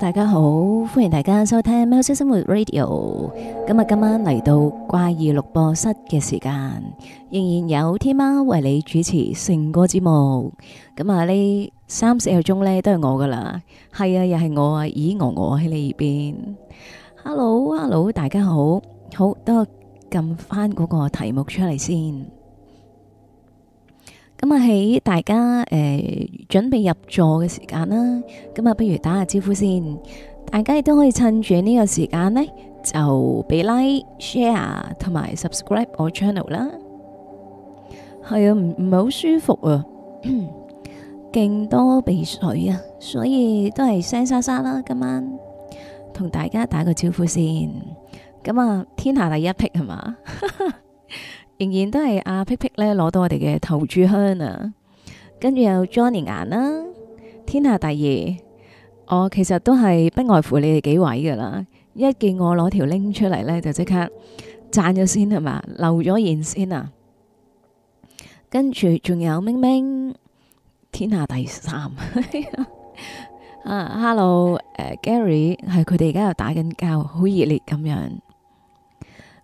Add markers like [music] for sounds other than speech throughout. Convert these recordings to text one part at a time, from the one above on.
大家好，歡迎大家收聽喵式生活 Radio。今日今晚嚟到怪異錄播室嘅時間，仍然有天貓為你主持成個節目。咁啊，呢三四個鐘呢，都係我噶啦。係啊，又係我啊，咦，鵝鵝喺你邊。Hello，Hello，Hello，大家好，好，都撳翻嗰個題目出嚟先。喺大家誒準備入座嘅時間啦，咁啊不如打下招呼先。大家亦都可以趁住呢個時間呢，就俾 like、share 同埋 subscribe 我 channel 啦。係啊，唔唔係好舒服啊，勁多鼻水啊，所以都係聲沙沙啦。今晚同大家打個招呼先，咁啊，天下第一撇係嘛？仍然都係阿 PicPic 咧攞到我哋嘅投注箱啊，跟住有 Johnny 顏啦，天下第二，我其實都係不外乎你哋幾位噶啦，一見我攞條拎出嚟咧就即刻讚咗先係嘛？留咗言先啊，跟住仲有明明天下第三，啊、 [laughs] uh,，hello，誒、uh, Gary 係佢哋而家又打緊交，好熱烈咁樣。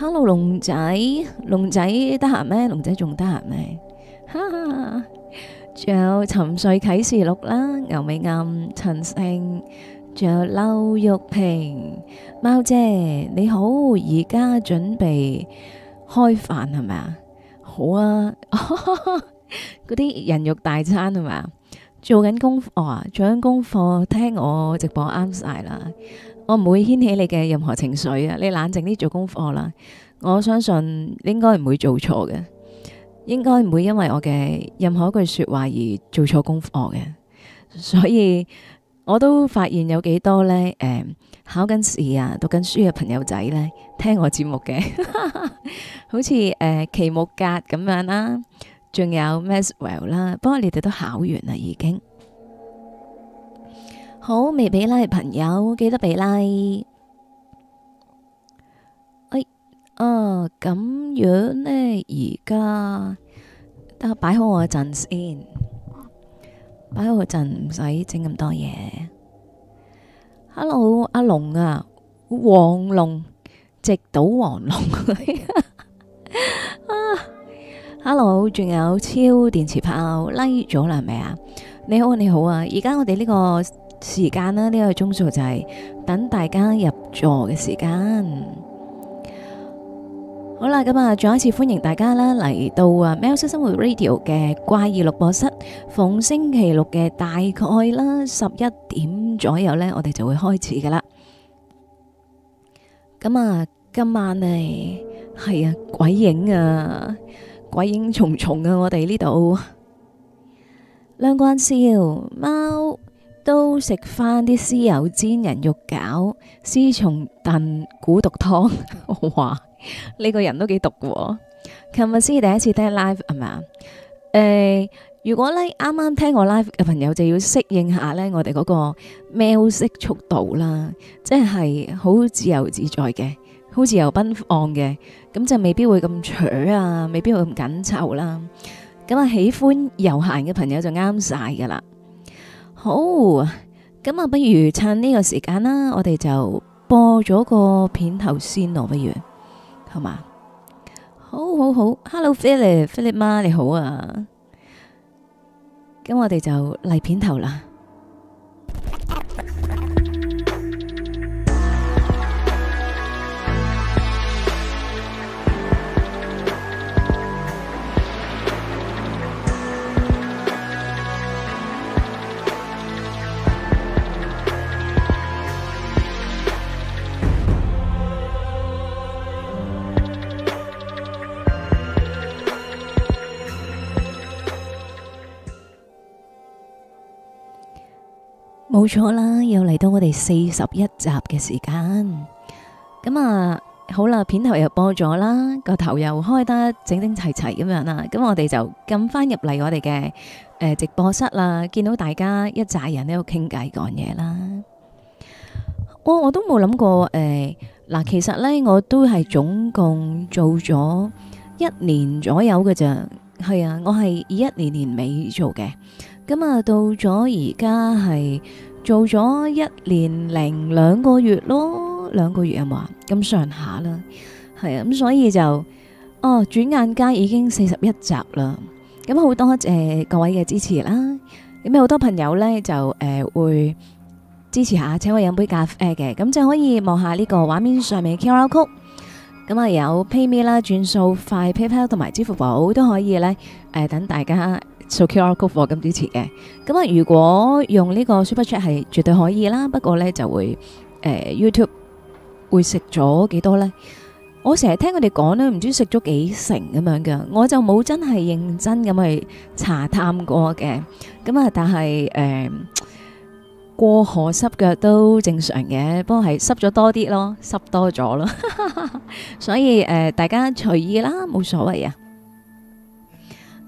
hello 龍仔，龍仔得閒咩？龍仔仲得閒咩？哈哈，仲有沉睡啟示錄啦，牛尾岩陳勝，仲有劉玉平，貓姐你好，而家準備開飯係咪啊？好啊，嗰啲人肉大餐係咪啊？做緊功課啊，做緊功課，聽我直播啱晒啦。我唔會牽起你嘅任何情緒啊！你冷靜啲做功課啦。我相信應該唔會做錯嘅，應該唔會因為我嘅任何一句說話而做錯功課嘅。所以我都發現有幾多咧，誒、嗯，考緊試啊，讀緊書嘅朋友仔咧，聽我節目嘅， [laughs] 好似誒、呃，奇木格咁樣啦，仲有 Mathew 啦，不過你哋都考完啦，已經。好，未俾拉，朋友記得俾拉、like。哎啊咁樣呢，而家得擺好我陣先，擺好我陣唔使整咁多嘢。Hello，阿龍啊，黃龍直搗黃龍。 [laughs] 啊，Hello，仲有超電磁炮拉咗啦，係咪啊？你好，你好啊！而家我哋呢個時間啦，呢個鐘數就係等大家入座嘅時間。好啦，咁啊，再一次歡迎大家啦，嚟到啊，喵式生活 Radio 嘅怪異錄播室。逢星期六嘅，大概啦十一點左右咧，我哋就會開始噶啦。咁啊，今晚咧係啊，鬼影啊，鬼影幢幢啊，我哋呢度亮關照貓。都食翻啲豉油煎人肉餃、豉鬆燉古毒湯，哇！呢個人都幾毒嘅。琴日先第一次聽 live 係嘛？誒、呃，如果咧啱啱聽我 live 嘅朋友就要適應下咧，我哋嗰、那個喵式速度啦，即係好自由自在嘅，好自由奔放嘅，咁就未必會咁 short 啊，未必會咁緊湊啦。咁、嗯、啊，喜歡悠閒嘅朋友就啱晒噶啦。好，啊，咁啊，不如趁呢個時間啦，我哋就播咗個片頭先咯，不如，好嘛？好好好，Hello，Philip，Philip Ma 你好啊，咁我哋就嚟片頭啦。冇錯啦，又嚟到我哋四十一集嘅時間，咁啊好啦，片頭又播咗啦，個頭又開得整整齊齊咁樣啦，咁我哋就撳翻入嚟我哋嘅誒直播室啦，見到大家一紮人喺度傾偈講嘢啦。我我都冇諗過誒，嗱、呃，其實呢我都係總共做咗一年左右嘅咋。係啊，我係二一年年尾做嘅。咁啊，到咗而家係做咗一年零兩個月咯，兩個月啊嘛，咁上下啦，係啊，咁所以就哦，轉眼間已經四十一集啦，咁好多謝、謝各位嘅支持啦，咁有好多朋友咧就誒、呃、會支持下，請我飲杯咖啡嘅，咁、呃、就可以望下呢個畫面上面嘅 QR Code，咁啊有 PayMe 啦，轉數快 PayPal 同埋支付寶都可以咧，誒、呃、等大家。secure code，咁支持嘅。咁啊，如果用呢個 Super Chat 係絕對可以啦，不過呢就會誒，YouTube 會食咗幾多呢？我成日聽佢哋講咧，唔知食咗幾成咁樣嘅，我就冇真係認真咁去查探過嘅。咁啊，但係誒過河濕腳都正常嘅，不過係濕咗多啲咯，濕多咗咯，所以誒大家隨意啦，冇所謂啊。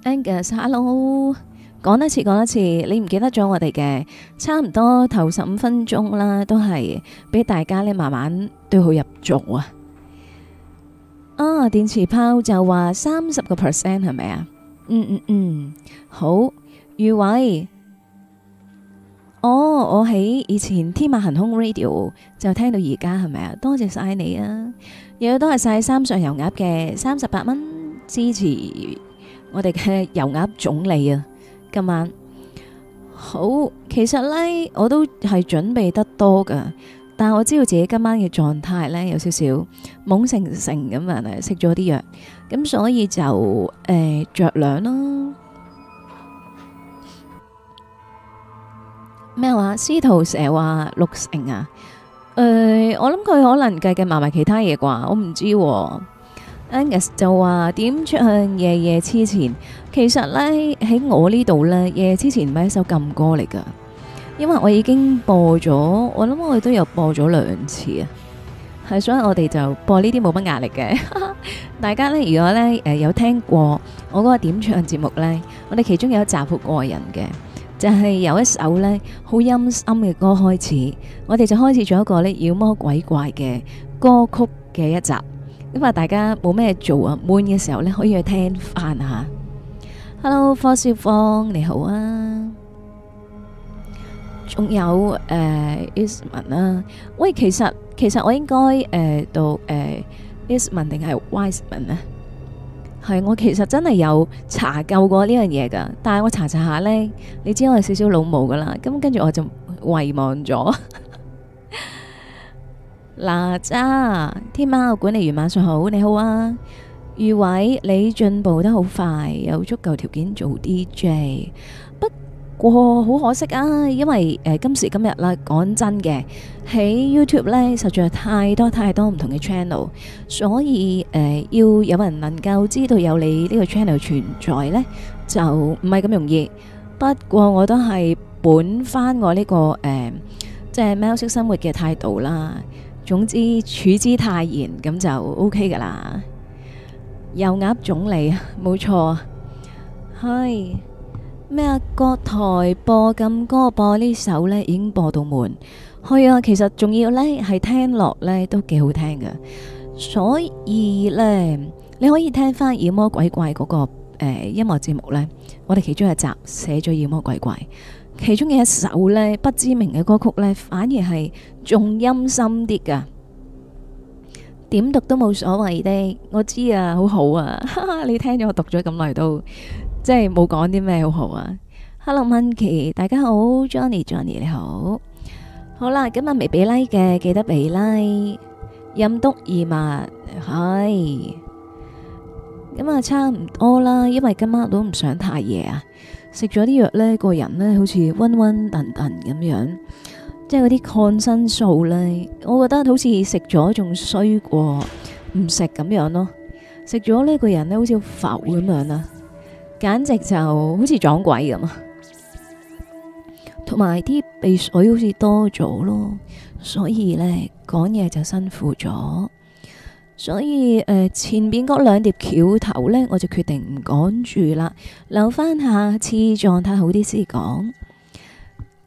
Angus，hello，講多次，講多次，你唔記得咗我哋嘅，差唔多頭十五分鐘啦，都係俾大家咧慢慢對號入座啊。啊，電磁炮就話三十個 percent 係咪啊？嗯嗯嗯，好，余偉，哦，我喺以前天馬行空 radio 就聽到而家係咪啊？多謝晒你啊，亦都多謝晒三上油鴨嘅三十八蚊支持。我哋嘅油鴨總理啊，今晚好，其實呢我都係準備得多噶，但我知道自己今晚嘅狀態呢有少少懵成成咁樣，食咗啲藥，咁所以就誒着涼啦。咩話？司徒成話六成啊？誒，我諗佢可能計計埋埋其他嘢啩，我唔知喎。Angus 就話點唱夜夜黐前，其實呢，喺我呢度呢，夜黐前唔係一首禁歌嚟㗎，因為我已經播咗，我諗我都有播咗兩次啊，係，所以我哋就播呢啲冇乜壓力嘅。 [laughs] 大家呢，如果呢，誒有聽過我嗰個點唱節目呢，我哋其中有一集好過癮嘅，就係、是、有一首呢，好陰森嘅歌開始，我哋就開始咗一個呢妖魔鬼怪嘅歌曲嘅一集。因為，大家冇咩做啊，悶嘅時候呢，可以去聽翻下。Hello，方少芳你好啊，仲有誒，Isman、呃、啦、啊。喂，其實其實我應該誒讀誒 Isman 定係 Wisman 啊？係、呃呃，我其實真係有查究過呢樣嘢噶，但係我查查下呢，你知我係少少老母噶啦，咁跟住我就遺忘咗。 [laughs] 娜咋天貓管理員晚上好，你好啊，裕偉，你進步得好快，有足夠條件做 DJ。不過好可惜啊，因為誒、呃、今時今日啦，講真嘅喺 YouTube 咧，實在太多太多唔同嘅 channel，所以誒、呃、要有人能夠知道有你呢個 channel 存在呢，就唔係咁容易。不過我都係本返我呢、這個誒、呃，即係喵式生活嘅態度啦。總之處之泰然，咁就 O K 噶啦。油鴨總理，冇錯。係咩啊？國台播咁歌，播呢首呢已經播到悶。可以啊，其實仲要呢係聽落呢都幾好聽噶。所以呢，你可以聽翻《妖魔鬼怪》嗰、那個誒、呃、音樂節目呢，我哋其中一集寫咗《妖魔鬼怪》。其中嘅一首咧不知名嘅歌曲咧，反而係仲陰深啲噶，點讀都冇所謂的。我知啊，好好啊，你聽咗我讀咗咁耐都，即係冇講啲咩，好好啊。Hello，Monkey，大家好，Johnny，Johnny 你好，好啦，今日未俾拉嘅記得俾拉，任督二脈，係咁啊，差唔多啦，因為今晚我都唔想太夜啊。食咗啲藥，呢個人呢好似溫溫頓頓咁樣，即係嗰啲抗生素呢，我覺得好似食咗仲衰過唔食咁樣咯。食咗呢個人呢好似浮咁樣啦，簡直就好似撞鬼咁啊！同埋啲鼻水好似多咗咯，所以呢講嘢就辛苦咗。所以，誒、呃、前邊嗰兩碟橋頭呢，我就決定唔趕住啦，留返下次狀態好啲先講。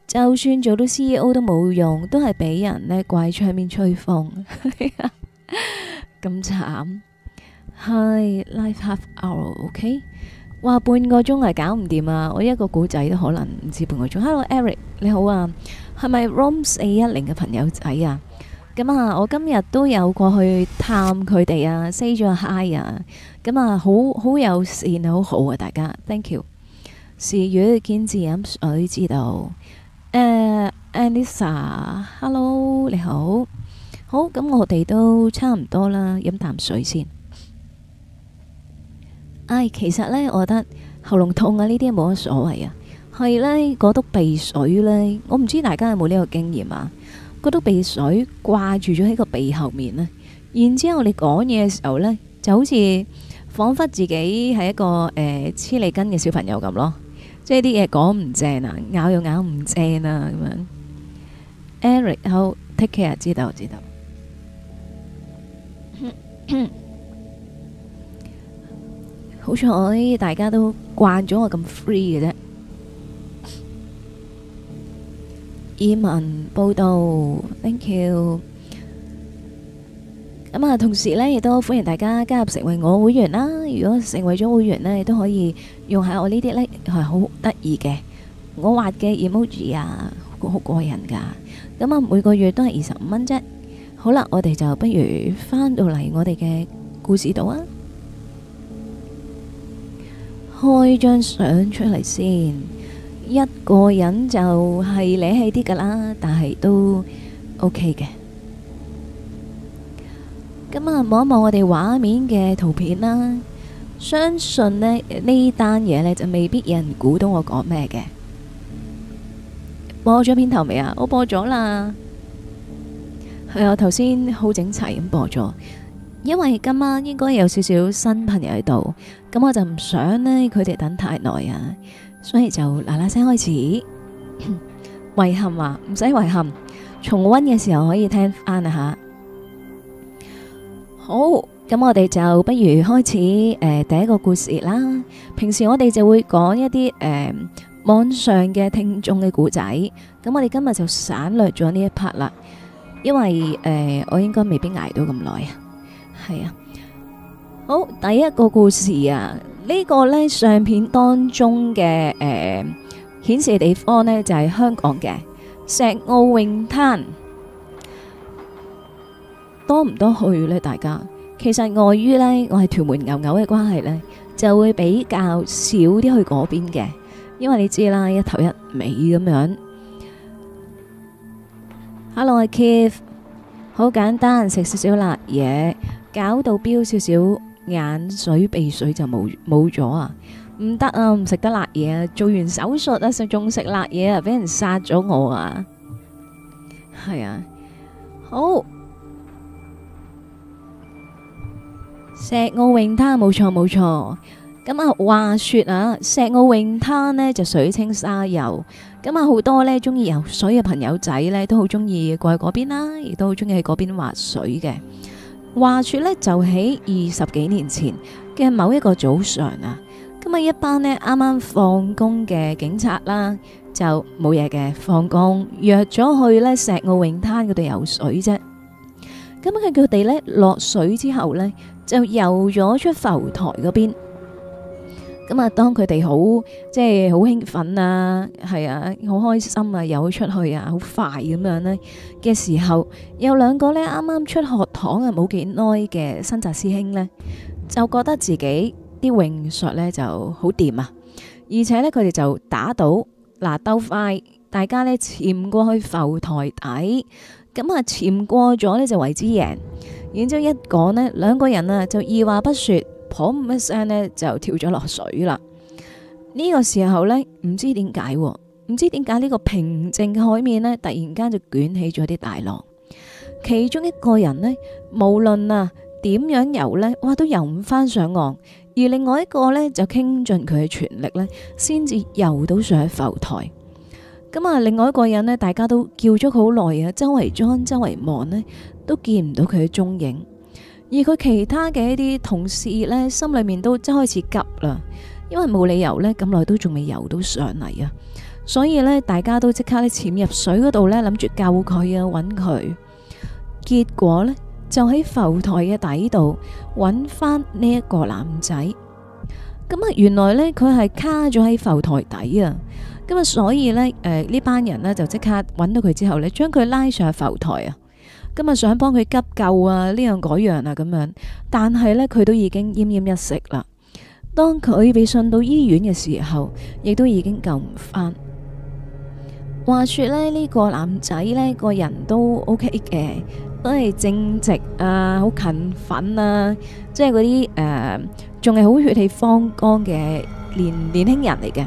就算做到 CEO 都冇用，都係俾人呢。怪窗邊吹風，咁 [laughs] 慘。Hi life half hour，OK？Okay？哇，半個鐘係搞唔掂啊！我一個古仔都可能唔知半個鐘。Hello Eric，你好啊，係咪 Rom 四一零嘅朋友仔啊？咁啊，我今日都有過去探佢哋啊，say 咗嗨啊，咁啊，啊，好好友善，好好啊，大家，thank you。是月見自飲水知道，誒、uh, Anissa，hello 你好，好，咁我哋都差唔多啦，飲啖水先。唉、哎，其實呢，我覺得喉嚨痛啊，呢啲冇乜所謂啊，係呢，嗰督鼻水呢，我唔知大家有冇呢個經驗啊。覺得鼻水掛住咗喺個鼻後面呢然之後我哋講嘢嘅時候呢，就好似仿佛自己係一個誒黐脷根嘅小朋友咁咯，即係啲嘢講唔正啊，咬又咬唔正啊咁樣。Eric，好，Take care，知道知道。 [coughs] 好彩大家都慣咗我咁 free 嘅啫。意文報道，thank you。咁啊，同時呢，亦都歡迎大家加入成為我會員啦。如果成為咗會員呢，亦都可以用下我呢啲呢，係好得意嘅。我畫嘅 emoji 啊，好過人噶。咁啊，每個月都係二十五蚊啫。好啦，我哋就不如翻到嚟我哋嘅故事度啊，開張相出嚟先。一個人就係磊氣啲噶啦，但係都 OK 嘅。咁啊，望一望我哋畫面嘅圖片啦。相信呢單嘢呢，就未必有人估到我講咩嘅。播咗片頭未啊？我播咗啦。係啊，頭先好整齊咁播咗，因為今晚應該有少少新朋友喺度，咁我就唔想呢，佢哋等太耐啊。所以就嗱嗱聲開始，遺 [coughs] 憾啊，唔使遺憾，重溫嘅時候可以聽翻啊吓。好，咁我哋就不如開始誒、呃、第一個故事啦。平時我哋就會講一啲誒、呃、網上嘅聽眾嘅故仔，咁我哋今日就省略咗呢一 part 啦，因為誒、呃、我應該未必捱到咁耐啊，係啊。好，第一個故事啊，呢、呢個呢，相片當中嘅誒顯示地方呢，就係、係、香港嘅石澳泳灘，多唔多去呢？大家其實礙於呢，我係屯門牛牛嘅關係呢，就會比較少啲去嗰邊嘅，因為你知啦，一頭一尾咁樣。Hello，我係 Keith 好簡單食少少辣嘢，搞到飆少少。眼水鼻水就冇冇咗啊！唔得啊，唔食得辣嘢啊！做完手術啊，食仲食辣嘢啊，俾人殺咗我啊！係啊，好石澳泳灘，冇錯冇錯。咁啊，話說啊，石澳泳灘呢就水清沙幼，咁啊好多呢中意游水嘅朋友仔呢都好中意過去嗰邊啦，亦都好中意喺嗰邊滑水嘅。話說呢，就喺二十幾年前嘅某一個早上啊，咁啊一班呢啱啱放工嘅警察啦，就冇嘢嘅放工，約咗去呢石澳泳灘嗰度游水啫。咁啊佢哋呢落水之後呢，就游咗出浮台嗰邊。咁啊，當佢哋好即係好興奮啊，係啊，好開心啊，遊出去啊，好快咁樣呢嘅時候，有兩個呢啱啱出學堂啊，冇幾耐嘅新紮師兄呢，就覺得自己啲泳術呢就好掂啊，而且呢，佢哋就打賭嗱鬥快，大家呢潛過去浮台底，咁啊潛過咗呢就為之贏。然之後一講呢，兩個人啊就二話不說。可吼一聲呢，就跳咗落水啦！呢、呢個時候呢，唔知點解，唔知點解呢個平靜嘅海面呢，突然間就捲起咗啲大浪。其中一個人呢，無論啊點樣游呢，哇，都游唔翻上岸。而另外一個呢，就傾盡佢嘅全力呢，先至游到上去浮台。咁啊，另外一個人呢，大家都叫咗好耐啊，周圍張、周圍望呢，都見唔到佢嘅蹤影。而佢其他嘅一啲同事呢，心裏面都即係開始急啦，因為冇理由呢，咁耐都仲未游到上嚟啊！所以呢，大家都即刻咧潛入水嗰度呢，諗住救佢啊，揾佢。結果呢，就喺浮台嘅底度揾返呢一個男仔。咁啊，原來呢，佢係卡咗喺浮台底啊。咁啊，所以呢，誒、呃、呢班人呢，就即刻揾到佢之後呢，將佢拉上浮台啊。今日想幫佢急救啊，呢樣嗰樣啊，咁樣，但係呢，佢都已經奄奄一息啦。當佢被送到醫院嘅時候，亦都已經救唔翻。話說呢，呢個男仔，呢個人都 OK 嘅，都係正直啊，好勤奮啊，即係嗰啲誒仲係好血氣方剛嘅年年輕人嚟嘅。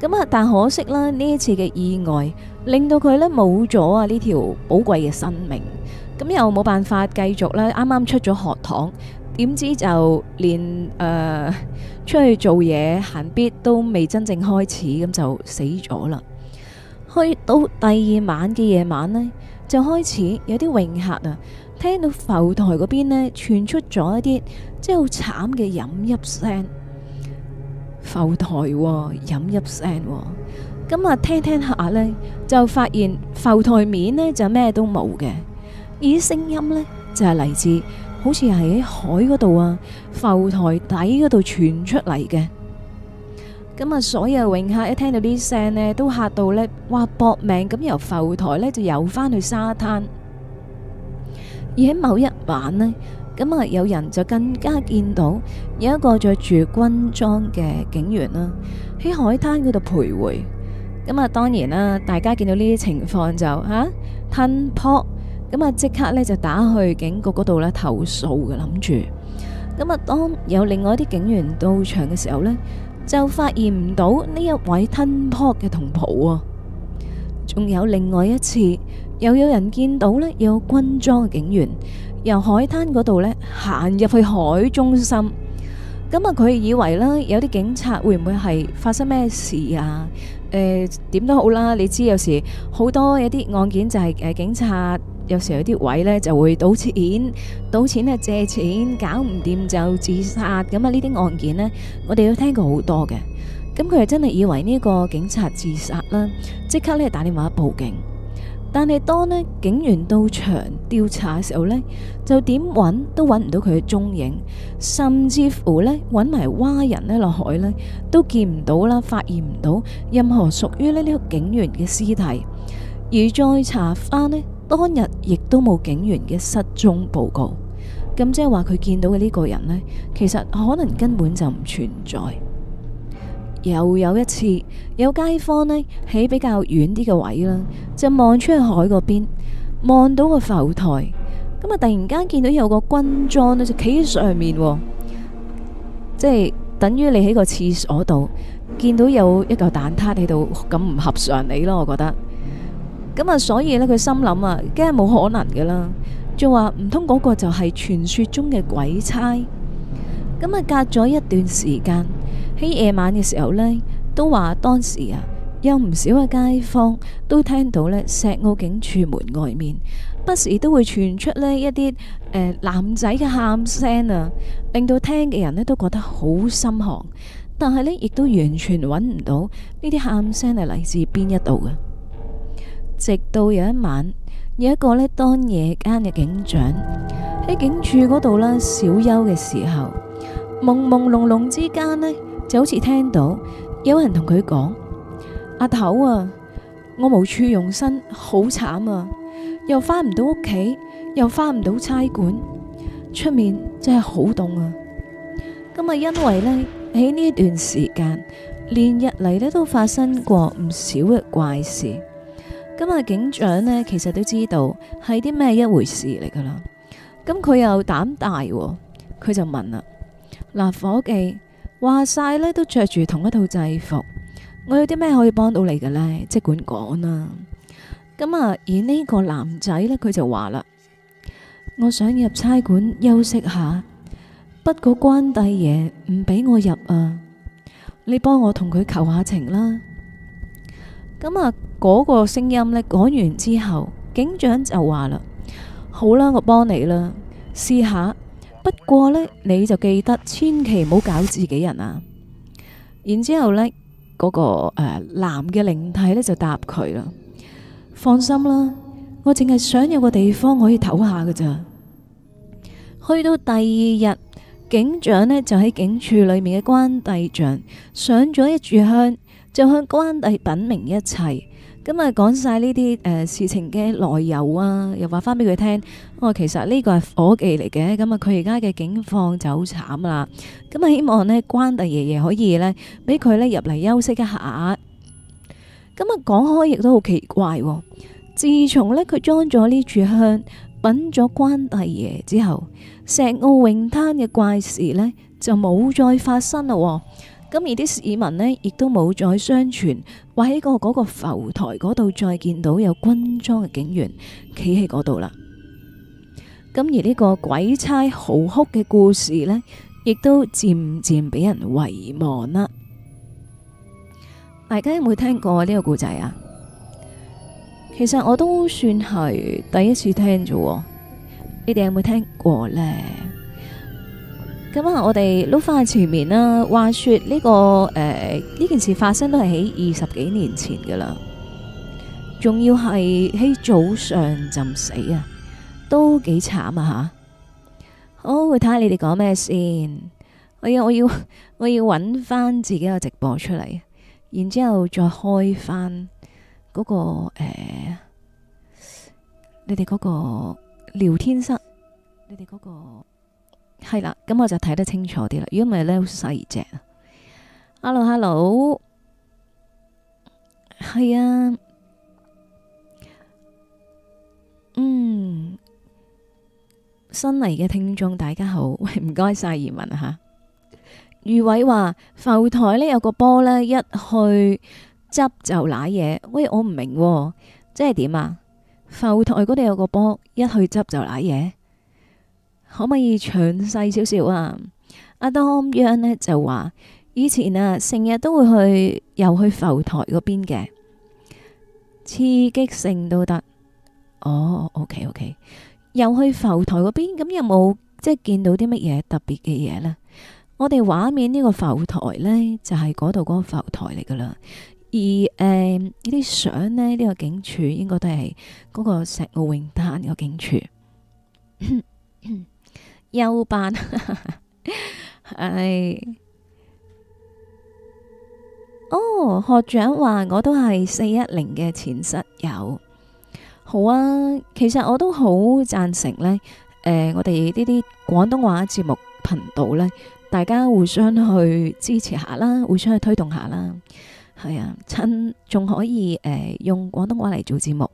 咁啊，但可惜啦，呢一次嘅意外令到佢呢冇咗啊呢條寶貴嘅生命。咁又冇辦法繼續咧。啱啱出咗學堂，點知就連誒、呃、出去做嘢，行咇都未真正開始，咁就死咗啦。去到第二晚嘅夜晚呢，就開始有啲泳客啊，聽到浮台嗰邊咧傳出咗一啲即係好慘嘅飲泣聲。浮台喎、哦、飲泣聲，咁啊，聽聽下呢，就發現浮台面呢，就咩都冇嘅。而啲聲音呢，就係嚟自，好似係喺海嗰度啊，浮台底嗰度傳出嚟嘅。咁啊，所有泳客一聽到啲聲呢，都嚇到呢，哇！搏命咁由浮台呢就游翻去沙灘。而喺某一晚呢，咁啊，有人就更加見到有一個着住軍裝嘅警員啦，喺海灘嗰度徘徊。咁啊，當然啦，大家見到呢啲情況就嚇吞撲。啊咁啊，即刻呢就打去警局嗰度呢投訴嘅，諗住。咁啊，當有另外一啲警員到場嘅時候呢，就發現唔到呢一位吞扑嘅同袍啊。仲有另外一次，又有人見到呢有軍裝嘅警員由海灘嗰度呢行入去海中心。咁啊，佢以為呢有啲警察會唔會係發生咩事啊？誒、呃，點都好啦，你知有時好多一啲案件就係誒警察。有時候有啲位呢就會賭錢，賭錢呢借錢，搞唔掂就自殺咁啊！呢啲案件呢，我哋都聽過好多嘅。咁佢係真係以為呢個警察自殺啦，即刻呢打電話報警。但係當呢警員到場調查嘅時候呢，就點揾都揾唔到佢嘅蹤影，甚至乎呢揾埋蛙人呢落海呢，都見唔到啦，發現唔到任何屬於呢個警員嘅屍體，而再查翻呢。當日亦都冇警員嘅失蹤報告，咁即係話佢見到嘅呢個人呢，其實可能根本就唔存在。又有一次，有街坊呢，喺比較遠啲嘅位啦，就望出去海嗰邊，望到個浮台，咁啊突然間見到有個軍裝呢，就企喺上面，即係等於你喺個廁所度見到有一嚿蛋撻喺度，咁唔合常理咯，我覺得。咁啊，所以呢，佢心諗啊，梗係冇可能嘅啦，仲話唔通嗰個就係傳說中嘅鬼差。咁啊，隔咗一段時間，喺夜晚嘅時候呢，都話當時啊，有唔少嘅街坊都聽到呢，石澳警署門外面不時都會傳出呢一啲誒男仔嘅喊聲啊，令到聽嘅人呢都覺得好心寒，但係呢亦都完全揾唔到呢啲喊聲係嚟自邊一度嘅。直到有一晚，有一個呢當夜間嘅警長喺警署嗰度呢小休嘅時候，朦朦朧朧之間呢就好似聽到有人同佢講：阿頭啊，我無處容身，好慘啊！又返唔到屋企，又返唔到差館，出面真係好凍啊！咁啊，因為呢喺呢段時間連日嚟呢都發生過唔少嘅怪事。今日警長呢，其實都知道係啲咩一回事嚟噶啦。咁佢又膽大喎，佢就問啦：嗱，啊，伙計，話晒呢都着住同一套制服，我有啲咩可以幫到你嘅呢？即管講啦。咁啊，而呢個男仔呢，佢就話啦：我想入差館休息下，不過關帝爺唔俾我入啊，你幫我同佢求下情啦。咁啊。嗰、那個聲音咧講完之後，警長就話啦：好啦，我幫你啦，試下。不過呢，你就記得千祈唔好搞自己人啊！然之後咧，嗰、那個誒、呃、男嘅靈體呢就答佢啦：放心啦，我淨係想有個地方可以唞下噶咋。去到第二日，警長呢就喺警署裏面嘅關帝像上咗一炷香，就向關帝稟明一切。咁啊，講晒呢啲誒事情嘅來由啊，又話翻俾佢聽。我、哦、其實呢個係夥計嚟嘅，咁啊佢而家嘅境況就好慘啦。咁啊，希望呢關帝爺爺可以呢俾佢呢入嚟休息一下。咁啊，講開亦都好奇怪喎。自從呢，佢裝咗呢柱香，揾咗關帝爺之後，石澳泳灘嘅怪事呢就冇再發生啦。咁而啲市民呢，亦都冇再相傳話喺個嗰個浮台嗰度再見到有軍裝嘅警員企喺嗰度啦。咁而呢個鬼差嚎哭嘅故事呢，亦都漸漸俾人遺忘啦。大家有冇聽過呢個故仔啊？其實我都算係第一次聽啫，你哋有冇聽過呢？咁啊，我哋 look 翻前面啦。話說呢、呢個誒呢、呃、件事發生都係喺二十幾年前噶啦，仲要係喺早上浸死啊，都幾慘啊吓！好，我會睇下你哋講咩先。我要我要我要揾翻自己個直播出嚟，然之後再開翻嗰、嗰個誒、呃，你哋嗰個聊天室，你哋嗰、嗰個。係啦，咁我就睇得清楚啲啦。如果唔係咧，好細隻。Hello，Hello，係啊，嗯，新嚟嘅聽眾大家好，喂，唔該晒移民吓。余偉話：浮台呢有個波咧，一去執就瀨嘢。喂，我唔明喎，即係點啊？浮台嗰度有個波，一去執就瀨嘢。可唔可以詳細少少啊？阿當央呢就話：以前啊，成日都會去，又去浮台嗰邊嘅刺激性都得。哦、oh，OK OK，又去浮台嗰邊，咁有冇即係見到啲乜嘢特別嘅嘢呢？我哋畫面呢個浮台呢，就係嗰度嗰個浮台嚟噶啦。而誒呢啲相呢，呢、呢個景處應該都係嗰個石澳泳灘個景處。 [coughs] 休班，係 [laughs] 哦，oh, 學長話我都係四一零嘅前室友，好啊。其實我都好讚成呢。誒、呃，我哋呢啲廣東話節目頻道呢，大家互相去支持下啦，互相去推動下啦。係啊，趁，仲可以誒、呃、用廣東話嚟做節目，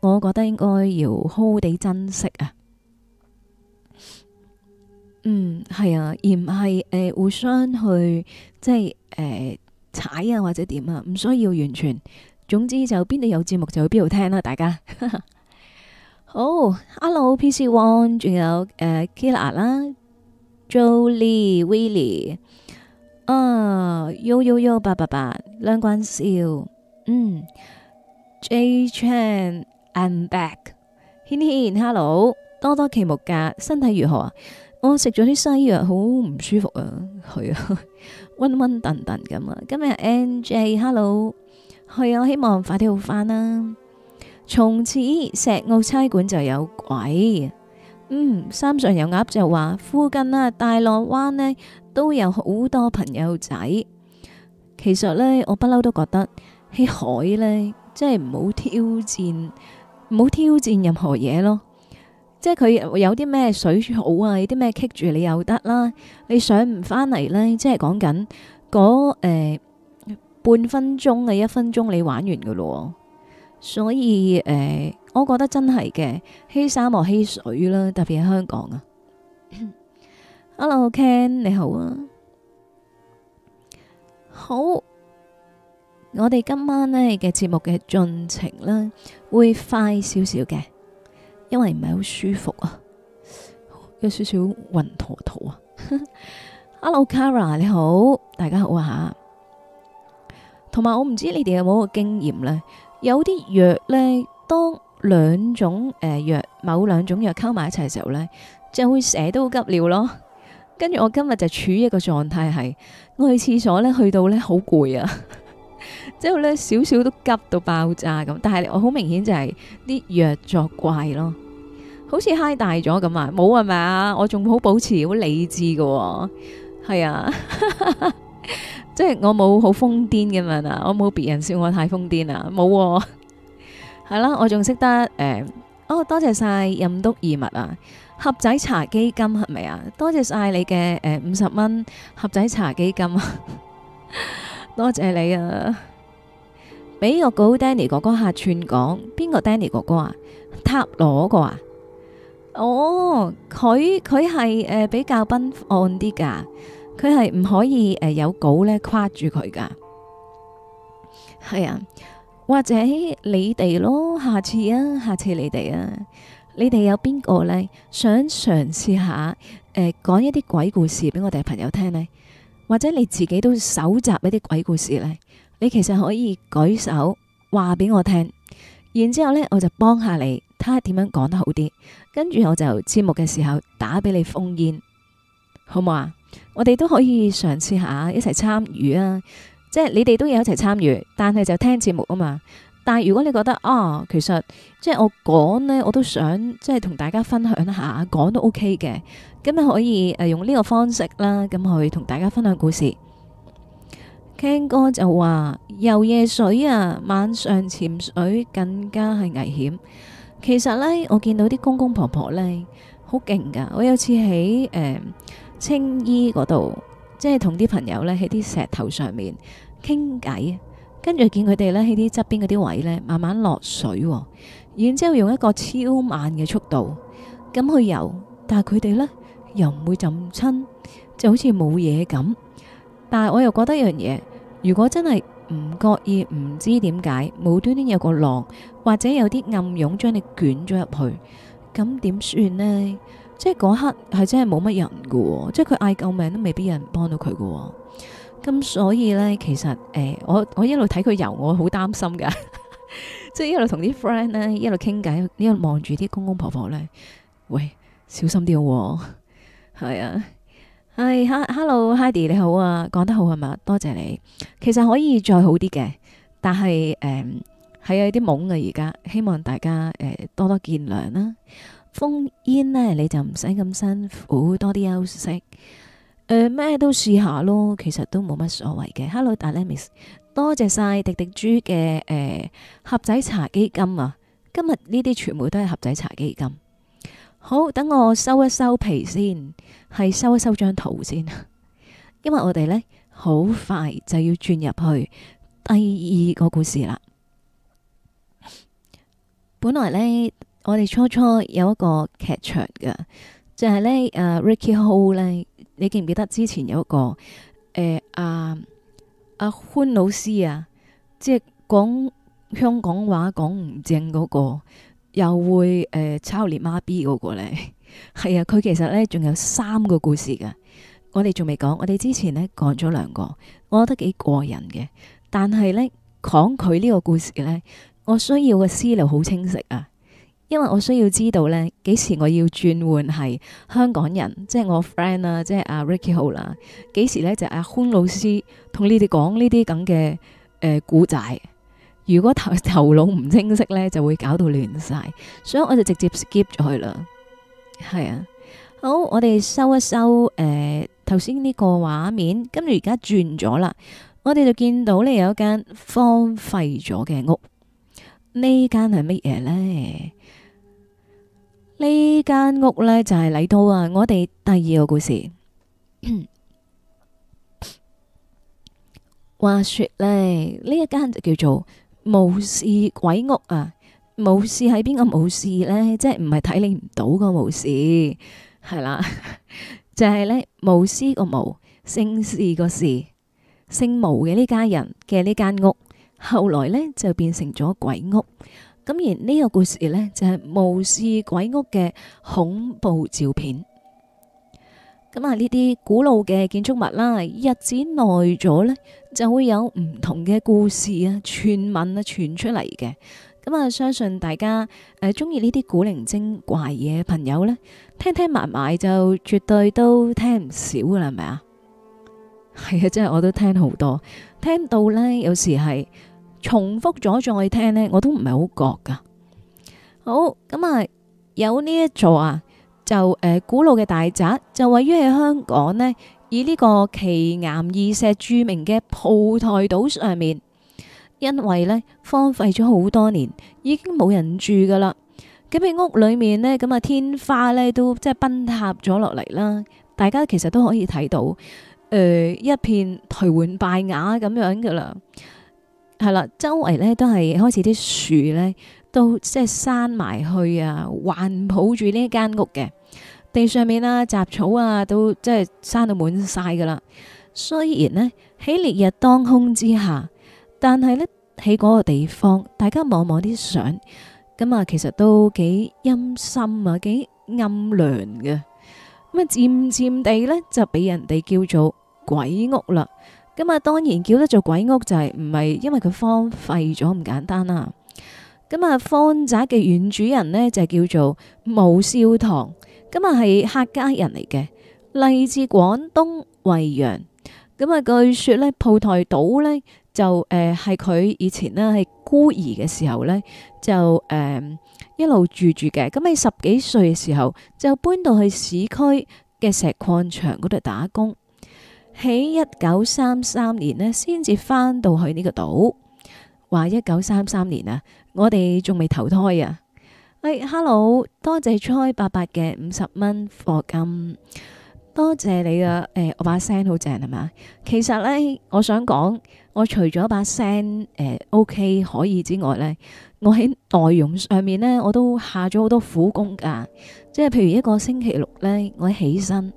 我覺得應該要好好地珍惜啊。嗯，係啊，而唔係誒，互相去即係誒、呃、踩啊，或者點啊，唔需要完全。總之就邊度有節目就去邊度聽啦、啊。大家 [laughs] 好，Hello P C One，仲有誒 Killer 啦，Jo Lee Willie 啊，幺幺幺八八八兩關笑嗯，Jay Chan I'm Back，軒軒 Hello 多多期目噶，身體如何啊？我食咗啲西藥，好唔舒服啊！係啊，暈暈沌沌咁啊！今日 N J，Hello，係啊！我希望快啲好翻啦。從此石澳差館就有鬼。嗯，山上有鴨就話附近啊大浪灣呢，都有好多朋友仔。其實呢，我不嬲都覺得喺海呢，即係唔好挑戰，唔好挑戰任何嘢咯。即係佢有啲咩水草啊，有啲咩棘住你又得啦，啊，你上唔翻嚟？呢？即係講緊嗰誒半分鐘嘅一分鐘你玩完噶咯，所以誒，呃，我覺得真係嘅欺山莫欺水啦，啊，特別係香港啊。 [laughs] Hello Ken，你好啊，好，我哋今晚節呢嘅節目嘅進程啦會快少少嘅。因為唔係好舒服啊，有少少暈陀陀啊。 [laughs] Hello，Kara 你好，大家好啊吓。同埋我唔知你哋有冇個經驗呢？有啲藥呢，當兩種誒藥、呃，某兩種藥溝埋一齊嘅時候呢，就會成日都急尿咯。跟住我今日就處於一個狀態係，我去廁所呢，去到呢，好攰啊。之後咧少少都急到爆炸咁，但係我好明顯就係啲藥作怪咯，好似嗨大咗咁、哦、啊！冇 [laughs] 係咪，我仲好保持好理智噶，係啊，即係我冇好瘋癲咁樣啊，我冇別人笑我太瘋癲的沒啊，冇係啦，我仲識得誒、呃，哦，多謝晒任督二脈啊，盒仔茶基金係咪啊？多謝晒你嘅誒五十蚊盒仔茶基金。 [laughs] 多謝你啊！俾個稿 Danny 哥哥客串講，邊個 Danny 哥哥啊？塔羅嗰個啊？哦，佢佢係誒比較奔放啲噶，佢係唔可以誒、呃、有稿咧誇住佢噶。係啊，或者你哋咯，下次啊，下次你哋啊，你哋有邊個咧想嘗試下誒講、呃、一啲鬼故事俾我哋朋友聽呢？或者你自己都搜集一啲鬼故事咧，你其實可以舉手話俾我聽，然之後咧我就幫下你，睇下點樣講得好啲，跟住我就節目嘅時候打俾你烽煙，好唔好啊？我哋都可以嘗試一下一齊參與啊，即係你哋都要一齊參與，但係就聽節目啊嘛。但係如果你覺得啊，其實即係我講呢，我都想即係同大家分享一下講都 OK 嘅，咁你可以誒用呢個方式啦，咁去同大家分享故事。King 哥就話遊夜水啊，晚上潛水更加係危險。其實呢，我見到啲公公婆婆呢，好勁噶，我有一次喺嗯、青衣嗰度，即係同啲朋友呢，喺啲石頭上面傾偈。跟住見佢哋呢，喺啲側邊嗰啲位呢，慢慢落水，然之後用一個超慢嘅速度咁去游，但係佢哋呢，又唔會浸親，就好似冇嘢咁。但係我又覺得一樣嘢，如果真係唔覺意、唔知點解、無端端有個浪或者有啲暗湧將你捲咗入去，咁點算呢？即係嗰刻係真係冇乜人噶，即係佢嗌救命都未必有人幫到佢噶。咁所以咧，其實誒、哎，我我一路睇佢游，我好擔心噶，即 [laughs] 係一路同啲 friend 咧一路傾偈，一路望住啲公公婆婆咧，喂，小心啲喎、哦，係 [laughs] 啊，係、哎、Hello Heidi，你好啊，講得好係嘛，多謝你，其實可以再好啲嘅，但係誒係有啲懵嘅而家，希望大家誒、呃、多多見諒啦，封煙咧你就唔使咁辛苦，多啲休息。誒、呃，咩都試下咯，其實都冇乜所謂嘅。Hello，大 Lamis，多謝晒迪迪豬嘅誒盒仔茶基金啊。今日呢啲全部都係盒仔茶基金。好，等我收一收皮先，係收一收張圖先，因為我哋咧好快就要轉入去第二個故事啦。本來咧，我哋初初有一個劇場噶，就係咧誒，Ricky Hall 咧。你記唔記得之前有一個誒阿阿歡老師啊，即係講香港話講唔正嗰、那個，又會誒、呃、抄你媽逼嗰個咧，係 [laughs] 啊，佢其實咧仲有三個故事嘅，我哋仲未講，我哋之前咧講咗兩個，我覺得幾過癮嘅，但係咧講佢呢個故事咧，我需要嘅思路好清晰啊。因為我需要知道呢，幾時我要轉換係香港人，即係我 friend 啦、啊，即係阿、啊、Ricky Ho 啦，幾時呢就阿、是、寬、啊、老師同你哋講呢啲咁嘅誒古仔。如果頭頭腦唔清晰呢，就會搞到亂晒，所以我就直接 skip 咗佢啦。係啊，好，我哋收一收誒頭先呢個畫面，跟住而家轉咗啦，我哋就見到呢有一間荒廢咗嘅屋，呢間係乜嘢呢？呢間屋呢，就係嚟到啊，我哋第二個故事， [coughs] 話說呢，呢一間就叫做巫師鬼屋啊。巫師係邊個巫師呢？即係唔係睇你唔到個巫師，係啦， [laughs] 就係呢「巫師」個巫，姓氏個氏，姓巫嘅呢家人嘅呢間屋，後來呢，就變成咗鬼屋。咁而呢個故事呢，就係無視鬼屋嘅恐怖照片。咁啊，呢啲古老嘅建築物啦，日子耐咗呢，就會有唔同嘅故事啊、傳聞啊傳出嚟嘅。咁啊，相信大家誒中意呢啲古靈精怪嘢嘅朋友呢，聽聽埋埋就絕對都聽唔少噶啦係咪啊？係啊，真係我都聽好多，聽到呢有時係。重複咗再聽呢，我都唔係好覺噶。好咁啊，有呢一座啊，就誒、呃、古老嘅大宅，就位於喺香港呢，以呢個奇岩異石著名嘅蒲台島上面。因為呢荒廢咗好多年，已經冇人住噶啦。咁喺屋裏面呢，咁啊天花呢都即係崩塌咗落嚟啦。大家其實都可以睇到，誒、呃、一片頹垣敗瓦咁樣噶啦。係啦，周圍咧都係開始啲樹呢都即係生埋去啊，環抱住呢間屋嘅地上面啊雜草啊，都即係生到滿晒噶啦。雖然呢，喺烈日當空之下，但係呢，喺嗰個地方，大家望望啲相，咁啊，其實都幾陰森啊，幾暗涼嘅。咁啊，漸漸地呢，就俾人哋叫做鬼屋啦。咁啊，當然叫得做鬼屋就係唔係因為佢荒廢咗咁簡單啦。咁啊，荒宅嘅原主人呢，就叫做毛少堂，咁啊係客家人嚟嘅，嚟自廣東惠陽。咁啊，據說呢，蒲台島呢，就誒係佢以前呢，係孤兒嘅時候呢，就誒、呃、一路住住嘅。咁喺十幾歲嘅時候就搬到去市區嘅石礦場嗰度打工。喺一九三三年呢，先至翻到去呢個島。話一九三三年啊，我哋仲未投胎啊。誒、hey，hello，多謝 j 八八嘅五十蚊課金。多謝你啊。誒、欸，我把聲好正係嘛？其實呢，我想講，我除咗把聲誒、欸、OK 可以之外呢，我喺內容上面呢，我都下咗好多苦功噶。即係譬如一個星期六呢，我起身。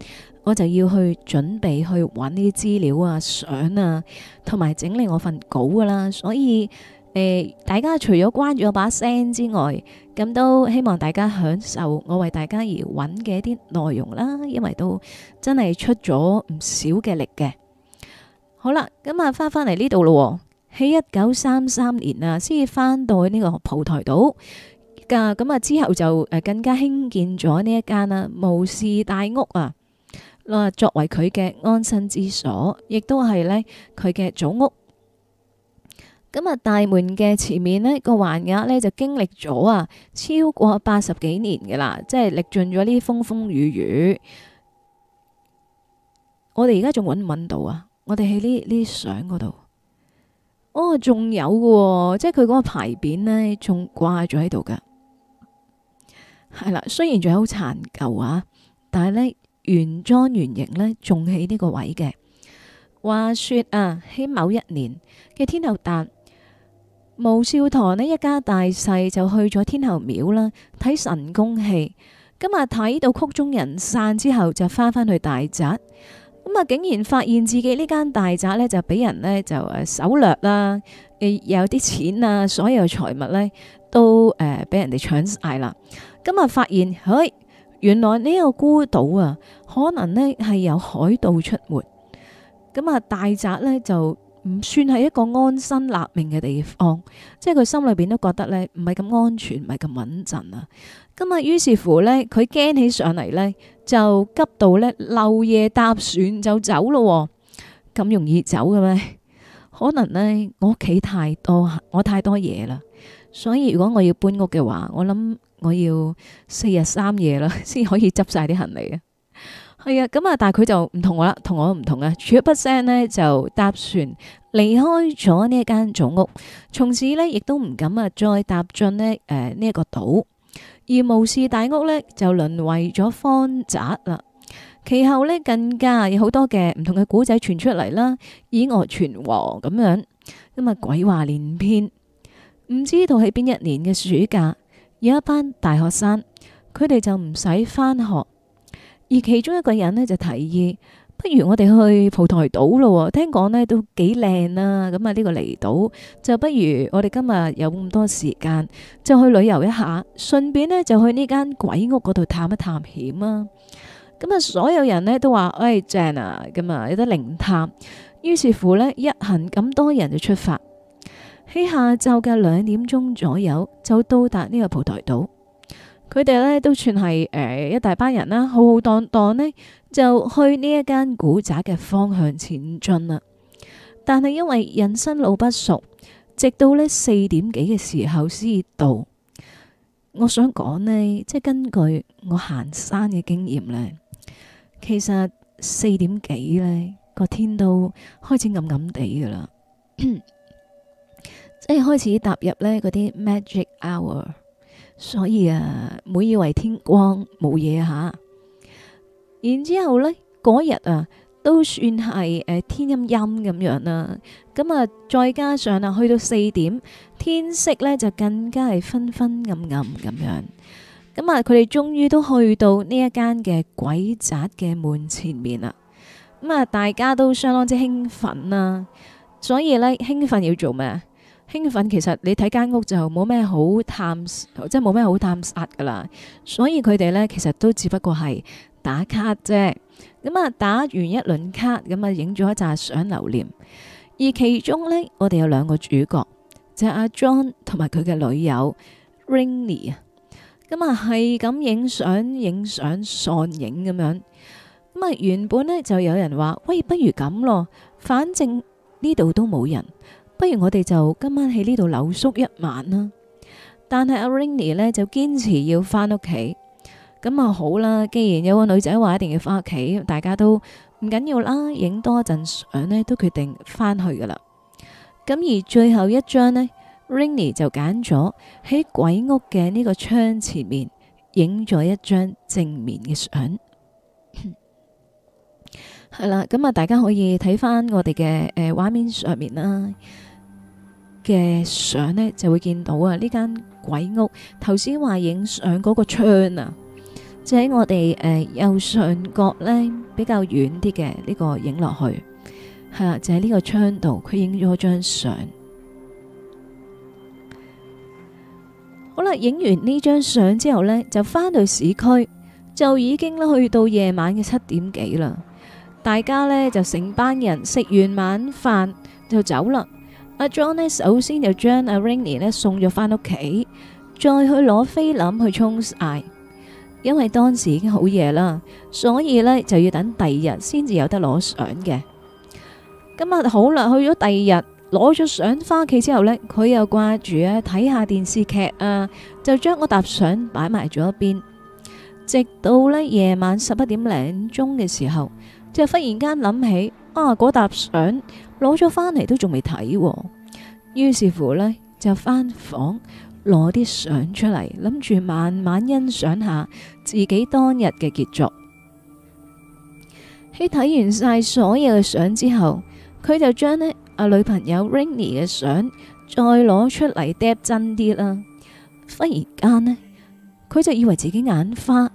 我就要去準備去揾啲資料啊、相啊，同埋整理我份稿噶啦。所以誒、呃，大家除咗關注我把聲之外，咁都希望大家享受我為大家而揾嘅一啲內容啦。因為都真係出咗唔少嘅力嘅。好啦，咁啊，翻翻嚟呢度咯。喺一九三三年啊，先至翻到呢個蒲台島噶。咁啊，之後就誒更加興建咗呢一間啦，慕氏大屋啊。作為佢嘅安身之所，亦都係咧佢嘅祖屋。咁啊，大門嘅前面呢個橫額呢，就經歷咗啊超過八十幾年嘅啦，即係歷盡咗呢啲風風雨雨。我哋而家仲揾唔揾到啊？我哋喺呢呢啲相嗰度，哦，仲有嘅喎、哦，即係佢嗰個牌匾呢，仲掛咗喺度嘅。係啦，雖然仲係好殘舊啊，但係呢。原裝原型呢，仲起呢個位嘅。話說啊，喺某一年嘅天后誕，毛少棠呢一家大細就去咗天后廟啦，睇神功戲。今日睇到曲終人散之後，就翻返去大宅。咁啊，竟然發現自己呢間大宅呢，就俾人呢，就誒搜掠啦，誒有啲錢啊，所有財物呢，都誒俾人哋搶晒啦。今日發現，嘿。原來呢個孤島啊，可能呢係有海盜出沒，咁啊，大宅呢就唔算係一個安身立命嘅地方，即係佢心裏邊都覺得呢唔係咁安全，唔係咁穩陣啊。咁啊，於是乎呢，佢驚起上嚟呢，就急到呢漏夜搭船就走咯。咁容易走嘅咩？可能呢，我屋企太多，我太多嘢啦。所以如果我要搬屋嘅話，我諗。我要四日三夜啦，先可以執晒啲行李啊。係啊，咁啊，但係佢就唔同我啦，同我唔同啊。絕筆聲呢，就搭船離開咗呢一間祖屋，從此呢，亦都唔敢啊再踏進咧誒呢一個島，而巫氏大屋呢，就淪為咗荒宅啦。其後呢，更加有好多嘅唔同嘅古仔傳出嚟啦，以訛傳訛咁樣，咁啊鬼話連篇，唔知道係邊一年嘅暑假。有一班大學生，佢哋就唔使返學，而其中一個人呢就提議：「不如我哋去蒲台島咯喎，聽講呢都幾靚啊。」咁啊，呢個離島就不如我哋今日有咁多時間，就去旅遊一下，順便呢就去呢間鬼屋嗰度探一探險啊！咁啊，所有人呢都話：哎，正啊！咁啊，有得靈探。於是乎呢，一行咁多人就出發。喺下晝嘅兩點鐘左右就到達呢個蒲台島，佢哋呢都算係誒、呃、一大班人啦，浩浩蕩蕩呢就去呢一間古宅嘅方向前進啦。但係因為人生路不熟，直到呢四點幾嘅時候先至到。我想講呢，即係根據我行山嘅經驗呢，其實四點幾呢個天都開始暗暗地噶啦。 [coughs] 一開始踏入呢嗰啲 magic hour，所以啊，唔好以為天光冇嘢吓。然之後咧，嗰日啊，都算係誒天陰陰咁樣啦。咁啊，再加上啊，去到四點，天色呢就更加係昏昏暗暗咁樣。咁啊，佢哋終於都去到呢一間嘅鬼宅嘅門前面啦。咁啊，大家都相當之興奮啦，啊。所以呢，興奮要做咩？興奮其實你睇間屋就冇咩好探，即係冇咩好探殺㗎啦，所以佢哋呢，其實都只不過係打卡啫。咁啊，打完一輪卡，咁啊影咗一扎相留念。而其中呢，我哋有兩個主角，就係、是、阿 John 同埋佢嘅女友 Renee、嗯、啊。咁啊，係咁影相、影相、散影咁樣。咁、嗯、啊，原本呢，就有人話：喂，不如咁咯，反正呢度都冇人。不如我哋就今晚喺呢度留宿一晚啦。但係阿 Rainy 呢就堅持要翻屋企。咁啊好啦，既然有個女仔話一定要翻屋企，大家都唔緊要，要啦，影多一陣相呢都決定翻去噶啦。咁而最後一張呢，Rainy 就揀咗喺鬼屋嘅呢個窗前面影咗一張正面嘅相。係 [laughs] 啦，咁啊大家可以睇翻我哋嘅誒畫面上面啦。嘅相呢就會見到啊！呢間鬼屋頭先話影相嗰個窗啊，就喺我哋誒右上角呢，比較遠啲嘅呢個影落去，係啊，就喺呢個窗度佢影咗張相。好啦，影完呢張相之後呢，就返到市區，就已經去到夜晚嘅七點幾啦。大家呢，就成班人食完晚飯就走啦。阿 John 呢，首先就將阿 Rainie 送咗返屋企，再去攞菲林去沖晒，因為當時已經好夜啦，所以呢就要等第二日先至有得攞相嘅。今日好啦，去咗第二日，攞咗相返屋企之後呢，佢又掛住啊睇下電視劇啊，就將個搭相擺埋咗一邊，直到呢夜晚十一點零鐘嘅時候，就忽然間諗起。啊！嗰沓相攞咗翻嚟都仲未睇，於是乎呢，就翻房攞啲相出嚟，諗住慢慢欣賞下自己當日嘅傑作。喺睇完晒所有嘅相之後，佢就將呢阿女朋友 Rainy 嘅相再攞出嚟疊真啲啦。忽然間呢，佢就以為自己眼花，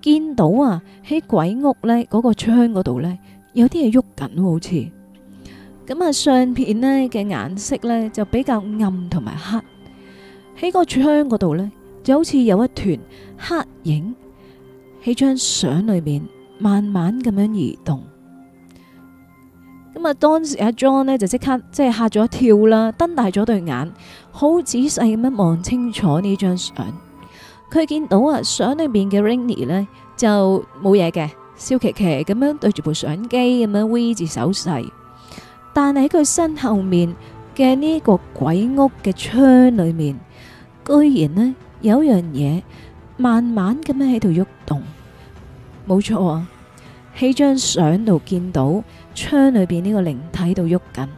見到啊喺鬼屋呢嗰、嗰個窗嗰度呢。有啲嘢喐緊好似。咁啊相片呢嘅顏色呢就比較暗同埋黑，喺個窗嗰度呢就好似有一團黑影喺張相裏面慢慢咁樣移動。咁啊當時阿 John 呢就即刻即係嚇咗一跳啦，瞪大咗對眼，好仔細咁樣望清楚呢張相。佢見到啊相裏面嘅 Rainy 呢就冇嘢嘅。笑騎騎咁樣對住部相機咁樣 V 字手勢，但係喺佢身後面嘅呢個鬼屋嘅窗裏面，居然咧有樣嘢慢慢咁樣喺度喐動。冇錯啊，喺張相度見到窗裏邊呢個靈體喺度喐緊。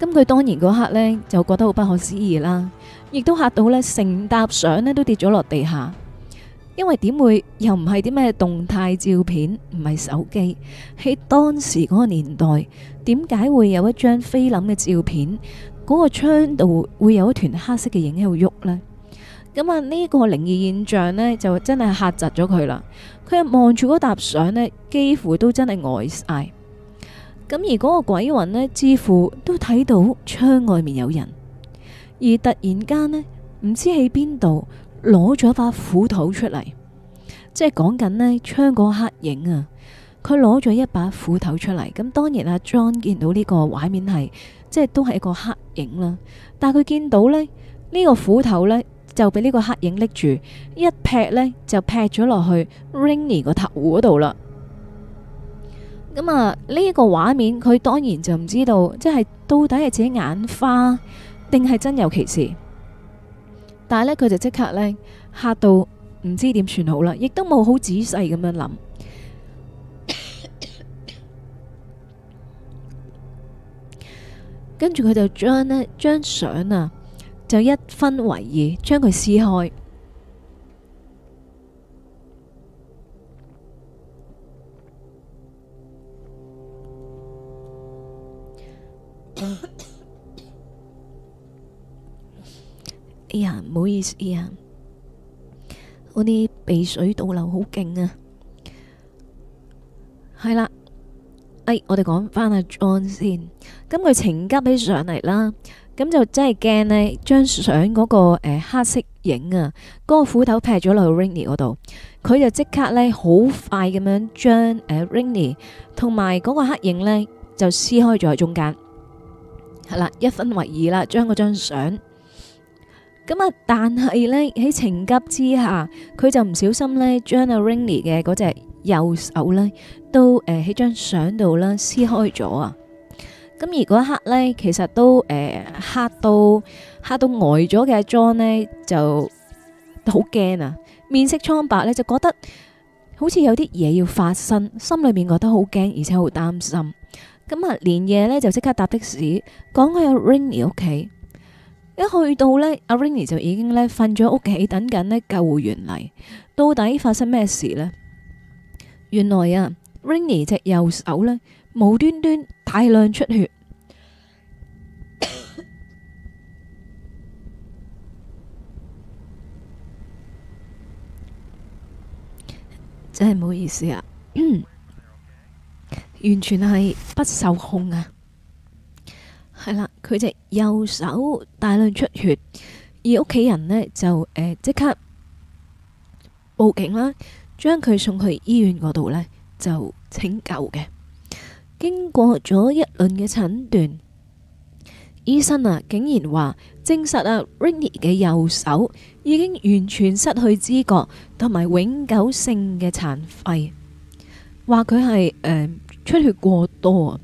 咁佢當然嗰刻咧就覺得好不可思議啦，亦都嚇到咧成沓相咧都跌咗落地下。因為點會又唔係啲咩動態照片，唔係手機。喺當時嗰個年代，點解會有一張菲林嘅照片嗰個窗度會有一團黑色嘅影喺度喐呢？咁啊呢個靈異現象呢，就真係嚇窒咗佢啦。佢望住嗰沓相呢，幾乎都真係呆晒。咁而嗰個鬼魂呢，似乎都睇到窗外面有人，而突然間呢，唔知喺邊度。攞咗把斧頭出嚟，即係講緊呢槍嗰個黑影啊，佢攞咗一把斧頭出嚟，咁、啊、當然阿、啊、John 見到呢個畫面係，即係都係一個黑影啦，但係佢見到呢，呢、這個斧頭呢，就俾呢個黑影拎住，一劈呢，就劈咗落去 Rennie、啊這個頭嗰度啦。咁啊呢一個畫面，佢當然就唔知道，即係到底係自己眼花定係真有其事。但係呢，佢就即刻呢，嚇到唔知點算好啦，亦都冇好仔細咁樣諗，跟住佢就將呢張相啊就一分為二，將佢撕開。 [coughs] 哎呀，唔好意思啊，我啲鼻水倒流好勁啊，係啦，哎，我哋講翻阿 John 先，咁佢情急起上嚟，啦，咁就真係驚咧，張相嗰個誒黑色影啊，嗰個斧頭劈咗落去 Rainy 嗰度，佢就即刻咧好快咁樣將誒 Rainy 同埋嗰個黑影咧就撕開咗喺中間，係啦，一分為二啦，將嗰張相。咁啊！但係咧，喺情急之下，佢就唔小心咧，將阿 Rainie 嘅嗰隻右手咧，都誒喺張相度咧撕開咗啊！咁而嗰一刻咧，其實都誒嚇到嚇到呆咗嘅 John 咧，就好驚啊，面色蒼白咧，就覺得好似有啲嘢要發生，心裏面覺得好驚，而且好擔心。咁啊，連夜咧就即刻搭的士，趕去阿 Rainie 屋企。一去到呢，阿 Ringie 就已經呢瞓咗屋企等緊呢救援嚟。到底發生咩事呢？原來啊，Ringie 隻右手呢無端端大量出血，真係唔好意思啊，完全係不受控啊！係啦，佢隻右手大量出血，而屋企人呢就誒即、呃、刻報警啦，將佢送去醫院嗰度呢就拯救嘅。經過咗一輪嘅診斷，醫生啊竟然話證實啊 Rainie 嘅右手已經完全失去知覺，同埋永久性嘅殘廢，話佢係誒出血過多。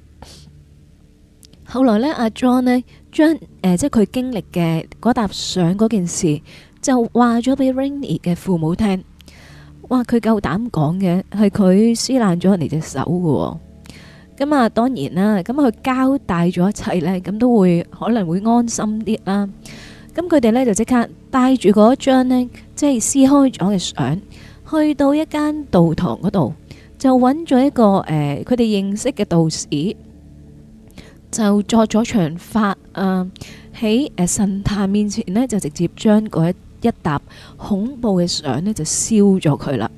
後來咧，阿 John 呢將誒即係佢經歷嘅嗰沓相嗰件事，就話咗俾 Rainy 嘅父母聽。哇，佢夠膽講嘅係佢撕爛咗人哋隻手嘅。咁啊，當然啦，咁佢交代咗一切呢，咁都會可能會安心啲啦。咁佢哋呢，就即刻帶住嗰張呢，即係撕開咗嘅相，去到一間道堂嗰度，就揾咗一個誒，佢哋認識嘅道士。就作咗長發，誒喺誒神探面前咧，就直接將嗰一一沓恐怖嘅相咧就燒咗佢啦。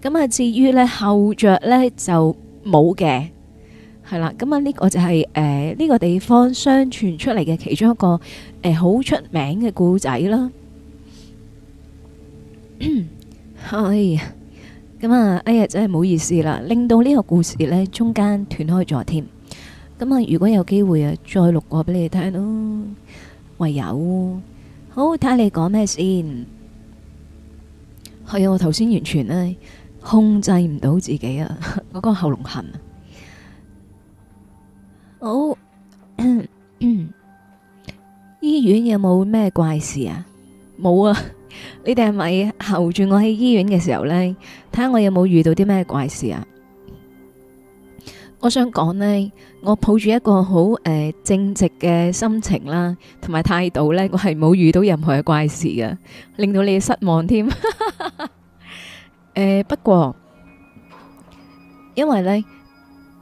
咁啊，至於咧後著咧就冇嘅係啦。咁啊，呢個就係誒呢個地方相傳出嚟嘅其中一個誒好出名嘅故仔啦。哎，咁啊，哎呀，真係唔好意思啦，令到呢個故事咧中間斷開咗添。咁啊，如果有機會啊，再錄過俾你聽咯。唯有，好，睇下，你講咩先。係啊，我頭先完全呢，控制唔到自己啊，嗰 [laughs] 個喉嚨痕。好、oh, [coughs] 醫院有冇咩怪事啊？冇啊。你哋係咪候住我喺醫院嘅時候呢？睇下我有冇遇到啲咩怪事啊？.我想講呢，我抱住一個好誒、呃、正直嘅心情啦，同埋態度呢，我係冇遇到任何嘅怪事㗎，令到你失望添。誒、呃，不過因為呢，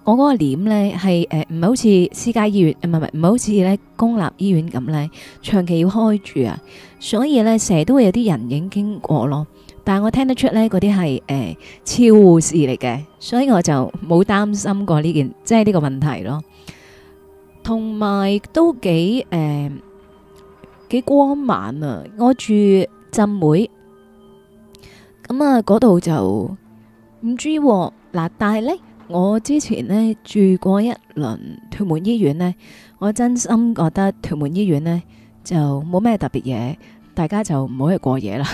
我嗰個簾呢，係誒唔係好似私家醫院，唔係唔係唔係好似咧公立醫院咁咧，長期要開住啊，所以呢，成日都會有啲人影經，經過咯。但係我聽得出呢，嗰啲係誒超護士嚟嘅，所以我就冇擔心過呢件，即係呢個問題咯。同埋都幾誒、呃、幾光猛啊！我住浸會，咁啊嗰度就唔知嗱，但係呢，我之前呢住過一輪屯門醫院呢，我真心覺得屯門醫院呢就冇咩特別嘢，大家就唔好去過夜啦。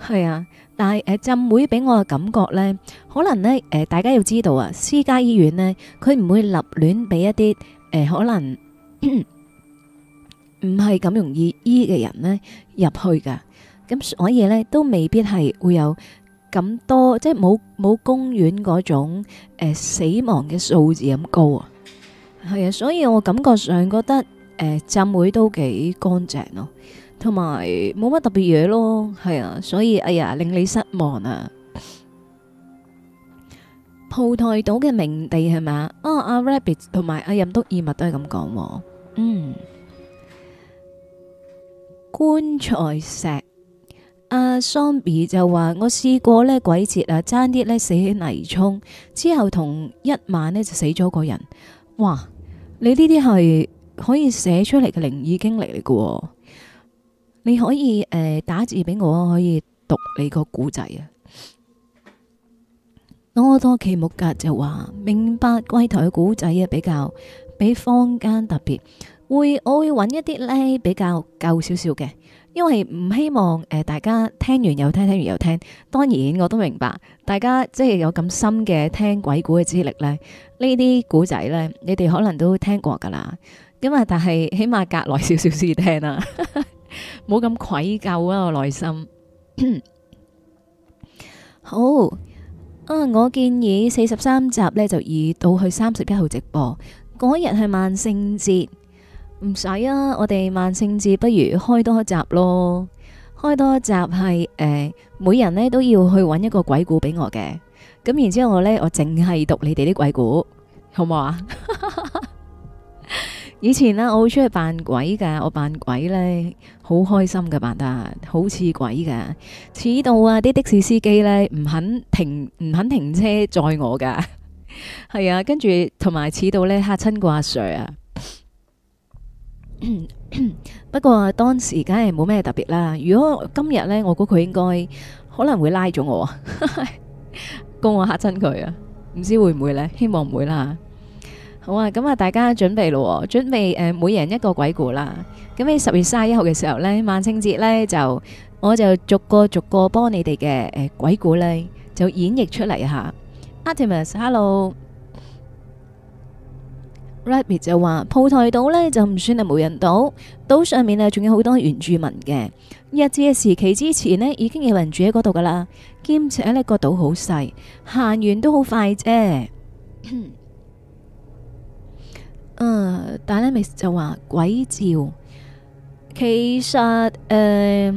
係啊，但係誒浸會俾我嘅感覺呢，可能呢誒大家要知道啊，私家醫院呢，佢唔會立亂俾一啲誒可能唔係咁容易醫嘅人呢入去噶，咁所以呢都未必係會有咁多，即係冇冇公院嗰種誒死亡嘅數字咁高啊。係啊，所以我感覺上覺得誒浸會都幾乾淨咯。同埋冇乜特別嘢咯，係啊，所以哎呀，令你失望啊！蒲台島嘅名地係嘛、哦？啊，阿 Rabbit 同埋阿任督二脈都係咁講，嗯，棺材石阿 Sambi 就話我試過咧，鬼節啊爭啲咧死喺泥涌之後，同一晚呢就死咗個人。哇，你呢啲係可以寫出嚟嘅靈異經歷嚟噶。你可以誒、呃、打字俾我，可以讀你個古仔啊！多多奇木格就話，明白，歸台嘅古仔啊，比較比坊間特別會，我會揾一啲呢比較舊少少嘅，因為唔希望誒大家聽完又聽聽完又聽。當然，我都明白大家即係有咁深嘅聽鬼古嘅資歷呢。呢啲古仔呢，你哋可能都聽過噶啦。咁啊，但係起碼隔耐少少先聽啦。冇咁愧疚啊！我內心 [coughs] 好啊！我建議四十三集呢就移到去三十一號直播，嗰日係萬聖節，唔使啊！我哋萬聖節不如開多一集咯，開多一集係誒、呃，每人呢都要去揾一個鬼故俾我嘅，咁然之後我呢我淨係讀你哋啲鬼故好冇啊？ [laughs] 以前呢，我會出去扮鬼噶，我扮鬼呢，好開心噶，扮得好似鬼噶，似到啊啲的士司機呢，唔肯停，唔肯停車載我噶，係 [laughs] 啊，跟住同埋似到呢，嚇親個阿 Sir 啊咳咳。不過當時梗係冇咩特別啦。如果今日呢，我估佢應該可能會拉咗我， [laughs] 我啊，告我嚇親佢啊，唔知會唔會呢？希望唔會啦。好啊，咁啊，大家準備咯，準備誒、呃，每人一個鬼故啦。咁喺十月三十一號嘅時候呢，萬聖節呢，就，我就逐個逐個幫你哋嘅誒鬼故呢，就演繹出嚟一下。Atimus，Hello，Rabbit 就話，蒲台島呢，就唔算係無人島，島上面呢仲有好多原住民嘅。日治嘅時期之前呢，已經有人住喺嗰度噶啦，兼且呢個島好細，行完都好快啫。 [coughs] 誒、嗯，但係咧咪就話鬼照，其實誒、呃，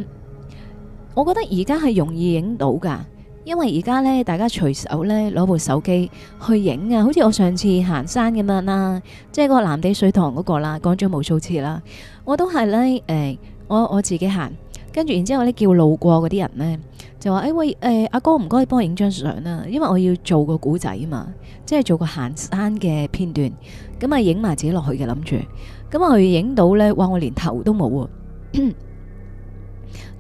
我覺得而家係容易影到噶因為而家咧大家隨手咧攞部手機去影啊，好似我上次行山咁樣啦，即係個藍地水塘嗰個啦，講咗無數次啦，我都係咧誒，我我自己行。跟住，然之後呢叫路過嗰啲人呢，就話，哎喂，誒、哎、阿、啊、哥，唔該，幫我影張相啦，因為我要做個古仔啊嘛，即係做個行山嘅片段，咁、嗯、啊，影埋自己落去嘅，諗住，咁去影到呢。哇，我連頭都冇啊！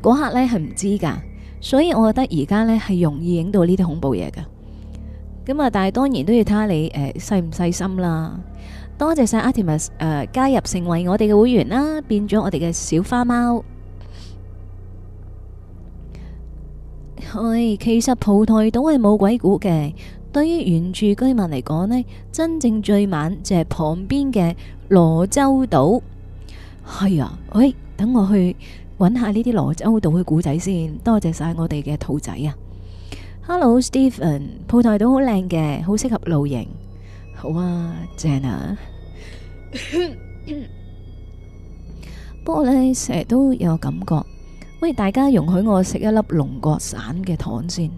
嗰 [coughs] 刻呢係唔知噶，所以我覺得而家呢係容易影到呢啲恐怖嘢㗎，咁、嗯、啊，但係當然都要睇下你誒細唔細心啦。多謝晒 Artemis 誒、呃、加入成為我哋嘅會員啦，變咗我哋嘅小花貓。喂，其實蒲台島係冇鬼故嘅。對於原住居民嚟講呢，真正最猛就係旁邊嘅羅州島。係啊，喂、哎，等我去揾下呢啲羅州島嘅古仔先。多謝晒我哋嘅兔仔啊！Hello，Stephen，蒲台島好靚嘅，好適合露營。好啊，Jenna， [coughs] 不過呢成日都有感覺。喂，大家容許我食一粒龍角散嘅糖先，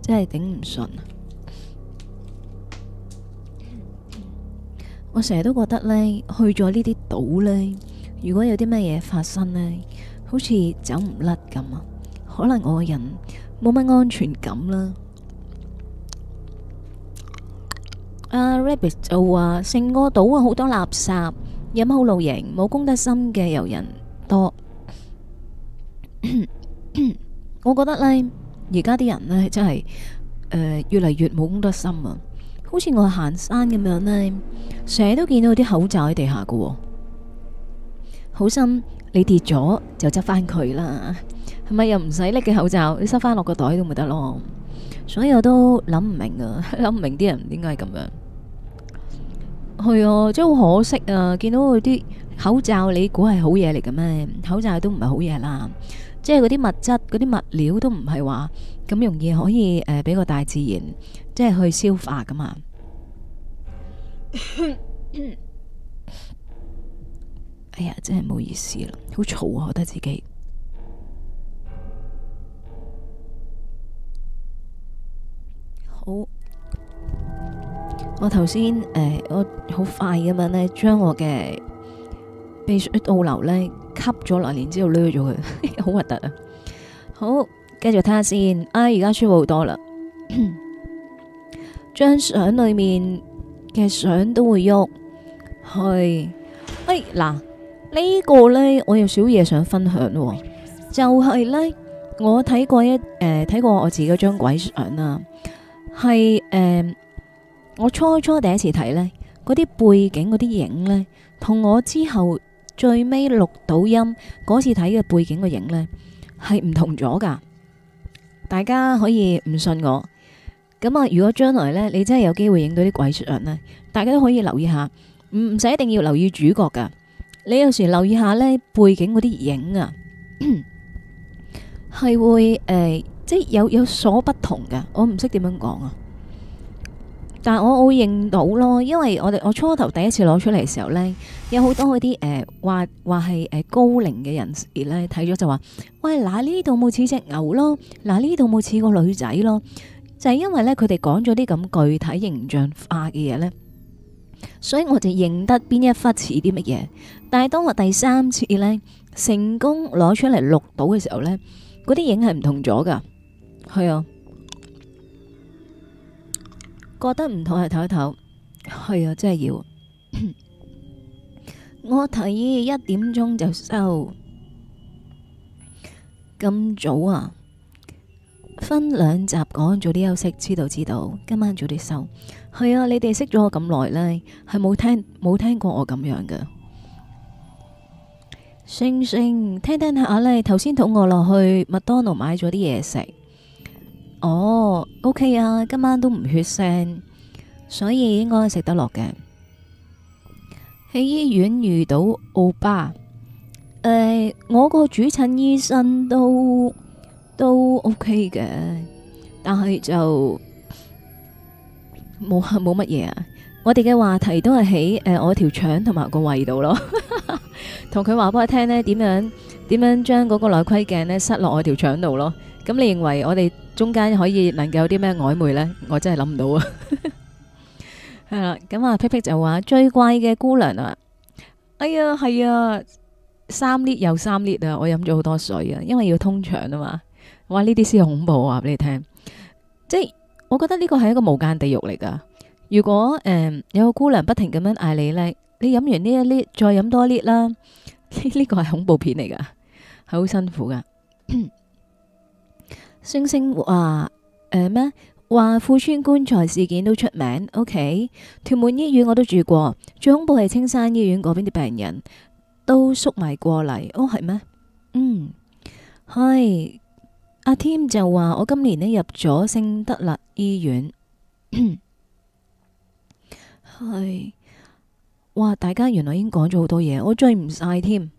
真係頂唔順。我成日都覺得咧，去咗呢啲島咧，如果有啲乜嘢發生咧，好似走唔甩咁啊！可能我個人冇乜安全感啦。阿 Rabbit 就話成個島啊，好多垃圾，有乜好露營，冇公德心嘅遊人多。我覺得咧，而家啲人咧真係誒越嚟越冇公德心啊！好似我行山咁樣咧，成日都見到啲口罩喺地下噶，好心你跌咗就執翻佢啦，係咪又唔使拎嘅口罩，你塞翻落個袋都咪得咯？所以我都諗唔明啊，諗唔明啲人點解咁樣？係啊，真係好可惜啊！見到嗰啲口罩，你估係好嘢嚟嘅咩？口罩都唔係好嘢啦～即係嗰啲物質、嗰啲物料都唔係話咁容易可以誒俾、呃、個大自然即係去消化噶嘛。 [laughs] 哎呀，真係唔好意思啦，好嘈啊，我覺得自己好。我頭先誒，我好快咁樣呢將我嘅。被水倒流呢，吸咗嚟，然之後捋咗佢，好核突啊！好，繼續睇下先。啊、哎，而家舒服好多啦。張相 [coughs] 裏面嘅相都會喐，係誒嗱呢個呢，我有少嘢想分享、哦，就係、是、呢，我睇過一誒睇、呃、過我自己嗰張鬼相啊，係誒、呃、我初初第一次睇呢，嗰啲背景嗰啲影呢，同我之後。最尾錄到音嗰次睇嘅背景嘅影呢，係唔同咗噶，大家可以唔信我咁啊。如果將來呢，你真係有機會影到啲鬼相呢，大家都可以留意下，唔唔使一定要留意主角噶。你有時留意下呢，背景嗰啲影啊，係 [coughs] 會誒、呃、即係有有所不同噶。我唔識點樣講啊。但係我我會認到咯，因為我哋我初頭第一次攞出嚟嘅時候呢，有好多嗰啲誒話話係誒高齡嘅人士呢睇咗就話，喂嗱呢度冇似隻牛咯，嗱呢度冇似個女仔咯，就係因為呢，佢哋講咗啲咁具體形象化嘅嘢呢，所以我就認得邊一忽似啲乜嘢。但係當我第三次呢，成功攞出嚟錄到嘅時候呢，嗰啲影係唔同咗噶，係啊。覺得唔妥係唞一唞，係啊，真係要。我提議一點鐘就收，咁早啊？分兩集講，早啲休息，知道知道。今晚早啲收，係啊，你哋識咗我咁耐呢，係冇聽冇聽過我咁樣嘅。星星，聽聽下咧，頭先肚餓落去麥當勞買咗啲嘢食。哦，O K 啊，今晚都唔血腥，所以應該食得落嘅。喺醫院遇到歐巴，誒、呃，我個主診醫生都都 O K 嘅，但係就冇冇乜嘢啊。我哋嘅話題都係喺誒我條腸同埋個胃度咯，同佢話俾我聽呢點樣點樣將嗰個內窺鏡呢塞落我條腸度咯。咁你認為我哋中間可以能夠有啲咩曖昧呢？我真係諗唔到啊！ [laughs] 係啦，咁啊，皮皮就話最怪嘅姑娘啊！哎呀，係啊，三 lit 又三 lit 啊！我飲咗好多水啊，因為要通腸啊嘛。我話呢啲先恐怖啊！俾你聽，即係我覺得呢個係一個無間地獄嚟噶。如果誒、呃、有個姑娘不停咁樣嗌你呢，你飲完呢一 lit 再飲多 lit 啦，呢 [laughs] 呢個係恐怖片嚟噶，係好辛苦噶。 [coughs] 星星話誒咩？話富川棺材事件都出名，OK？屯門醫院我都住過，最恐怖係青山醫院嗰邊啲病人都縮埋過嚟，哦係咩？嗯，係阿添就話我今年呢入咗聖德勒醫院，係哇！大家原來已經講咗好多嘢，我追唔晒添。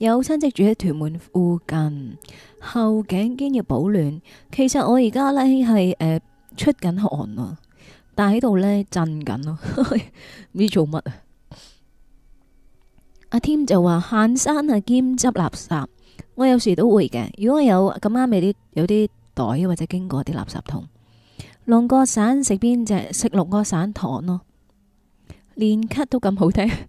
有親戚住喺屯門附近，後頸肩要保暖。其實我而家呢係、呃、出緊汗啊，但喺度呢震緊咯，唔 [laughs] 知做乜啊。阿添就話行 [laughs] 山啊兼執垃圾，我有時都會嘅。如果有咁啱，咪啲有啲袋，或者經過啲垃圾桶。龍角散食邊隻食龍角散糖咯，連咳都咁好聽。 [laughs]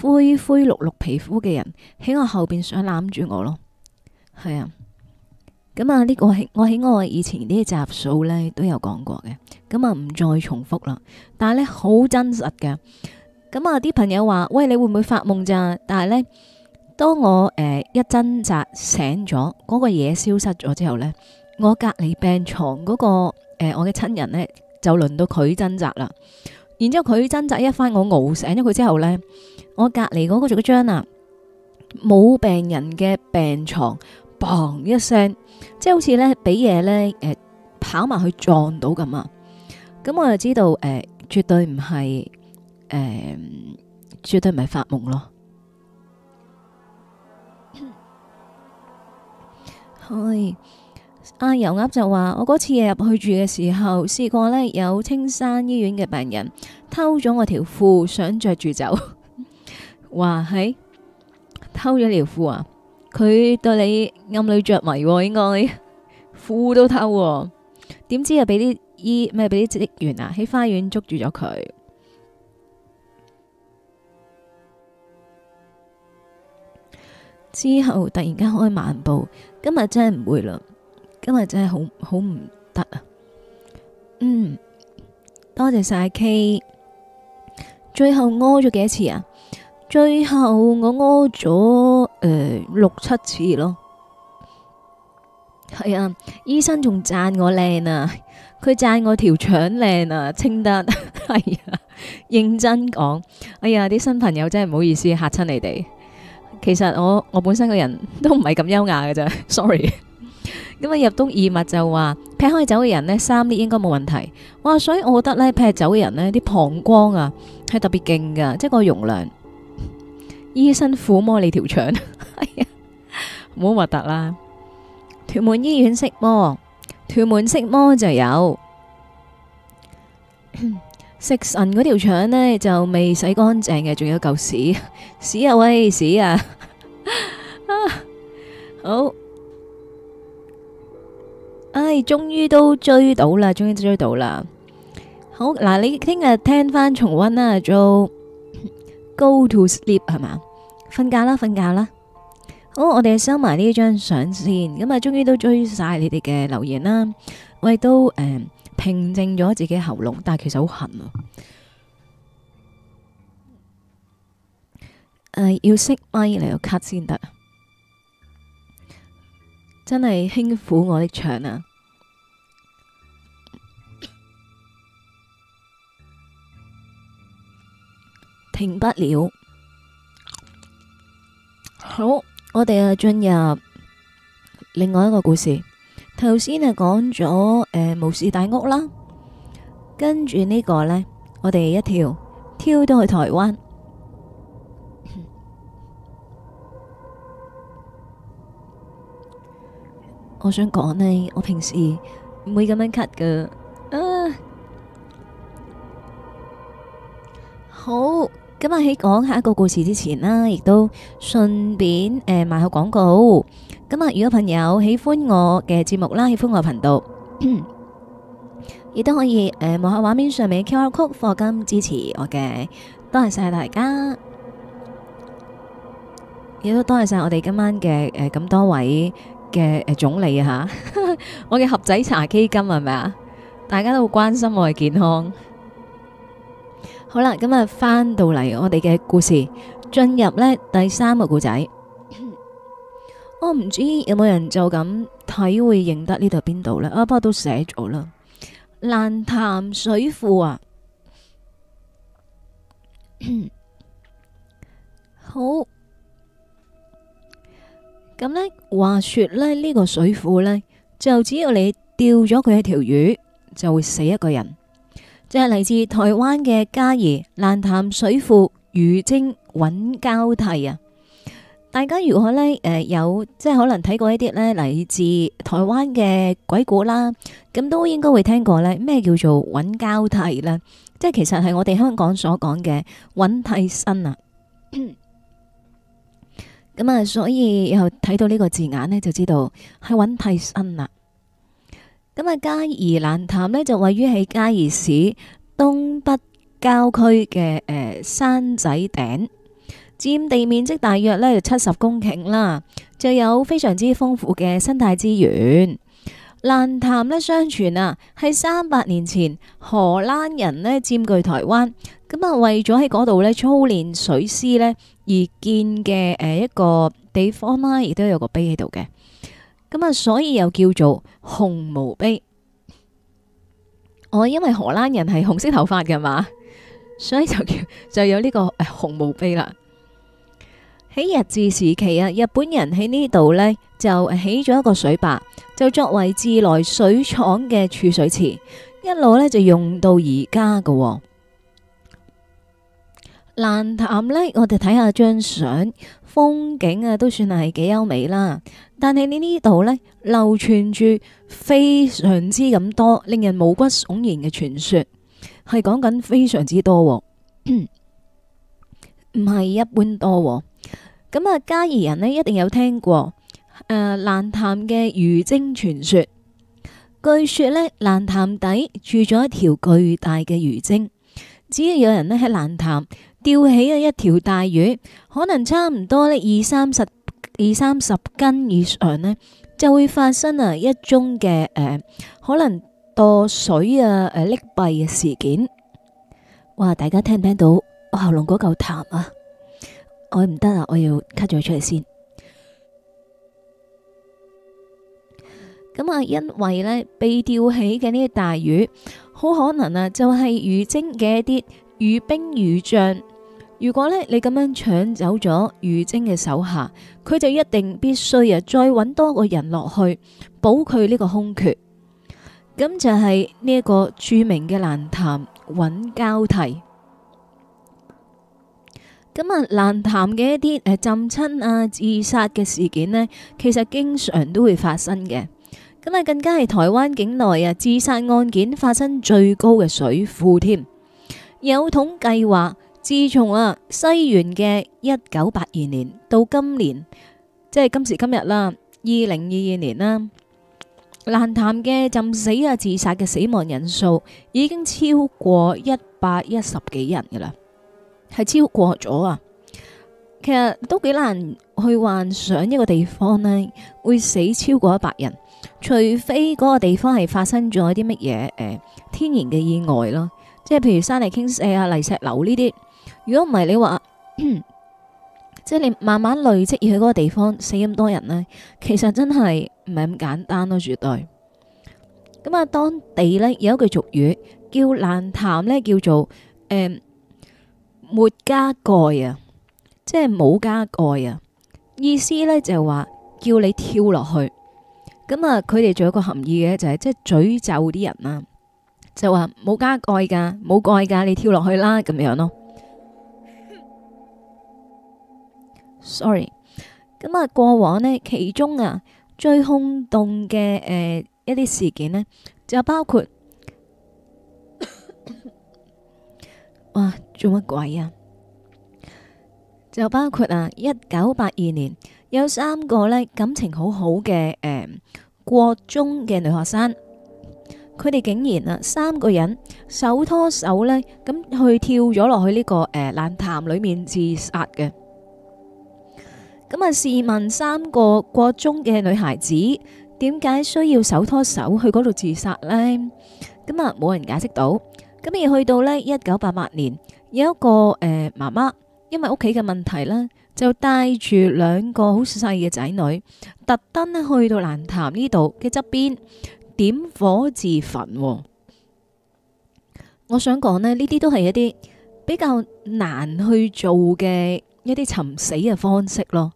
灰灰綠綠皮膚嘅人喺我後邊想攬住我咯，係啊。咁啊，呢個我我喺我以前啲集數咧都有講過嘅，咁啊唔再重複啦。但係咧好真實嘅。咁啊，啲朋友話喂，你會唔會發夢咋、啊？但係咧，當我誒、呃、一掙扎醒咗，嗰、那個嘢消失咗之後咧，我隔籬病床嗰、那個誒、呃，我嘅親人咧就輪到佢掙扎啦。然之後佢掙扎一番，我熬醒咗佢之後咧。我隔籬嗰個做嗰張啊，冇病人嘅病床，砰一聲，即係好似咧俾嘢咧跑埋去撞到咁啊。咁我就知道誒、呃，絕對唔係誒，絕對唔係發夢咯。去阿油鴨就話，我嗰次夜入去住嘅時候，試過呢，有青山醫院嘅病人偷咗我條褲，想着住走。話係偷咗條褲啊！佢對你暗裏着迷喎，應該褲都偷喎。點知又畀啲醫咩？畀啲職員啊，喺花園捉住咗佢之後，突然間開慢步。今日真係唔會啦，今日真係好好唔得啊！嗯，多謝晒 K。最後屙咗幾多次啊？最後我屙咗誒六七次咯，係啊，醫生仲讚我靚啊，佢讚我條腸靚啊，清得係啊，哎，認真講，哎呀啲新朋友真係唔好意思嚇親你哋。其實我我本身個人都唔係咁優雅嘅啫，sorry。咁 [laughs] 啊入冬易物就話劈開酒嘅人呢三 L 應該冇問題。哇，所以我覺得呢劈酒嘅人呢啲膀胱啊係特別勁噶，即係個容量。醫生撫摸你條腸，係啊，唔好核突啦！屯門醫院識摸，屯門識摸就有食神嗰條腸呢，就未洗乾淨嘅，仲有嚿屎屎啊！喂屎啊！好，唉，終於都追到啦，終於追到啦！好嗱，你聽日聽翻重溫啦，Jo。Go to sleep 係嘛？瞓覺啦，瞓覺啦。好，我哋收埋呢張相先。咁啊，終於都追晒你哋嘅留言啦。我亦都誒、呃，平靜咗自己喉嚨，但係其實好痕啊。誒、呃，要熄咪嚟到 cut 先得，真係輕撫我的腸啊！停不了，好，我哋啊進入另外一個故事。頭先啊講咗誒巫師大屋啦，跟住呢個呢，我哋一條跳到去台灣。我想講呢，我平時唔會咁樣 cut 㗎，嗯，好。今日喺講下一個故事之前啦，亦都順便誒賣下廣告。咁如果朋友喜歡我嘅節目啦，喜歡我嘅頻道，亦都可以誒望下畫面上面嘅 QR code 課金支持我嘅，多謝晒大家。亦都多謝晒我哋今晚嘅誒咁多位嘅誒總理啊，吓，我嘅盒仔茶基金係咪啊？大家都好關心我嘅健康。好啦，今日翻到嚟我哋嘅故事，進入呢第三個故仔。 [coughs] 我唔知有冇人就咁睇會認得呢度係邊度呢啊？不過都寫咗啦，爛潭水庫啊， [coughs] 好。咁呢話說呢，呢、呢個水庫呢，就只要你釣咗佢一條魚，就會死一個人。即係嚟自台灣嘅嘉義爛潭水庫魚精搵交替啊！大家如果呢誒、呃、有即係可能睇過一啲呢嚟自台灣嘅鬼故啦，咁都應該會聽過呢咩叫做搵交替啦？即係其實係我哋香港所講嘅搵替身啊！咁啊， [coughs] 所以以後睇到呢個字眼呢，就知道係搵替身啦、啊。咁啊，嘉義蘭潭就位於喺嘉義市東北郊區嘅誒山仔頂，占地面積大約咧七十公頃啦，就有非常之豐富嘅生態資源。蘭潭咧相傳啊，係三百年前荷蘭人咧佔據台灣，咁啊為咗喺嗰度咧操練水師咧而建嘅誒一個地方啦，亦都有個碑喺度嘅。咁啊，所以又叫做紅毛碑。我、哦、因為荷蘭人係紅色頭髮嘅嘛，所以就叫就有呢、這個、哎、紅毛碑啦。喺日治時期啊，日本人喺呢度呢，就起咗一個水壩，就作為自來水廠嘅儲水池，一路呢就用到而家嘅。蘭潭呢，我哋睇下張相，風景啊都算係幾優美啦。但係你呢度呢，流傳住非常之咁多令人毛骨悚然嘅傳說，係講緊非常之多，喎，唔係、哦、 [coughs] 一般多、哦。喎。咁啊，嘉義人呢一定有聽過誒，呃、蘭潭嘅魚精傳說。據說呢，蘭潭底住咗一條巨大嘅魚精，只要有人呢喺蘭潭釣起咗一條大魚，可能差唔多呢二三十。二三十斤以上呢，就會發生啊一宗嘅、誒、呃，可能墮水啊誒，溺斃嘅事件。哇！大家聽唔聽到？我喉嚨嗰嚿痰啊，我唔得啊，我要咳咗出嚟先。咁啊，因為呢被釣起嘅呢啲大魚，好可能啊就係魚精嘅一啲魚兵魚將。如果咧，你咁樣搶走咗余貞嘅手下，佢就一定必須啊，再搵多一個人落去補佢呢個空缺。咁就係呢一個著名嘅難談搵交替。咁啊，難談嘅一啲誒，浸親啊，自殺嘅事件呢，其實經常都會發生嘅。咁啊，更加係台灣境內啊，自殺案件發生最高嘅水庫添。有統計話。自從啊西元嘅一九八二年到今年，即係今時今日啦，二零二二年啦，難談嘅浸死啊、自殺嘅死亡人數已經超過一百一十幾人噶啦，係超過咗啊！其實都幾難去幻想一個地方呢會死超過一百人，除非嗰個地方係發生咗啲乜嘢誒，天然嘅意外咯，即係譬如山泥傾瀉啊、泥石流呢啲。如果唔係你話， [coughs] 即係你慢慢累積要去嗰個地方死咁多人呢，其實真係唔係咁簡單咯、啊，絕對。咁啊，當地呢有一句俗語叫爛潭呢叫做誒、嗯，沒加蓋啊，即係冇加蓋啊。意思呢就係、是、話叫你跳落去。咁、嗯、啊，佢哋仲有一個含義嘅就係即係詛咒啲人啊，就話、是、冇、就是、加蓋噶，冇蓋噶，你跳落去啦，咁樣咯。Sorry，咁啊，過往呢，其中啊最轟動嘅誒一啲事件呢就包括哇，做乜鬼啊？就包括啊一九八二年有三個呢感情好好嘅誒國中嘅女學生，佢哋竟然啊三個人手拖手呢咁去跳咗落去呢個誒蘭潭裏面自殺嘅。咁啊！試問三個國中嘅女孩子點解需要手拖手去嗰度自殺咧？咁啊，冇人解釋到。咁而去到咧一九八八年，有一個誒媽媽因為屋企嘅問題咧，就帶住兩個好細嘅仔女，特登咧去到蘭潭呢度嘅側邊點火自焚。我想講咧，呢啲都係一啲比較難去做嘅一啲尋死嘅方式咯。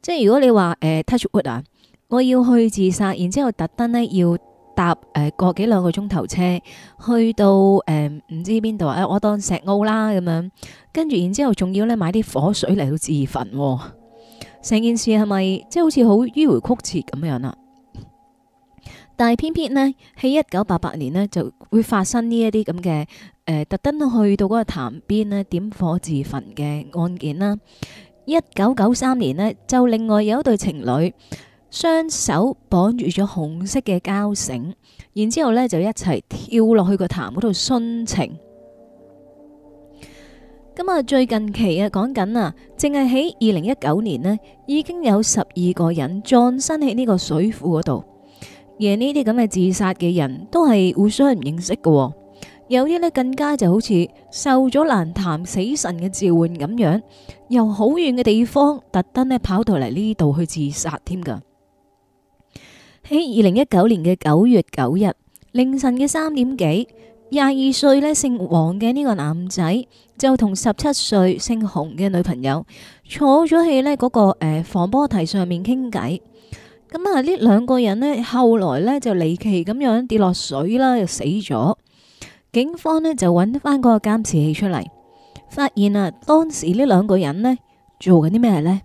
即係如果你話誒 touch wood 啊，呃 Touchwood，我要去自殺，然之後特登呢要搭誒個幾兩個鐘頭車去到誒唔、呃、知邊度啊，我當石澳啦咁樣，跟住然之後仲要呢買啲火水嚟到自焚，哦，成件事係咪即係好似好迂迴曲折咁樣啦，啊？但係偏偏呢，喺一九八八年呢就會發生呢一啲咁嘅誒特登去到嗰個潭邊呢點火自焚嘅案件啦。一九九三年呢，就另外有一對情侶雙手綁住咗紅色嘅膠繩，然之後呢就一齊跳落去個潭嗰度殉情。咁啊，最近期啊講緊啊，淨係喺二零一九年呢，已經有十二個人葬身喺呢個水庫嗰度。而呢啲咁嘅自殺嘅人都係互相唔認識噶。有啲咧更加就好似受咗難談死神嘅召喚咁樣，由好遠嘅地方特登呢跑到嚟呢度去自殺添噶。喺二零一九年嘅九月九日凌晨嘅三點幾，廿二歲呢姓王嘅呢個男仔就同十七歲姓洪嘅女朋友坐咗喺呢嗰個誒、呃、防波堤上面傾偈。咁啊，呢兩個人呢後來呢就離奇咁樣跌落水啦，又死咗。警方呢就揾得翻個監視器出嚟，發現啊，當時呢兩個人呢做緊啲咩呢？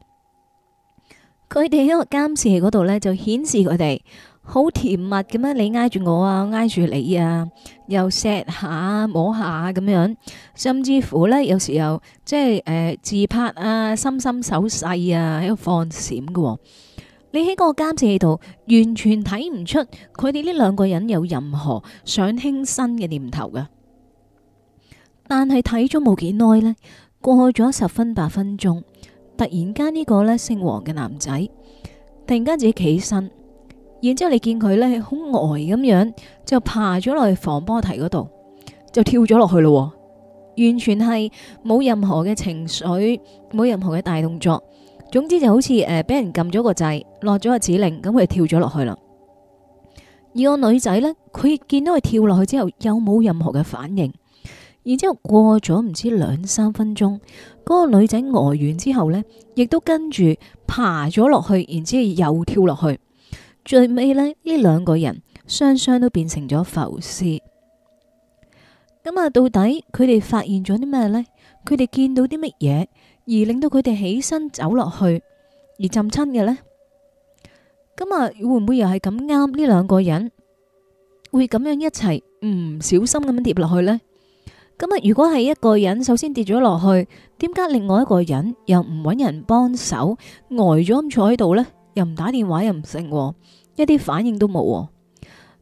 佢哋喺個監視器嗰度呢就顯示佢哋好甜蜜咁樣，你挨住我啊，挨住你啊，又錫下摸下咁樣，甚至乎呢，有時候即係、呃、自拍啊，心心手勢啊喺度放閃嘅。你喺個監視器度完全睇唔出佢哋呢兩個人有任何想輕生嘅念頭噶，但係睇咗冇幾耐咧，過咗十分八分鐘，突然間呢個呢姓黃嘅男仔突然間自己企起身，然之後你見佢呢好呆咁樣，就爬咗落去防波堤嗰度，就跳咗落去咯，完全係冇任何嘅情緒，冇任何嘅大動作。總之就好似誒，俾人撳咗個掣，落咗個指令，咁佢就跳咗落去啦。而個女仔呢，佢見到佢跳落去之後，又冇任何嘅反應。然之後過咗唔知兩三分鐘，嗰個女仔呆完之後呢，亦都跟住爬咗落去，然之後又跳落去。最尾呢，呢兩個人雙雙都變成咗浮屍。咁啊，到底佢哋發現咗啲咩呢？佢哋見到啲乜嘢？而令到佢哋起身走落去而浸親嘅呢？咁啊，會唔會又係咁啱呢？兩個人會咁樣一齊唔小心咁樣跌落去呢？咁啊，如果係一個人首先跌咗落去，點解另外一個人又唔揾人幫手，呆咗咁坐喺度呢？又唔打電話，又唔成啊，一啲反應都冇啊。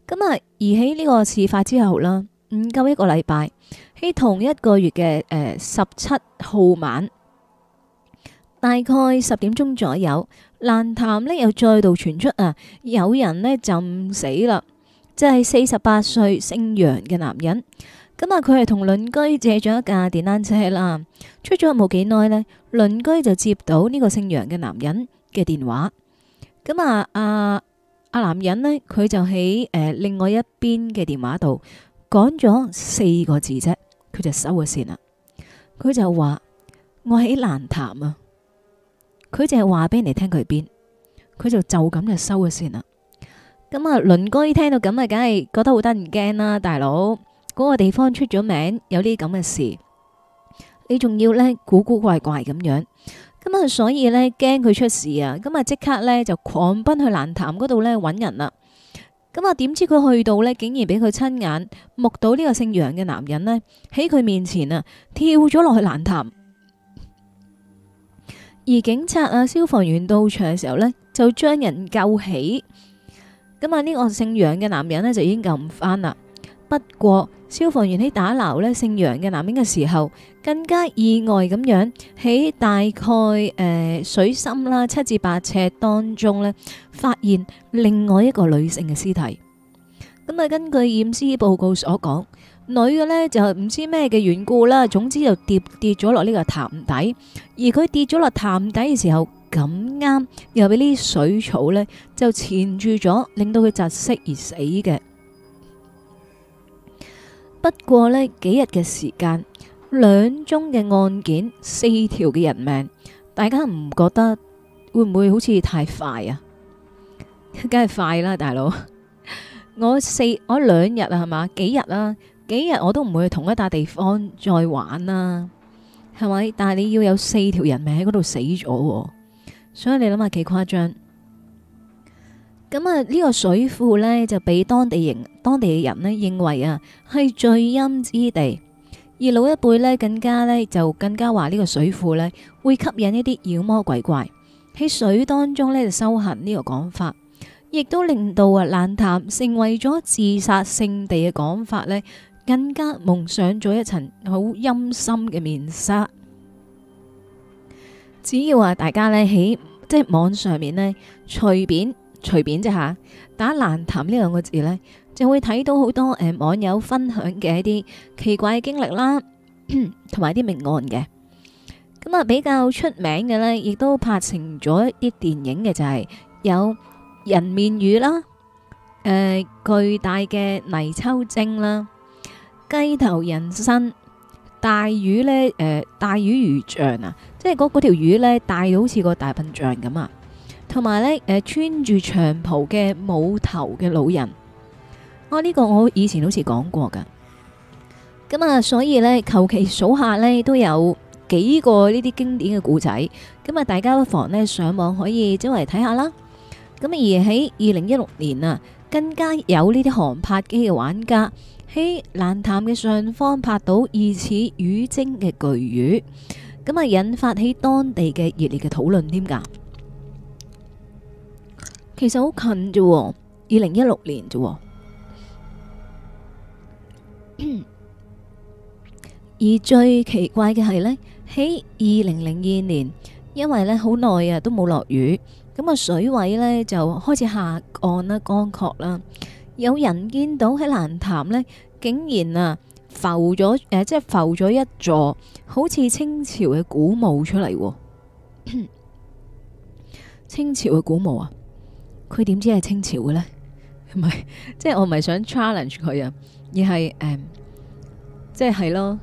咁啊，而喺呢個事發之後啦，唔夠一個禮拜喺同一個月嘅呃十七號晚。大概十點鐘左右，蘭潭呢又再度傳出啊，有人呢浸死啦，即係四十八歲姓楊嘅男人。咁啊，佢係同鄰居借咗一架電單車啦，出咗冇幾耐呢，鄰居就接到呢個姓楊嘅男人嘅電話。咁啊，阿、啊、阿男人呢，佢就喺誒、呃、另外一邊嘅電話度講咗四個字啫，佢就收咗綫啦。佢就話：我喺蘭潭啊。佢淨係話俾人哋聽佢係邊，佢就就咁就收咗線啦。咁啊，鄰居聽到咁啊，梗係覺得好得人驚啦！大佬嗰個地方出咗名，有啲咁嘅事，你仲要呢古古怪怪咁樣。咁啊，所以呢，驚佢出事啊，咁啊即刻呢，就狂奔去蘭潭嗰度呢揾人啦。咁啊，點知佢去到呢，竟然俾佢親眼目睹呢個姓楊嘅男人呢，喺佢面前啊跳咗落去蘭潭。而警察啊、消防員到場嘅時候呢，就將人救起。咁啊，呢個姓楊嘅男人呢，就已經救唔翻。啦不過消防員喺打撈呢姓楊嘅男人嘅時候，更加意外咁樣喺大概誒、呃、水深啦七至八尺當中呢，發現另外一個女性嘅屍體。咁啊，根據驗屍報告所講。女嘅呢就唔知咩嘅緣故啦，總之就跌跌咗落呢個潭底，而佢跌咗落潭底嘅時候咁啱，又俾啲水草呢就纏住咗，令到佢窒息而死嘅。不過呢幾日嘅時間，兩宗嘅案件，四條嘅人命，大家唔覺得會唔會好似太快啊？梗係快啦，大佬，我四我兩日啊，係嘛，幾日啦？幾日我都唔會去同一笪地方再玩啦，啊，係咪？但係你要有四條人命喺嗰度死咗，啊，所以你諗下幾誇張。咁啊，呢、這個水庫呢，就俾當地人當地嘅人呢認為啊係聚陰之地，而老一輩呢，更加呢就更加話呢個水庫呢，會吸引一啲妖魔鬼怪喺水當中呢就修行。呢個講法，亦都令到啊爛潭成為咗自殺聖地嘅講法呢。更加蒙上咗一層好陰森嘅面紗。只要話，大家咧喺即係網上面咧，隨便隨便啫吓，打蘭潭呢兩個字咧，就會睇到好多誒網友分享嘅一啲奇怪嘅經歷啦，同埋一啲命案嘅。咁啊，比較出名嘅咧，亦都拍成咗一啲電影嘅，就係有人面魚啦，誒，巨大嘅泥鰍精啦。雞頭人身、大魚咧，誒、呃，大魚魚像啊，即係嗰嗰條魚咧，大到好似個大笨象咁啊！同埋呢，誒、呃，穿住長袍嘅冇頭嘅老人，我、啊、呢、這個我以前好似講過噶。咁啊，所以呢，求其數下呢，都有幾個呢啲經典嘅故仔。咁啊，大家不妨呢，上網可以周圍睇下啦。咁、啊、而喺二零一六年啊，更加有呢啲航拍機嘅玩家。喺蘭潭嘅上方拍到疑似魚精嘅巨魚，咁啊引發起當地嘅熱烈嘅討論添噶。其實好近啫，二零一六年啫。 [coughs] 而最奇怪嘅係呢，喺二零零二年，因為呢好耐啊都冇落雨，咁啊水位呢就開始下降啦，乾涸啦。有人見到喺蘭潭呢，竟然啊浮咗誒，即係浮咗一座好似清朝嘅古墓出嚟喎。 [coughs] 清朝嘅古墓啊，佢點知係清朝嘅呢？唔係，即係我唔係想 challenge 佢啊，而係誒、嗯，即係係咯，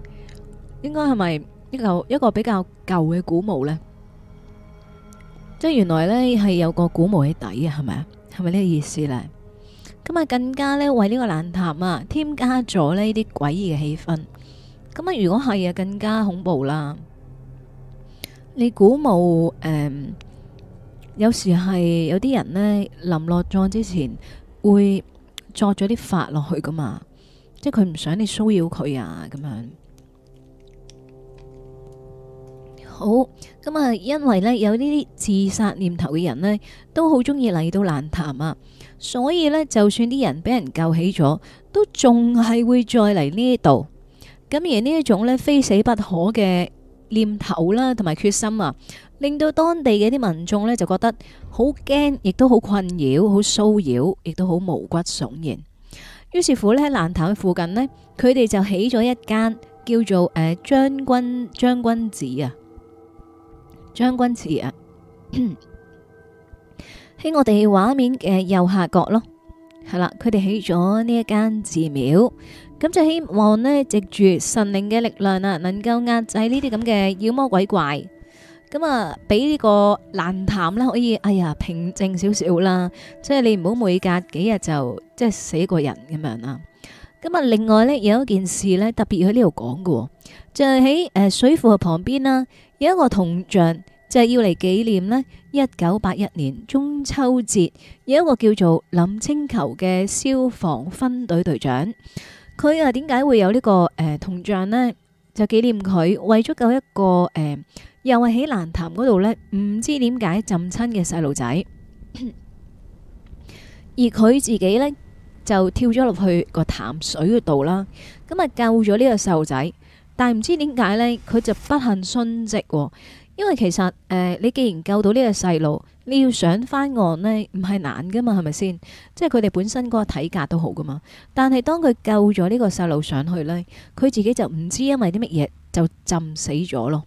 應該係咪一個一個比較舊嘅古墓呢？即係原來呢，係有個古墓喺底啊，係咪啊？係咪呢個意思呢？咁啊，更加呢，為呢個冷潭啊，添加咗呢啲詭異嘅氣氛。咁啊，如果係啊，更加恐怖啦。你估冇？誒、嗯，有時係有啲人呢，臨落葬之前會作咗啲法落去噶嘛，即係佢唔想你騷擾佢啊，咁樣。好，咁啊，因為呢，有呢啲自殺念頭嘅人呢，都好中意嚟到冷潭啊。所以呢，就算啲人俾人救起咗，都仲係會再嚟呢度。咁而呢一種咧，非死不可嘅念頭啦，同埋決心啊，令到當地嘅啲民眾呢，就覺得好驚，亦都好困擾，好騷擾，亦都好毛骨悚然。於是乎咧，蘭潭嘅附近呢，佢哋就起咗一間叫做誒將軍、uh, 將軍祠啊，將軍祠啊。 [coughs] 喺我哋畫面嘅右下角咯，係啦，佢哋起咗呢一間寺廟，咁就希望呢藉住神靈嘅力量啊，能夠壓制呢啲咁嘅妖魔鬼怪，咁啊俾呢個難談啦，可以，哎呀平靜少少啦，即係你唔好每隔幾日就即係死一個人咁樣啦。咁啊，另外呢，有一件事呢，特別喺呢度講嘅，就係喺誒水庫嘅旁邊啦，有一個銅像。就係、是、要嚟紀念呢，一九八一年中秋節有一個叫做林清球嘅消防分隊隊長，佢啊點解會有、這個呃、呢個誒銅像呢？就紀念佢為咗救一個誒、呃、又係喺蘭潭嗰度呢唔知點解浸親嘅細路仔，而佢自己呢就跳咗落去個潭水度啦。咁啊救咗呢個細路仔，但係唔知點解呢，佢就不幸殉職、哦。因為其實誒、呃，你既然救到呢個細路，你要想翻岸呢，唔係難噶嘛，係咪先？即係佢哋本身嗰個體格都好噶嘛。但係當佢救咗呢個細路上去呢，佢自己就唔知因為啲乜嘢就浸死咗咯。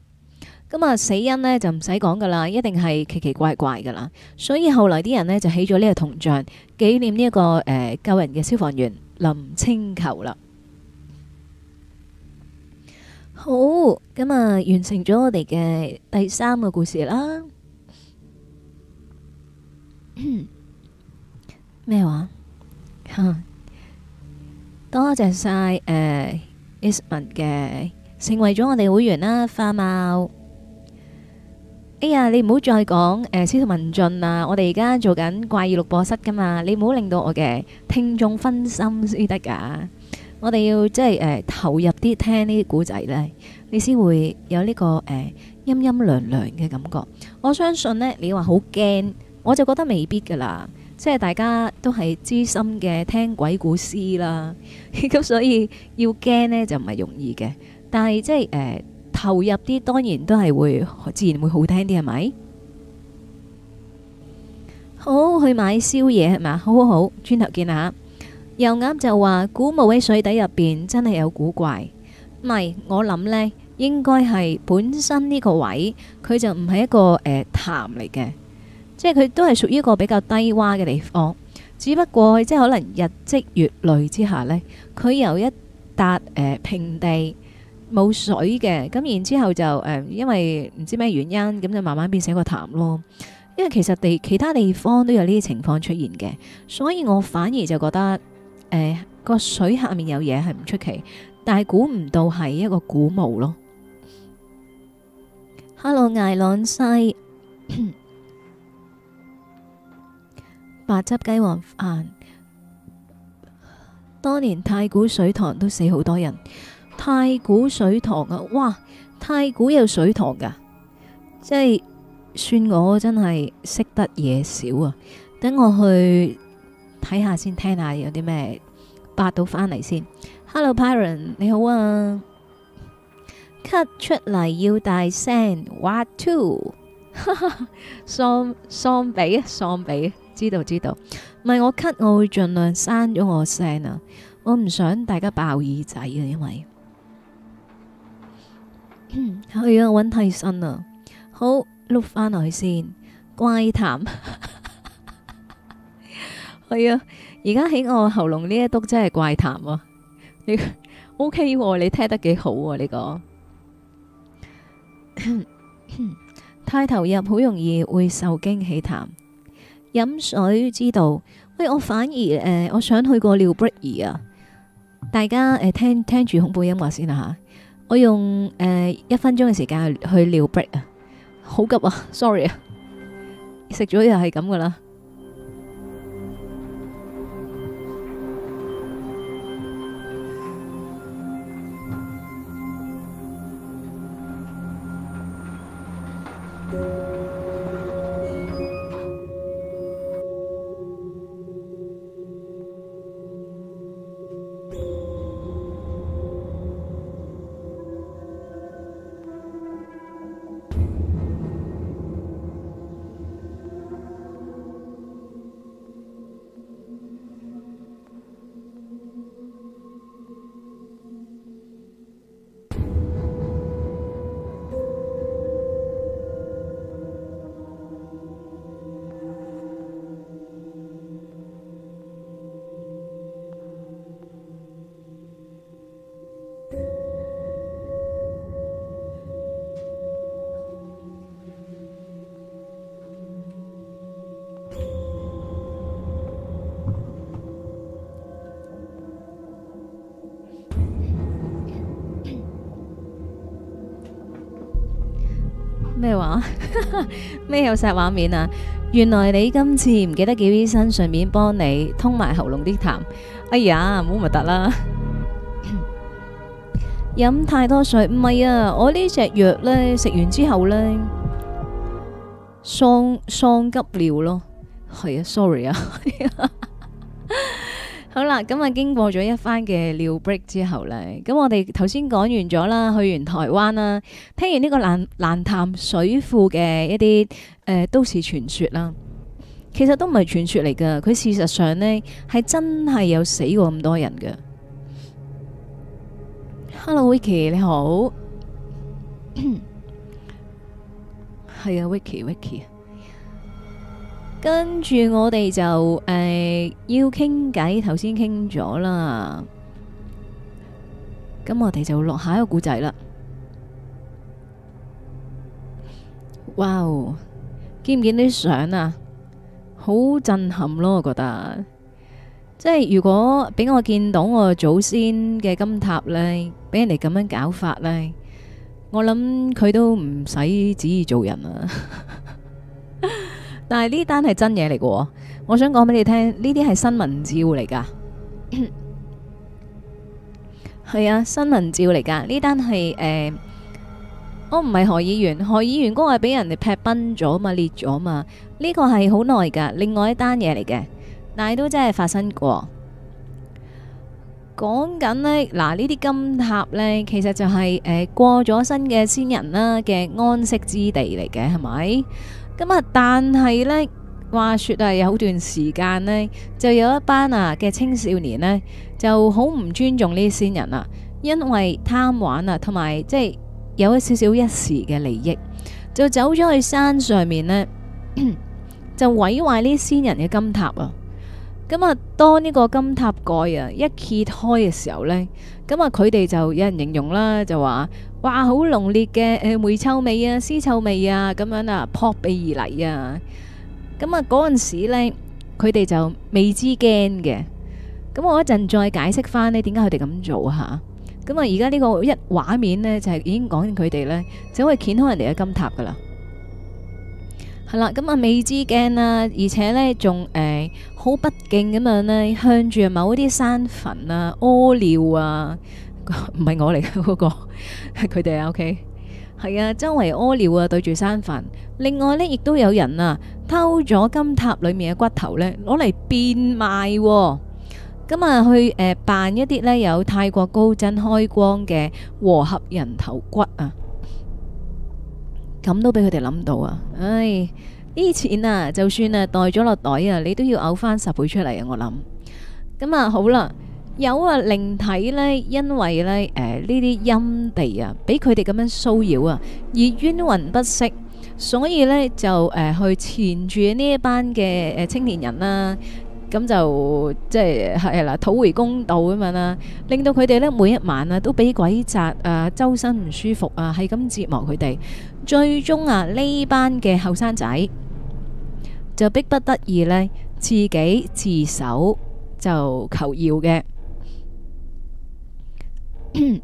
咁、嗯、啊，死因呢就唔使講噶啦，一定係奇奇怪怪噶啦。所以後來啲人呢就起咗呢個銅像，紀念呢、這、一個誒、呃、救人嘅消防員林清球啦。好，咁啊，完成咗我哋嘅第三個故事啦。咩話？多謝晒誒，Isman 嘅成為咗我哋會員啦，花貓。哎呀，你唔好再講誒，司徒文進啊！我哋而家做緊怪異錄播室噶嘛，你唔好令到我嘅聽眾分心先得噶。我哋要即係誒、呃、投入啲聽些呢啲古仔咧，你先會有呢、這個誒、呃、陰陰涼涼嘅感覺。我相信咧，你話好驚，我就覺得未必噶啦。即係大家都係資深嘅聽鬼故事啦，咁 [laughs] 所以要驚咧就唔係容易嘅。但係即係誒、呃、投入啲，當然都係會自然會好聽啲，係咪？好，去買宵夜係嘛？好好好，轉頭見下。又啱就話：古墓喺水底入邊，真係有古怪。唔係，我諗呢應該係本身呢個位佢就唔係一個誒、呃、潭嚟嘅，即係佢都係屬於一個比較低窪嘅地方。只不過即係可能日積月累之下呢，佢由一笪誒、呃、平地冇水嘅，咁然之後就誒、呃，因為唔知咩原因，咁就慢慢變成一個潭咯。因為其實地其他地方都有呢啲情況出現嘅，所以我反而就覺得。誒、呃，個水下面有嘢係唔出奇，但係估唔到係一個古墓咯。Hello，艾朗西，白汁雞皇飯。當年太古水塘都死好多人，太古水塘啊，哇！太古有水塘噶，即係算我真係識得嘢少啊！等我去。睇下先，聽下有啲咩百度翻嚟先。Hello，Piran，你好啊！咳出嚟要大聲。What too？ [laughs] 喪，喪比？比，喪比，知道知道。唔係我咳，我會盡量刪咗我聲啊！我唔想大家爆耳仔啊，因為係 [coughs] 啊，揾替身啊。好，碌翻落去先，怪談。 [laughs] 係啊，而家喺我喉嚨呢一督真係怪痰喎、啊。你 O K，你聽得幾好啊？你講 [coughs] 太投入，好容易會受驚起痰。飲水之道，喂，我反而誒、呃，我想去個尿 break 兒啊。大家誒、呃，聽聽住恐怖音樂先啦、啊、吓。我用誒、呃、一分鐘嘅時間去尿 break 啊。好急啊！Sorry 啊，食咗又係咁噶啦。咩 [laughs] 有晒畫面啊？原來你今次唔記得叫醫生，順便幫你通埋喉嚨啲痰。哎呀，唔好咪得啦！飲 [coughs] 太多水唔係啊，我呢隻藥呢，食完之後呢，喪喪急尿咯。係啊，sorry 啊。 [laughs] 好啦，咁啊經過咗一番嘅尿 break 之後呢，咁我哋頭先講完咗啦，去完台灣啦，聽完呢個蘭蘭潭水庫嘅一啲，呃、都市傳說啦，其實都唔係傳說嚟噶，佢事實上呢，係真係有死過咁多人噶。Hello，Vicky 你好，係 [coughs] 啊，Vicky，Vicky。Wiki, Wiki 跟住我哋就誒要傾偈，頭先傾咗啦，咁我哋就落下一個故仔啦。哇哦，見唔見啲相啊？好震撼咯，我覺得。即係如果俾我見到我祖先嘅金塔呢，俾人哋咁樣搞法呢，我諗佢都唔使旨意做人啊！但係呢單係真嘢嚟嘅，我想講俾你聽，呢啲係新聞照嚟噶，係 [coughs] 啊，新聞照嚟噶。呢單係誒，我唔係何議員，何議員嗰個係俾人哋劈崩咗嘛，裂咗嘛。呢、呢個係好耐噶，另外一單嘢嚟嘅，但係都真係發生過。講緊呢，嗱呢啲金塔呢，其實就係、是、誒、呃、過咗身嘅先人啦嘅安息之地嚟嘅，係咪？咁啊！但係咧，話說啊，有段時間咧，就有一班啊嘅青少年咧，就好唔尊重呢啲先人啊，因為貪玩啊，同埋即係有一少少一時嘅利益，就走咗去山上面呢，就毀壞呢啲先人嘅金塔啊！咁、嗯、啊，當呢個金塔蓋啊一揭開嘅時候呢。咁啊，佢哋就有人形容啦，就話哇，好濃烈嘅誒，霉臭味啊，屍臭味啊，咁樣啊，撲鼻而嚟啊！咁啊，嗰陣時咧，佢哋就未知驚嘅。咁我一陣再解釋翻呢點解佢哋咁做吓？咁啊，而家呢個一畫面呢，就係、是、已經講緊佢哋呢，就可以掀開人哋嘅金塔噶啦。係啦，咁啊，未知驚啊，而且呢仲誒好不敬咁樣呢，向住某啲山墳啊屙尿啊，唔係我嚟噶嗰個佢哋啊，OK，係啊，周圍屙尿啊，對住山墳。另外呢，亦都有人啊偷咗金塔裏面嘅骨頭呢，攞嚟變賣，哦，咁啊去誒、呃、扮一啲呢有泰國高僧開光嘅和合人頭骨啊。咁都俾佢哋諗到啊！唉，啲錢啊，就算啊，袋咗落袋啊，你都要嘔翻十倍出嚟啊！我諗咁啊，好啦，有啊靈體咧，因為咧誒呢啲陰地啊，俾佢哋咁樣騷擾啊，而冤魂不息，所以咧就誒去纏住呢一班嘅誒青年人啦。咁就即係係啦，討回公道咁樣啦，令到佢哋咧每一晚啊都俾鬼閘啊，周身唔舒服啊，係咁折磨佢哋。最終啊，呢班嘅後生仔就迫不得已呢，自己自首就求饒嘅。 [coughs]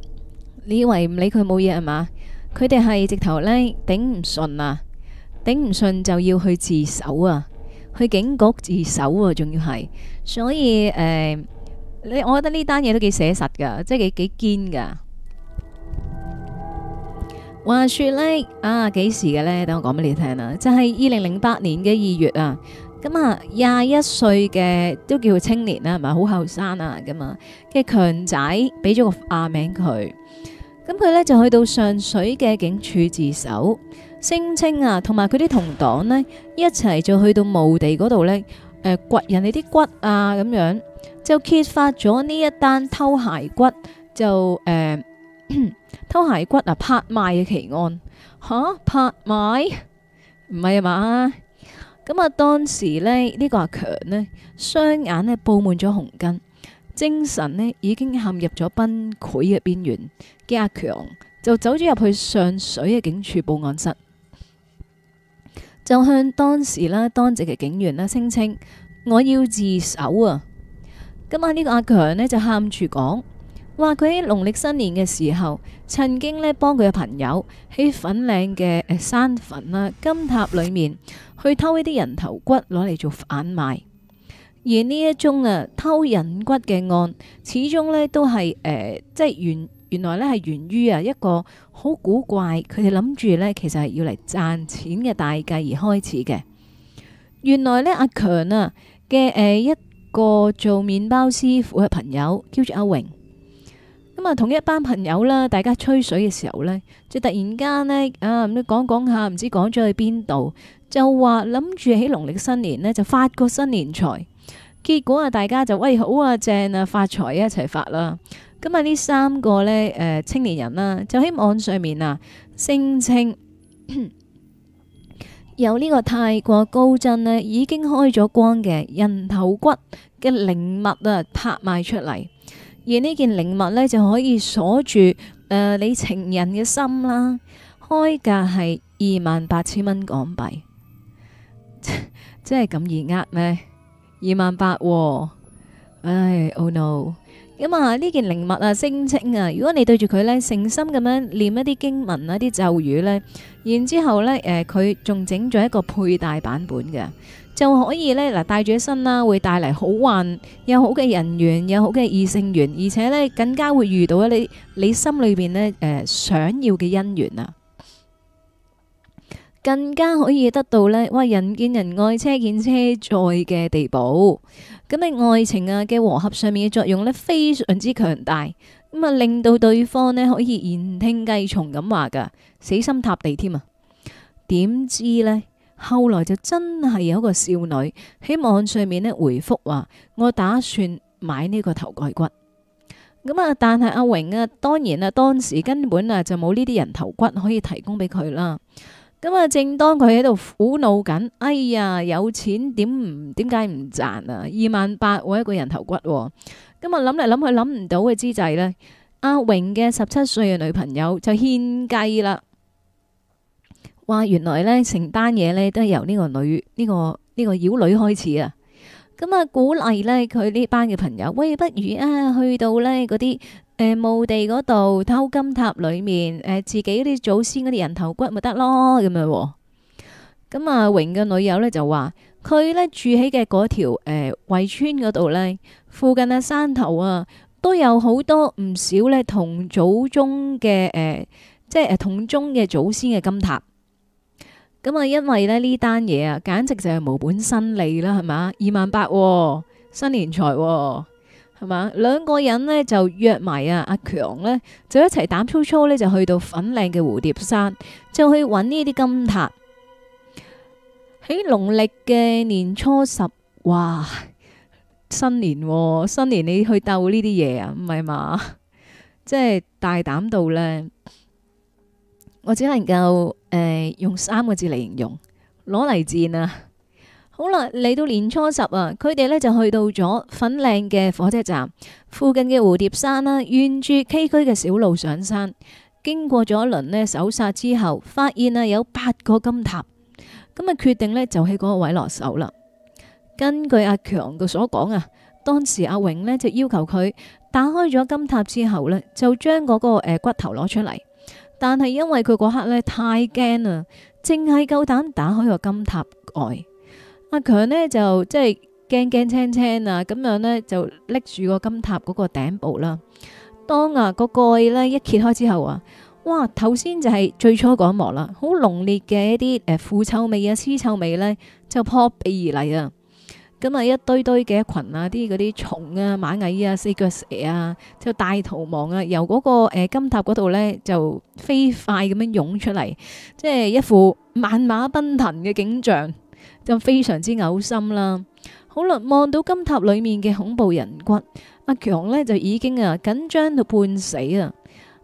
你以為唔理佢冇嘢係嘛？佢哋係直頭呢，頂唔順啊，頂唔順就要去自首啊，去警局自首啊，仲要係。所以誒，你、呃、我覺得呢單嘢都幾寫實噶，即係幾幾堅噶。話説咧，啊幾時嘅咧？等我講俾你聽啊。就係二零零八年嘅二月啊，咁啊廿一歲嘅都叫青年啦，係咪好後生啊？咁啊嘅強仔俾咗個化名佢，咁佢咧就去到上水嘅警署自首，聲稱啊，同埋佢啲同黨呢，一齊就去到墓地嗰度咧，誒、呃、掘人哋啲骨啊咁樣，就揭發咗呢一單偷骸骨，就誒。呃 [coughs] 偷骸骨啊拍賣嘅奇案吓，拍賣唔係啊嘛。咁啊當時呢，呢、這個阿強呢，雙眼呢，布滿咗紅筋，精神呢，已經陷入咗崩潰嘅邊緣。阿強就走咗入去上水嘅警署報案室，就向當時呢，當值嘅警員呢聲稱，我要自首啊！咁啊，呢個阿強呢，就喊住講。話佢喺農曆新年嘅時候，曾經咧幫佢嘅朋友喺粉嶺嘅，呃、山墳啦、啊、金塔裏面去偷一啲人頭骨攞嚟做販賣。而呢一宗啊偷人骨嘅案，始終咧都係誒、呃、即係原原來咧係源於啊一個好古怪，佢哋諗住咧其實係要嚟賺錢嘅大計而開始嘅。原來呢，阿強啊嘅誒、呃、一個做麵包師傅嘅朋友叫做阿榮。咁啊，同一班朋友啦，大家吹水嘅時候咧，就突然間咧啊，咁講講下，唔知講咗去邊度，就話諗住喺農曆新年咧就發個新年財，結果啊，大家就喂、哎、好啊正啊發財一齊發啦！咁啊，呢三個咧誒、呃、青年人啦，就喺網上面啊聲稱有呢個泰國高僧咧已經開咗光嘅人頭骨嘅靈物啊拍賣出嚟。而呢件靈物呢就可以鎖住誒你情人嘅心啦，開價係二萬八千蚊港幣，真真係咁易呃咩？二萬八，唉，oh no！咁啊呢件靈物啊聲稱啊，如果你對住佢呢誠心咁樣念一啲經文啊啲咒語呢，然之後呢誒佢仲整咗一個佩戴版本嘅。就可以咧，嗱，帶住一身啦，會帶嚟好運，有好嘅人緣，有好嘅異性緣，而且咧更加會遇到一啲你心裏邊咧誒想要嘅姻緣啊，更加可以得到咧，哇，人見人愛車見車載嘅地步，咁嘅愛情啊嘅和合上面嘅作用咧非常之強大，咁啊令到對方咧可以言聽計從咁話噶，死心塌地添啊，點知咧？後來就真係有一個少女喺網上面呢回覆話：我打算買呢個頭蓋骨。咁啊，但係阿榮啊，當然啊，當時根本啊就冇呢啲人頭骨可以提供俾佢啦。咁啊，正當佢喺度苦惱緊，哎呀，有錢點唔點解唔賺啊？二萬八蚊一個人頭骨，咁啊諗嚟諗去諗唔到嘅之際呢，阿榮嘅十七歲嘅女朋友就獻計啦。話原來呢成班嘢呢都係由呢個女呢、呢個呢、呢個妖女開始啊。咁、嗯、啊，鼓勵呢佢呢班嘅朋友，喂，不如啊，去到呢嗰啲誒墓地嗰度偷金塔裏面誒、呃、自己啲祖先嗰啲人頭骨咪得咯，咁樣喎、哦。咁、嗯、啊，榮嘅女友呢就話佢呢住喺嘅嗰條誒、呃、圍村嗰度呢，附近啊山頭啊都有好多唔少呢同祖宗嘅誒、呃，即係誒同宗嘅祖先嘅金塔。咁啊，因為呢呢單嘢啊，簡直就係無本生利啦，係嘛？二萬八喎，新年財喎，係嘛？兩個人呢就約埋啊，阿強呢，就一齊膽粗粗呢，就去到粉嶺嘅蝴蝶山，就去搵呢啲金塔。喺農曆嘅年初十，哇！新年喎，新年你去鬥呢啲嘢啊，唔係嘛？即係大膽到呢。我只能夠誒、呃、用三個字嚟形容，攞嚟戰啊！ [laughs] 好啦，嚟到年初十啊，佢哋呢就去到咗粉嶺嘅火車站附近嘅蝴蝶山啦，啊，沿住崎嶇嘅小路上山，經過咗一輪呢搜殺之後，發現啊有八個金塔，咁啊決定呢就喺嗰個位落手啦。根據阿強嘅所講啊，當時阿榮呢就要求佢打開咗金塔之後呢，就將嗰、那個誒、呃、骨頭攞出嚟。但係因為佢嗰刻咧太驚啦，淨係夠膽打開個金塔蓋。阿強咧就即係驚驚青青啊，咁樣咧就拎住個金塔嗰個頂部啦。當啊個蓋咧一揭開之後啊，哇，頭先就係最初嗰一幕啦，好濃烈嘅一啲誒、呃、腐臭味啊、屍臭味咧就撲鼻而嚟啊！咁、嗯、啊一堆堆嘅群啊啲嗰啲蟲啊螞蟻啊四腳蛇啊就大逃亡啊由嗰個金塔嗰度呢，就飛快咁樣湧出嚟，即係一副萬馬奔騰嘅景象，就非常之噁心啦。好啦，望到金塔裏面嘅恐怖人骨，阿強呢就已經啊緊張到半死啦。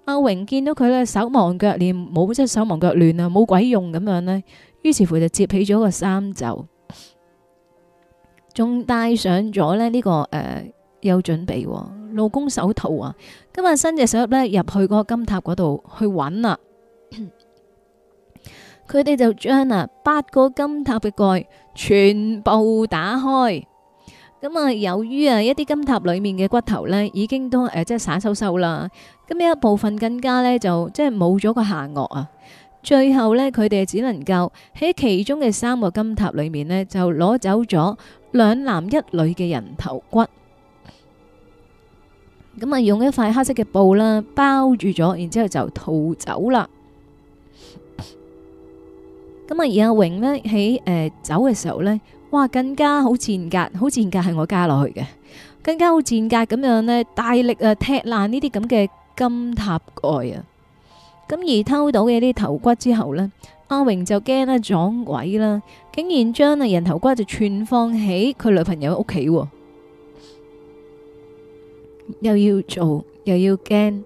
阿榮見到佢呢，手忙腳亂，冇即係手忙腳亂啊，冇鬼用咁樣呢，於是乎就接起咗個衫袖。仲戴上咗呢呢個誒、呃、有準備、哦，勞工手套啊！今日伸隻手呢入去個金塔嗰度去揾啊！佢哋就將啊八個金塔嘅蓋全部打開。咁、嗯、啊，由於啊一啲金塔裏面嘅骨頭呢已經都誒、呃、即係散收收啦，咁有一部分更加呢就即係冇咗個下顎啊！最後呢，佢哋只能夠喺其中嘅三個金塔裏面呢，就攞走咗兩男一女嘅人頭骨，咁啊用一塊黑色嘅布啦包住咗，然之後就逃走啦。咁啊，而阿榮呢喺誒，走嘅時候呢，哇，更加好賤格，好賤格係我加落去嘅，更加好賤格咁樣呢，大力啊踢爛呢啲咁嘅金塔蓋啊！咁而偷到嘅啲頭骨之後呢，阿榮就驚啦撞鬼啦，竟然將啊人頭骨就存放喺佢女朋友屋企喎，又要做又要驚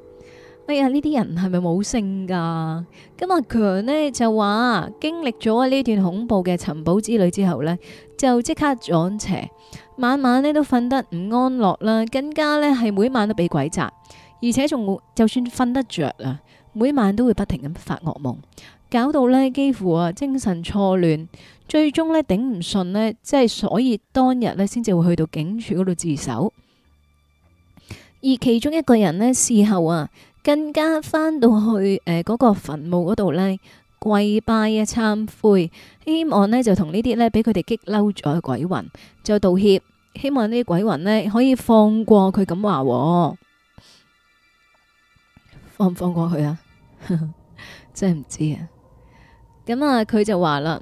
哎呀！是是呢啲人係咪冇性噶？咁阿強呢就話經歷咗呢段恐怖嘅尋寶之旅之後呢，就即刻撞邪，晚晚咧都瞓得唔安樂啦，更加呢，係每晚都俾鬼壓，而且仲就算瞓得着啊。每晚都會不停咁發噩夢，搞到呢幾乎啊精神錯亂，最終呢頂唔順呢，即係所以當日呢先至會去到警署嗰度自首。而其中一個人呢，事後啊更加翻到去誒嗰、呃嗰個墳墓嗰度呢，跪拜啊，懺悔，希望呢就同呢啲呢俾佢哋激嬲咗嘅鬼魂就道歉，希望呢啲鬼魂呢可以放過佢、哦。咁話放唔放過佢啊？ [laughs] 真係唔知啊！咁啊，佢就話啦，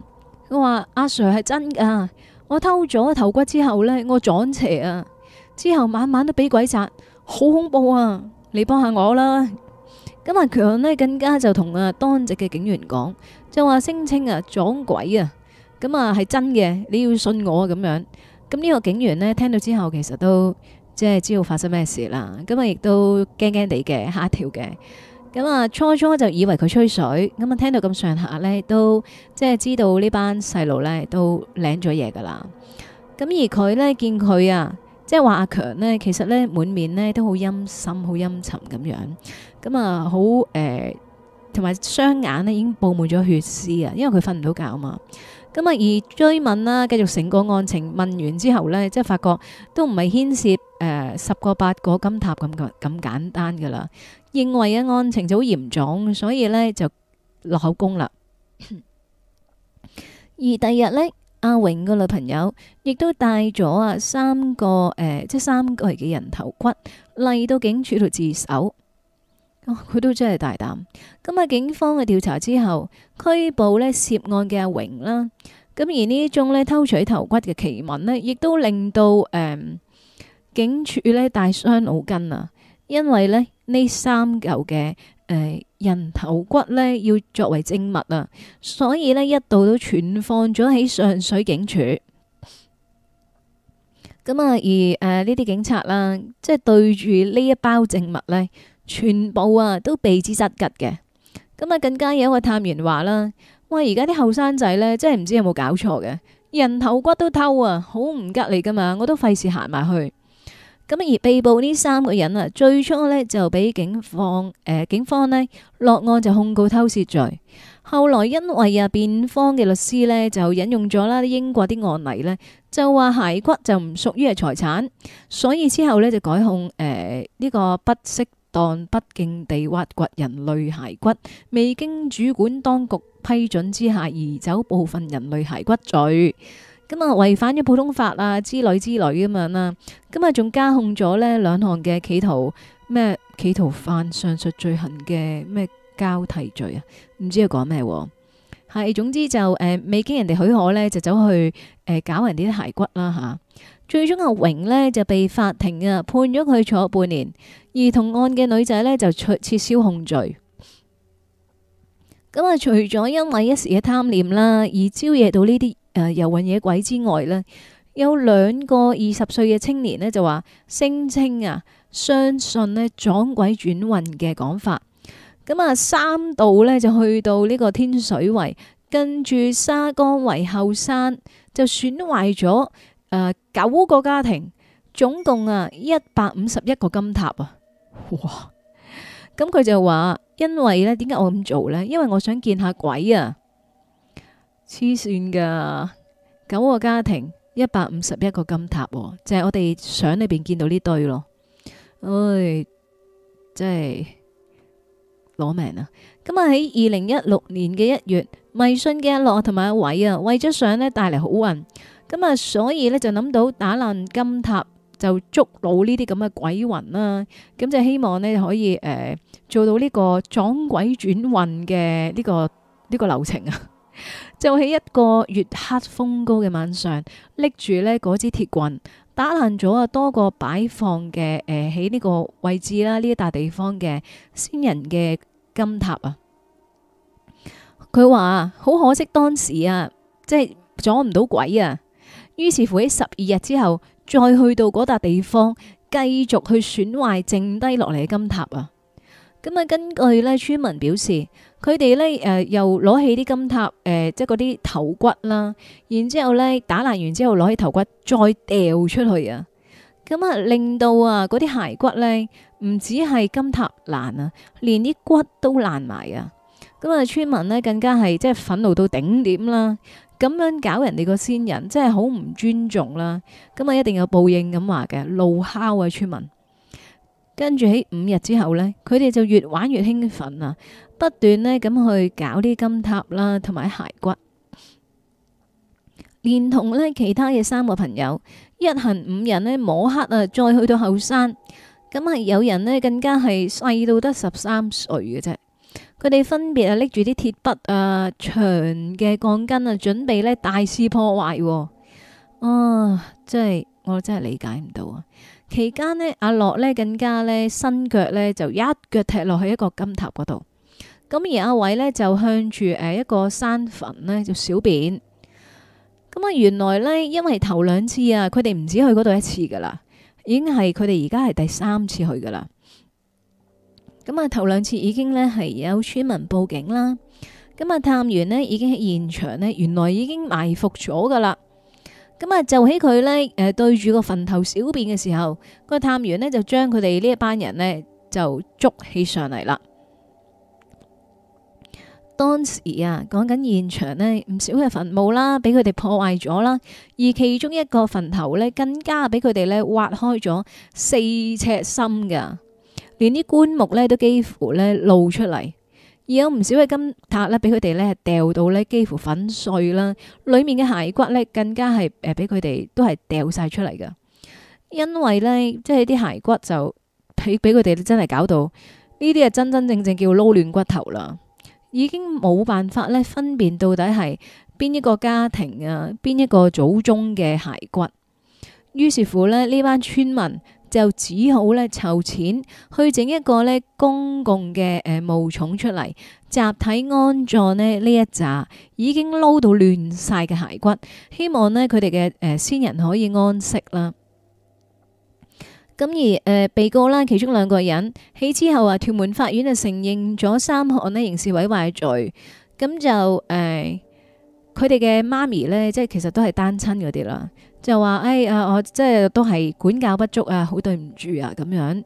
佢話阿 Sir 係真噶，我偷咗頭骨之後呢，我撞邪啊，之後晚晚都俾鬼殺，好恐怖啊！你幫下我啦！咁啊，強呢更加就同啊當值嘅警員講，就話聲稱啊撞鬼啊，咁啊係真嘅，你要信我咁樣。咁呢個警員呢，聽到之後，其實都即係知道發生咩事啦。咁啊，亦都驚驚地嘅，吓跳嘅。咁、嗯、啊，初初就以為佢吹水，咁、嗯、啊聽到咁上下咧，都即係知道這班弟弟呢班細路咧都領咗嘢噶啦。咁、嗯、而佢咧見佢啊，即係話阿強呢，其實咧滿面咧都好陰森、好陰沉咁樣，咁啊好誒，同、嗯、埋、呃、雙眼咧已經布滿咗血絲啊，因為佢瞓唔到覺嘛。咁、嗯、啊而追問啦、啊，繼續成個案情，問完之後咧，即係發覺都唔係牽涉誒、呃、十個八個金塔咁咁簡單噶啦。認為嘅案情就好嚴重，所以呢就落口供啦 [coughs] 。而第二日呢，阿榮個女朋友亦都帶咗啊三個誒、呃，即係三個嘅人頭骨嚟到警署度自首。佢、啊、都真係大膽。咁啊，警方嘅調查之後拘捕呢涉案嘅阿榮啦。咁、啊、而種呢一宗呢偷取頭骨嘅奇聞呢，亦都令到誒、呃、警署呢大傷腦筋啊，因為呢。呢三嚿嘅誒人頭骨呢，要作為證物啊，所以呢一度都存放咗喺上水警署。咁、嗯、啊，而誒呢啲警察啦，即係對住呢一包證物呢，全部啊都避之則吉嘅。咁、嗯、啊，更加有一個探員話啦，喂，而家啲後生仔呢，真係唔知有冇搞錯嘅，人頭骨都偷啊，好唔吉利噶嘛，我都費事行埋去。咁而被捕呢三個人啊，最初呢就俾警方，誒、呃、警方咧落案就控告偷竊罪，後來因為啊辯方嘅律師呢就引用咗啦英國啲案例呢，就話骸骨就唔屬於係財產，所以之後呢就改控誒呢、呃這個不適當不敬地挖掘人類骸骨，未經主管當局批准之下移走部分人類骸骨罪。咁啊，違反咗普通法啊，之類之類咁樣啦。咁啊，仲加控咗呢兩項嘅企圖咩？企圖犯上述罪行嘅咩交替罪啊？唔知佢講咩，係總之就誒、呃、未經人哋許可呢，就走去誒、呃、搞人哋啲骸骨啦吓、啊，最終阿榮呢就被法庭啊判咗佢坐半年，而同案嘅女仔呢，就撤銷控罪。咁啊，除咗因為一時嘅貪念啦而招惹到呢啲遊魂野鬼之外呢，有兩個二十歲嘅青年呢就話聲稱啊，相信呢撞鬼轉運嘅講法。咁、嗯、啊，三度呢就去到呢個天水圍，跟住沙崗圍後山，就損壞咗九個家庭，總共啊一百五十一個金塔啊！哇！咁、嗯、佢、嗯、就話：因為呢，點解我咁做呢？因為我想見下鬼啊！黐線噶，九個家庭一百五十一個金塔，就係我哋相裏邊見到呢堆咯。唉，真係攞命啊！咁啊，喺二零一六年嘅一月，迷信嘅阿樂同埋阿偉啊，為咗相咧帶嚟好運，咁啊，所以咧就諗到打爛金塔就捉到呢啲咁嘅鬼魂啦。咁就希望咧可以誒做到呢個撞鬼轉運嘅呢個呢個流程啊。就喺一個月黑風高嘅晚上，拎住呢嗰支鐵棍，打爛咗啊多個擺放嘅誒喺呢個位置啦，呢一笪地方嘅先人嘅金塔啊。佢話好可惜當時啊，即係阻唔到鬼啊。於是乎喺十二日之後，再去到嗰笪地方，繼續去損壞剩低落嚟嘅金塔啊。咁啊，根據呢村民表示，佢哋呢、呃、又攞起啲金塔、呃、即嗰啲頭骨啦，然之後呢，打爛完之後攞起頭骨再掉出去啊！咁啊，令到啊嗰啲骸骨呢，唔止係金塔爛啊，連啲骨都爛埋啊！咁、嗯、啊，村民呢更加係即係憤怒到頂點啦！咁樣搞人哋個先人真係好唔尊重啦！咁、嗯、啊，一定有報應咁話嘅，怒敲啊村民！跟住喺五日之後呢，佢哋就越玩越興奮啊！不斷呢咁去搞啲金塔啦，同埋骸骨，連同呢其他嘅三個朋友，一行五人呢，摸黑啊，再去到後山。咁啊，有人呢更加係細到得十三歲嘅啫。佢哋分別啊拎住啲鐵筆啊、長嘅鋼筋啊，準備呢大肆破壞。啊，真係我真係理解唔到啊！期間呢，阿樂呢更加呢，伸腳呢就一腳踢落去一個金塔嗰度。咁而阿偉呢，就向住誒一個山墳呢，就小便。咁啊，原來呢，因為頭兩次啊，佢哋唔止去嗰度一次噶啦，已經係佢哋而家係第三次去噶啦。咁啊，頭兩次已經呢，係有村民報警啦。咁啊，探員呢已經喺現場呢，原來已經埋伏咗噶啦。咁啊，就喺佢咧，誒，對住個墳頭小便嘅時候，個探員咧就將佢哋呢一班人咧就捉起上嚟啦。當時啊，講緊現場呢唔少嘅墳墓啦，俾佢哋破壞咗啦，而其中一個墳頭呢，更加俾佢哋咧挖開咗四尺深噶，連啲棺木呢都幾乎咧露出嚟。而有唔少嘅金塔呢，俾佢哋呢掉到呢幾乎粉碎啦。裏面嘅骸骨呢，更加係誒俾佢哋都係掉晒出嚟㗎。因為呢，即係啲骸骨就俾佢哋真係搞到呢啲係，真真正正叫撈亂骨頭啦，已經冇辦法呢分辨到底係邊一個家庭啊，邊一個祖宗嘅骸骨。於是乎呢，呢班村民，就只好呢，湊錢去整一個呢公共嘅誒墓塚出嚟，集體安葬呢。呢一紮已經撈到亂晒嘅骸骨，希望呢佢哋嘅誒先人可以安息啦。咁而誒、呃、被告啦，其中兩個人喺之後啊，屯門法院就承認咗三項呢刑事毀壞罪，咁就誒。呃佢哋嘅媽咪呢，即係其實都係單親嗰啲啦，就話：誒，啊，我即係都係管教不足啊，好對唔住啊，咁樣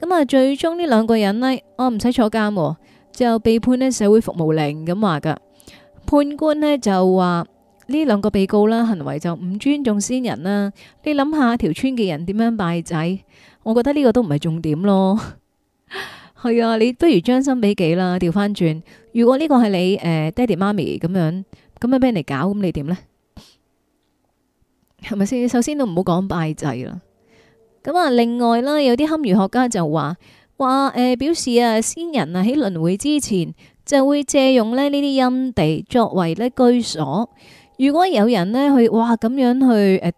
咁啊。最終呢兩個人呢，我唔使坐監喎，就被判呢社會服務令咁話㗎。判官呢就話呢兩個被告啦，行為就唔尊重先人啦、啊。你諗下條村嘅人點樣拜仔，我覺得呢個都唔係重點咯。係 [laughs] 啊，你不如將心比己啦，調翻轉。如果呢個係你誒爹哋媽咪咁樣。咁啊，俾人哋搞咁，你點呢？係咪先？首先都唔好講拜祭啦。咁啊，另外啦，有啲堪輿學家就話：話誒、呃，表示啊，先人啊喺輪回之前，就會借用呢呢啲陰地作為呢居所。如果有人呢去哇咁樣去誒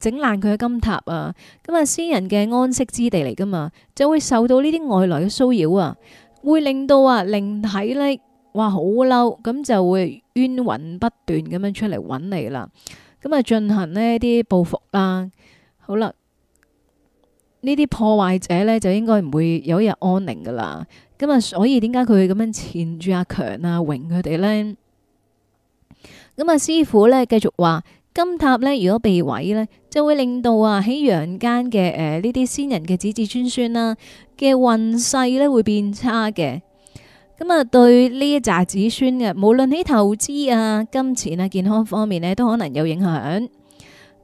整爛佢嘅金塔啊，咁啊，先人嘅安息之地嚟噶嘛，就會受到呢啲外來嘅騷擾啊，會令到啊靈體呢。哇，好嬲，咁就會冤魂不斷咁樣出嚟揾你啦，咁啊，進行呢啲報復啦。好啦，呢啲破壞者呢，就應該唔會有一日安寧噶啦。咁啊，所以點解佢會咁樣纏住阿強啊榮佢哋呢？咁啊，師傅呢繼續話：金塔呢，如果被毀呢，就會令到啊喺陽間嘅誒呢啲先人嘅子子孫孫啦嘅運勢呢，會變差嘅。咁啊，對呢一紮子孫嘅，無論喺投資啊、金錢啊、健康方面呢，都可能有影響。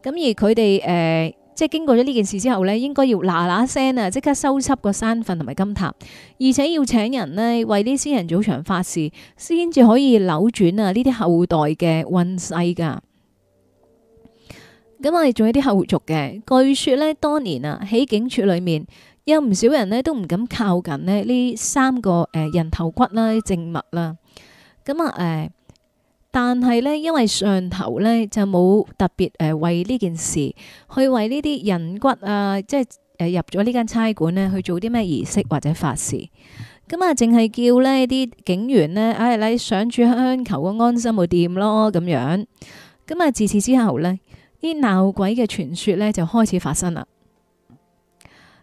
咁而佢哋誒，即係經過咗呢件事之後呢，應該要嗱嗱聲啊，即刻收葺個山墳同埋金塔，而且要請人呢，為呢先人做場法事，先至可以扭轉啊呢啲後代嘅運勢㗎。咁我哋仲有啲後續嘅，據說呢，當年啊喺警署裏面。有唔少人呢都唔敢靠近咧，呢這三個誒、呃、人頭骨啦、啲證物啦，咁啊誒，但係呢，因為上頭呢就冇特別誒、呃、為呢件事去為呢啲人骨啊，即係誒、呃、入咗呢間差館呢去做啲咩儀式或者法事。咁啊淨係叫呢啲警員呢，哎「唉，你上柱香求個安心咪掂咯」咁樣，咁、嗯、啊自此之後呢，啲鬧鬼嘅傳說呢，就開始發生啦。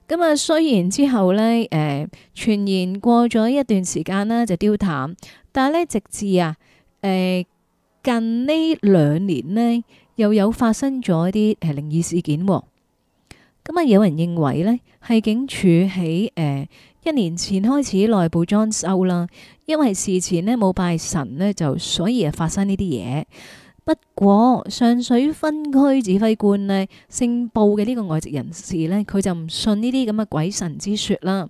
咁啊，雖然之後呢，誒、呃、傳言過咗一段時間咧就丟淡，但係呢，直至啊，誒、呃、近呢兩年呢，又有發生咗一啲誒靈異事件。咁、呃、啊，有人認為呢，係警署喺誒、呃、一年前開始內部裝修啦，因為事前呢冇拜神呢，就所以啊發生呢啲嘢。不過上水分區指揮官呢，姓布嘅呢個外籍人士呢，佢就唔信呢啲咁嘅鬼神之説啦。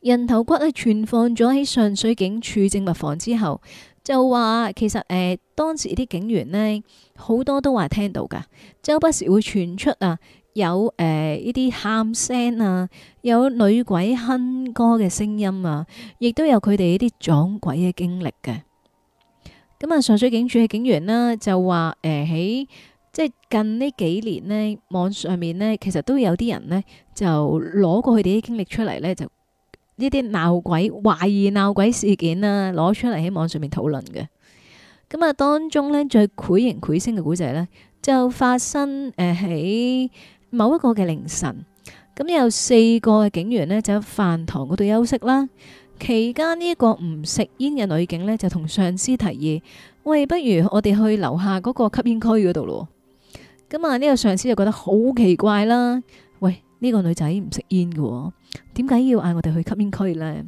人頭骨係存放咗喺上水警處證物房之後，就話其實誒、呃、當時啲警員呢，好多都話聽到嘅，周不時會傳出啊有誒呢啲喊聲啊，有女鬼哼歌嘅聲音啊，亦都有佢哋呢啲撞鬼嘅經歷嘅。咁啊，上水警署嘅警員呢，就話誒，喺、呃、即係近呢幾年呢網上面呢，其實都有啲人呢就攞過去啲經歷出嚟呢就呢啲鬧鬼、懷疑鬧鬼事件啦，啊，攞出嚟喺網上面討論嘅。咁啊，當中呢最繪形繪聲嘅古仔呢，就發生誒喺、呃、某一個嘅凌晨，咁有四個警員呢，就喺飯堂嗰度休息啦。期間呢個唔食煙嘅女警呢，就同上司提議：「喂，不如我哋去樓下嗰個吸煙區嗰度咯。咁啊，呢個上司就覺得好奇怪啦。喂，呢個女仔唔食煙嘅，點解要嗌我哋去吸煙區呢？」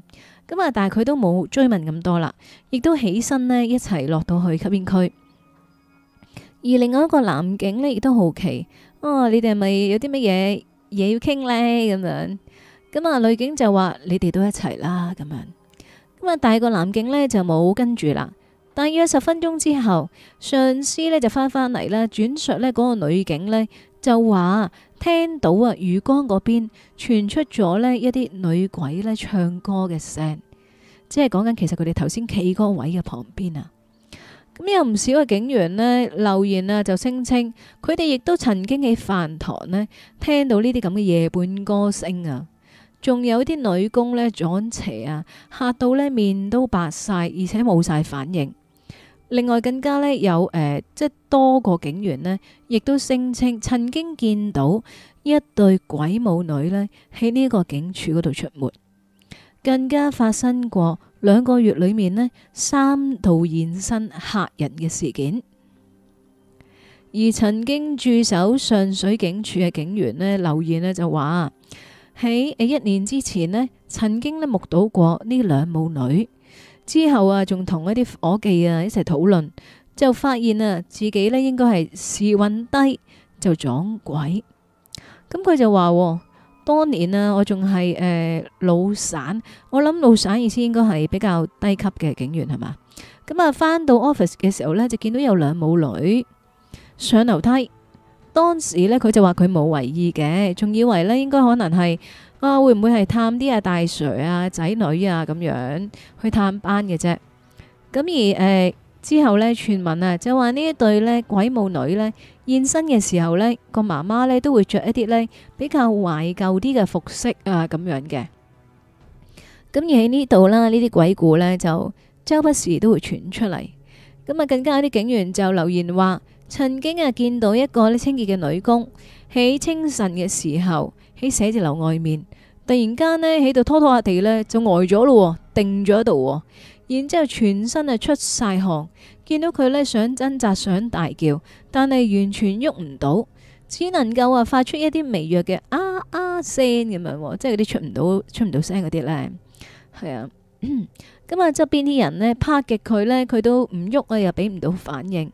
咁啊，但係佢都冇追問咁多啦，亦都起身呢，一齊落到去吸煙區。而另外一個男警呢，亦都好奇：「哦，你哋係咪有啲乜嘢嘢要傾呢？」咁樣。咁啊，女警就話，你哋都一齊啦，咁樣咁啊。第二個男警呢就冇跟住啦。大約十分鐘之後，上司呢就翻翻嚟啦，轉述呢個女警呢就話，聽到啊，魚缸嗰邊傳出咗呢一啲女鬼呢唱歌嘅聲，即係講緊其實佢哋頭先企嗰位嘅旁邊啊。咁有唔少嘅警員呢留言啊，就聲稱佢哋亦都曾經喺飯堂呢聽到呢啲咁嘅夜半歌聲啊。仲有啲女工呢撞邪啊，吓到呢面都白晒，而且冇晒反應。另外更加呢有誒、呃，即係多個警員呢亦都聲稱曾經見到一對鬼母女呢喺呢個警署嗰度出沒。更加發生過兩個月裏面呢三度現身嚇人嘅事件。而曾經駐守上水警署嘅警員呢留言呢就話。喺一年之前呢，曾經呢目睹過呢兩母女，之後啊，仲同一啲伙計啊一齊討論，就發現啊自己呢應該係時運低就撞鬼。咁、嗯、佢就話，當、哦、年啊，我仲係誒老散，我諗老散意思應該係比較低級嘅警員係嘛？咁啊，翻、嗯、到 office 嘅時候呢，就見到有兩母女上樓梯。當時呢，佢就話佢冇為意嘅，仲以為呢應該可能係啊，會唔會係探啲啊大 Sir 啊仔女啊咁樣去探班嘅啫？咁而誒、呃、之後呢，傳聞啊就話呢一對呢鬼母女呢現身嘅時候呢，個媽媽呢都會着一啲呢比較懷舊啲嘅服飾啊咁樣嘅。咁而喺呢度啦，呢啲鬼故呢就周不時都會傳出嚟。咁啊，更加有啲警員就留言話。曾經啊，見到一個咧清潔嘅女工喺清晨嘅時候喺寫字樓外面，突然間呢，喺度拖拖下地呢，就呆咗咯，定咗喺度，然之後全身啊出晒汗，見到佢呢，想掙扎想大叫，但係完全喐唔到，只能夠啊發出一啲微弱嘅啊啊聲咁樣，即係嗰啲出唔到出唔到聲嗰啲呢？係啊，咁啊側邊啲人呢，拍極佢呢，佢都唔喐啊，又俾唔到反應。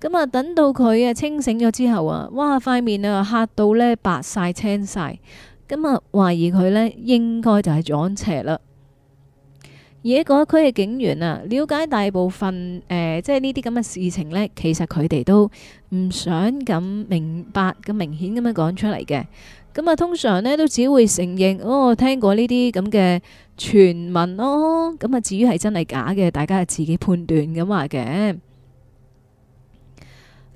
咁啊！等到佢啊清醒咗之後啊，哇！塊面啊吓到呢，白晒青晒，咁啊懷疑佢呢應該就係撞邪嘞。而喺嗰區嘅警員啊，了解大部分誒、呃，即係呢啲咁嘅事情呢，其實佢哋都唔想咁明白咁明顯咁樣講出嚟嘅。咁啊，通常呢都只會承認哦，聽過呢啲咁嘅傳聞咯。咁啊，至於係真係假嘅，大家係自己判斷咁話嘅。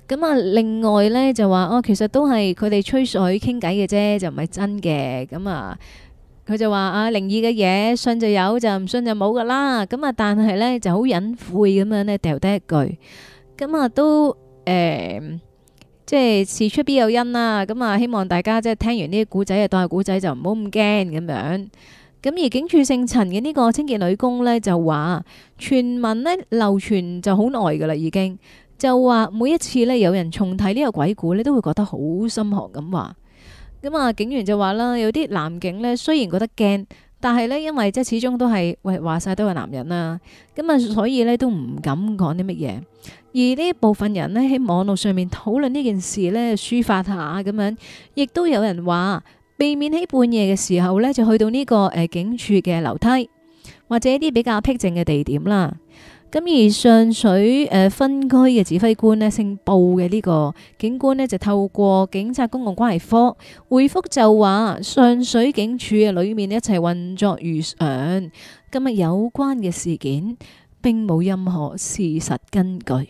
咁啊，另外咧就話哦，其實都係佢哋吹水傾偈嘅啫，就唔係真嘅。咁啊，佢就話啊，靈異嘅嘢信就有，就唔信就冇㗎啦。咁啊，但係咧就好隱晦咁樣咧，掉低一句。咁啊，都誒、欸，即係事出必有因啦、啊。咁啊，希望大家即係聽完呢啲古仔啊，當係古仔就唔好咁驚咁樣。咁而警署姓陳嘅呢個清潔女工咧，就話傳聞咧流傳就好耐㗎啦，已經。就話每一次咧，有人重睇呢個鬼故咧，都會覺得好心寒咁話。咁啊，警員就話啦，有啲男警咧，雖然覺得驚，但係呢，因為即係始終都係喂話晒都係男人啦。咁啊，所以呢都唔敢講啲乜嘢。而呢部分人呢，喺網絡上面討論呢件事呢，抒發下咁樣，亦都有人話避免喺半夜嘅時候呢，就去到呢個誒警署嘅樓梯或者啲比較僻靜嘅地點啦。咁而上水誒分區嘅指揮官呢，姓布嘅呢個警官呢，就透過警察公共關係科回覆，就話上水警署啊，裏面一切運作如常。今日有關嘅事件並冇任何事實根據。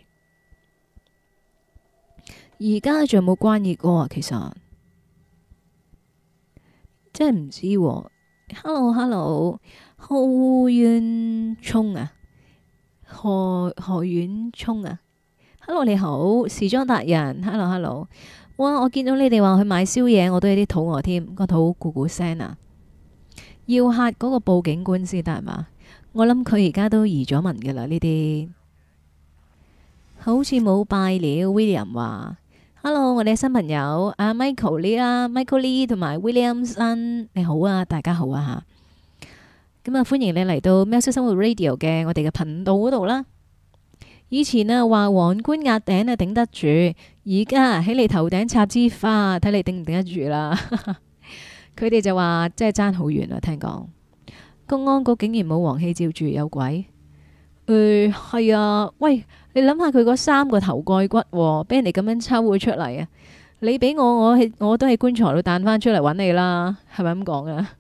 而家仲有冇關注過啊？其實真係唔知。Hello，Hello，浩淵衝啊！Hello, hello, 何何遠聰啊，Hello 你好，時裝達人，Hello Hello，哇，我見到你哋話去買宵夜，我都有啲肚餓添，個肚咕咕聲啊，要吓嗰個報警官先得係嘛？我諗佢而家都移咗民噶啦呢啲，好似冇拜了，William 話，Hello 我哋新朋友阿 Michael Lee 啊，Michael Lee 同埋 Williamson 你好啊，大家好啊。咁啊，歡迎你嚟到《喵式生活 Radio》嘅我哋嘅頻道嗰度啦。以前啊，話皇冠壓頂啊頂得住，而家喺你頭頂插枝花，睇你頂唔頂得住啦。佢哋就話，真係爭好遠啊。聽講，公安局竟然冇王氣照住，有鬼？誒、呃，係啊，喂，你諗下佢嗰三個頭蓋骨，哦，俾人哋咁樣抽咗出嚟啊！你俾我，我去，我都喺棺材度彈翻出嚟揾你啦，係咪咁講啊？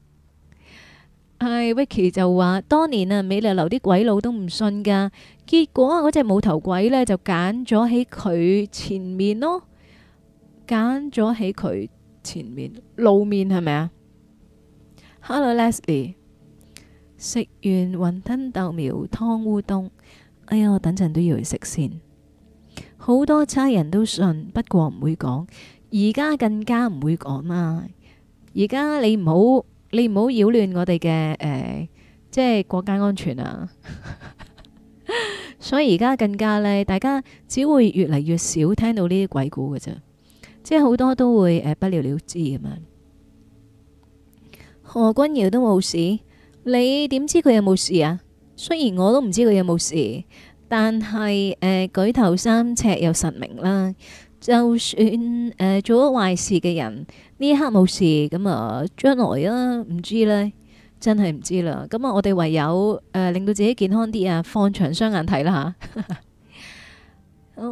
係、哎、Vicky 就話，當年啊，美麗樓啲鬼佬都唔信噶，結果嗰隻冇頭鬼呢，就揀咗喺佢前面咯，揀咗喺佢前面露面係咪啊？Hello Leslie，食完雲吞豆苗湯烏冬，哎呀，我等陣都要去食先。好多差人都信，不過唔會講，而家更加唔會講啦。而家你唔好。你唔好擾亂我哋嘅，誒，即係國家安全啊！ [laughs] 所以而家更加咧，大家只會越嚟越少聽到呢啲鬼故嘅啫，即係好多都會誒、呃、不了了之咁樣。何君堯都冇事，你點知佢有冇事啊？雖然我都唔知佢有冇事，但係誒、呃、舉頭三尺有神明啦。就算、呃、做咗壞事嘅人，呢一刻冇事，咁啊將來啊唔知呢，真係唔知啦。咁啊，我哋唯有、呃、令到自己健康啲、 [laughs] 哦、啊，放長雙眼睇啦嚇。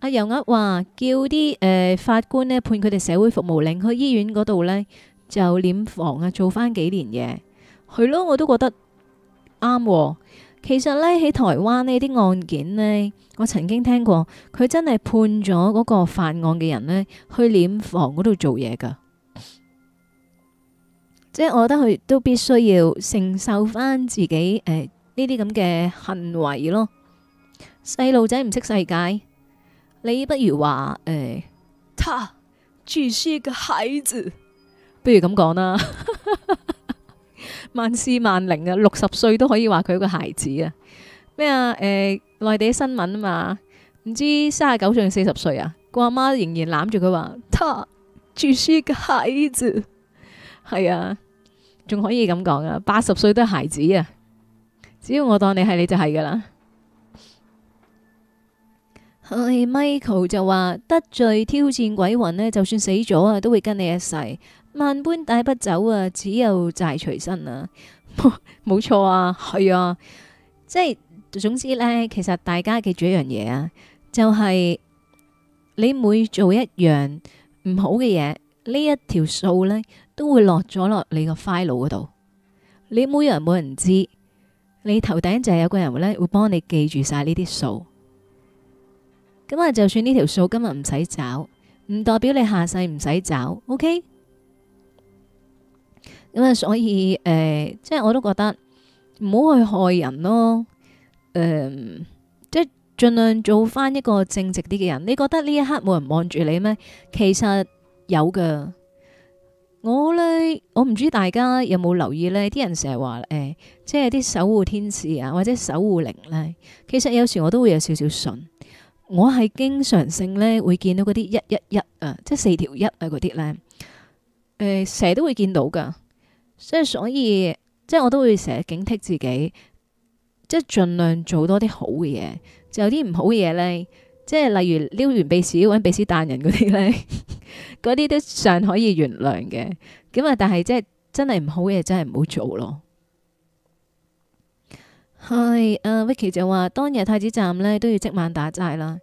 阿揚呃話叫啲、呃、法官呢判佢哋社會服務令，去醫院嗰度呢就殮房啊做翻幾年嘢，係咯，我都覺得啱喎。其實呢，喺台灣呢啲案件呢，我曾經聽過佢真係判咗嗰個犯案嘅人呢，去殮房嗰度做嘢㗎，即係我覺得佢都必須要承受翻自己誒呢啲咁嘅行為咯。細路仔唔識世界，你不如話誒、呃，他只是一個孩子，不如咁講啦。 [laughs] 萬事萬靈嘅、啊，六十歲都可以話佢個孩子啊！咩啊？誒、欸，內地新聞啊嘛，唔知三十九歲定四十歲啊？個阿媽仍然攬住佢話，他住書嘅孩子，係啊，仲可以咁講啊！八十歲都係孩子啊！只要我當你係，你就係噶啦。係，Michael 就話得罪挑戰鬼魂呢，就算死咗啊，都會跟你一世。萬般帶不走啊，只有債隨身啊，冇錯啊，係啊，即係總之呢，其實大家記住一樣嘢啊，就係、是、你每做一樣唔好嘅嘢，一條數呢一條數呢都會落咗落你個 file 嗰度。你每人冇人知，你頭頂就係有個人呢會幫你記住晒呢啲數。咁啊，就算呢條數今日唔使找，唔代表你下世唔使找。OK。咁、嗯、所以誒、呃，即係我都覺得唔好去害人咯。誒、呃，即係盡量做翻一個正直啲嘅人。你覺得呢一刻冇人望住你咩？其實有噶。我呢，我唔知大家有冇留意呢？啲人成日話誒，即係啲守護天使啊，或者守護靈呢。其實有時我都會有少少信。我係經常性呢會見到嗰啲一一一啊，即係四條一啊嗰啲呢。誒、呃，成日都會見到噶。所以所以，即係我都會成日警惕自己，即係盡量做多啲好嘅嘢。就有啲唔好嘅嘢呢，即係例如撩完鼻屎搵鼻屎彈人嗰啲呢，嗰 [laughs] 啲都尚可以原諒嘅。咁啊，但係即係真係唔好嘅嘢，真係唔好做咯。係，阿、啊、Vicky 就話當日太子站呢都要即晚打齋啦。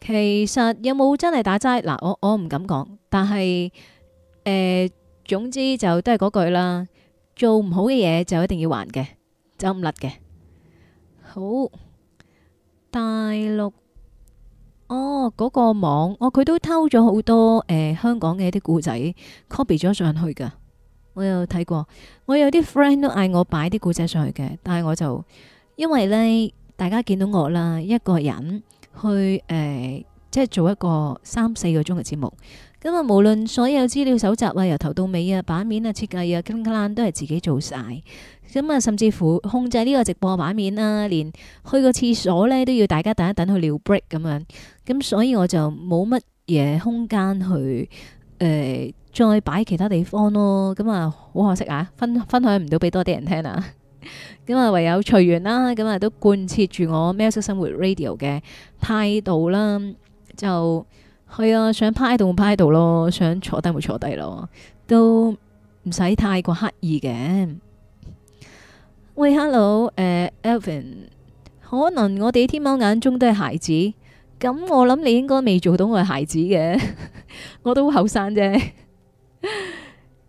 其實有冇真係打齋嗱？我我唔敢講，但係誒。呃總之就都係嗰句啦，做唔好嘅嘢，就一定要還嘅，走唔甩嘅。好，大陸，哦，嗰、嗰個網，我、哦、佢都偷咗好多誒、呃、香港嘅一啲古仔 copy 咗上去噶，我有睇過。我有啲 friend 都嗌我擺啲古仔上去嘅，但係我就因為呢，大家見到我啦，一個人去誒、呃，即係做一個三四個鐘嘅節目。咁啊，無論所有資料搜集啊，由頭到尾啊，版面啊，設計啊，跟 p 都係自己做晒。咁啊，甚至乎控制呢個直播版面啊，連去個廁所咧都要大家等一等去尿 break 咁樣。咁所以我就冇乜嘢空間去誒、呃、再擺其他地方咯。咁啊，好可惜啊，分分享唔到俾多啲人聽啊。咁啊，唯有隨緣啦。咁啊，都貫徹住我喵式生活 radio 嘅態度啦，就。係啊，想趴喺度咪趴喺度咯，想坐低咪坐低咯，都唔使太過刻意嘅。喂，Hello，誒 Evan 可能我哋天貓眼中都係孩子，咁我諗你應該未做到我係孩子嘅， [laughs] 我都好後生啫。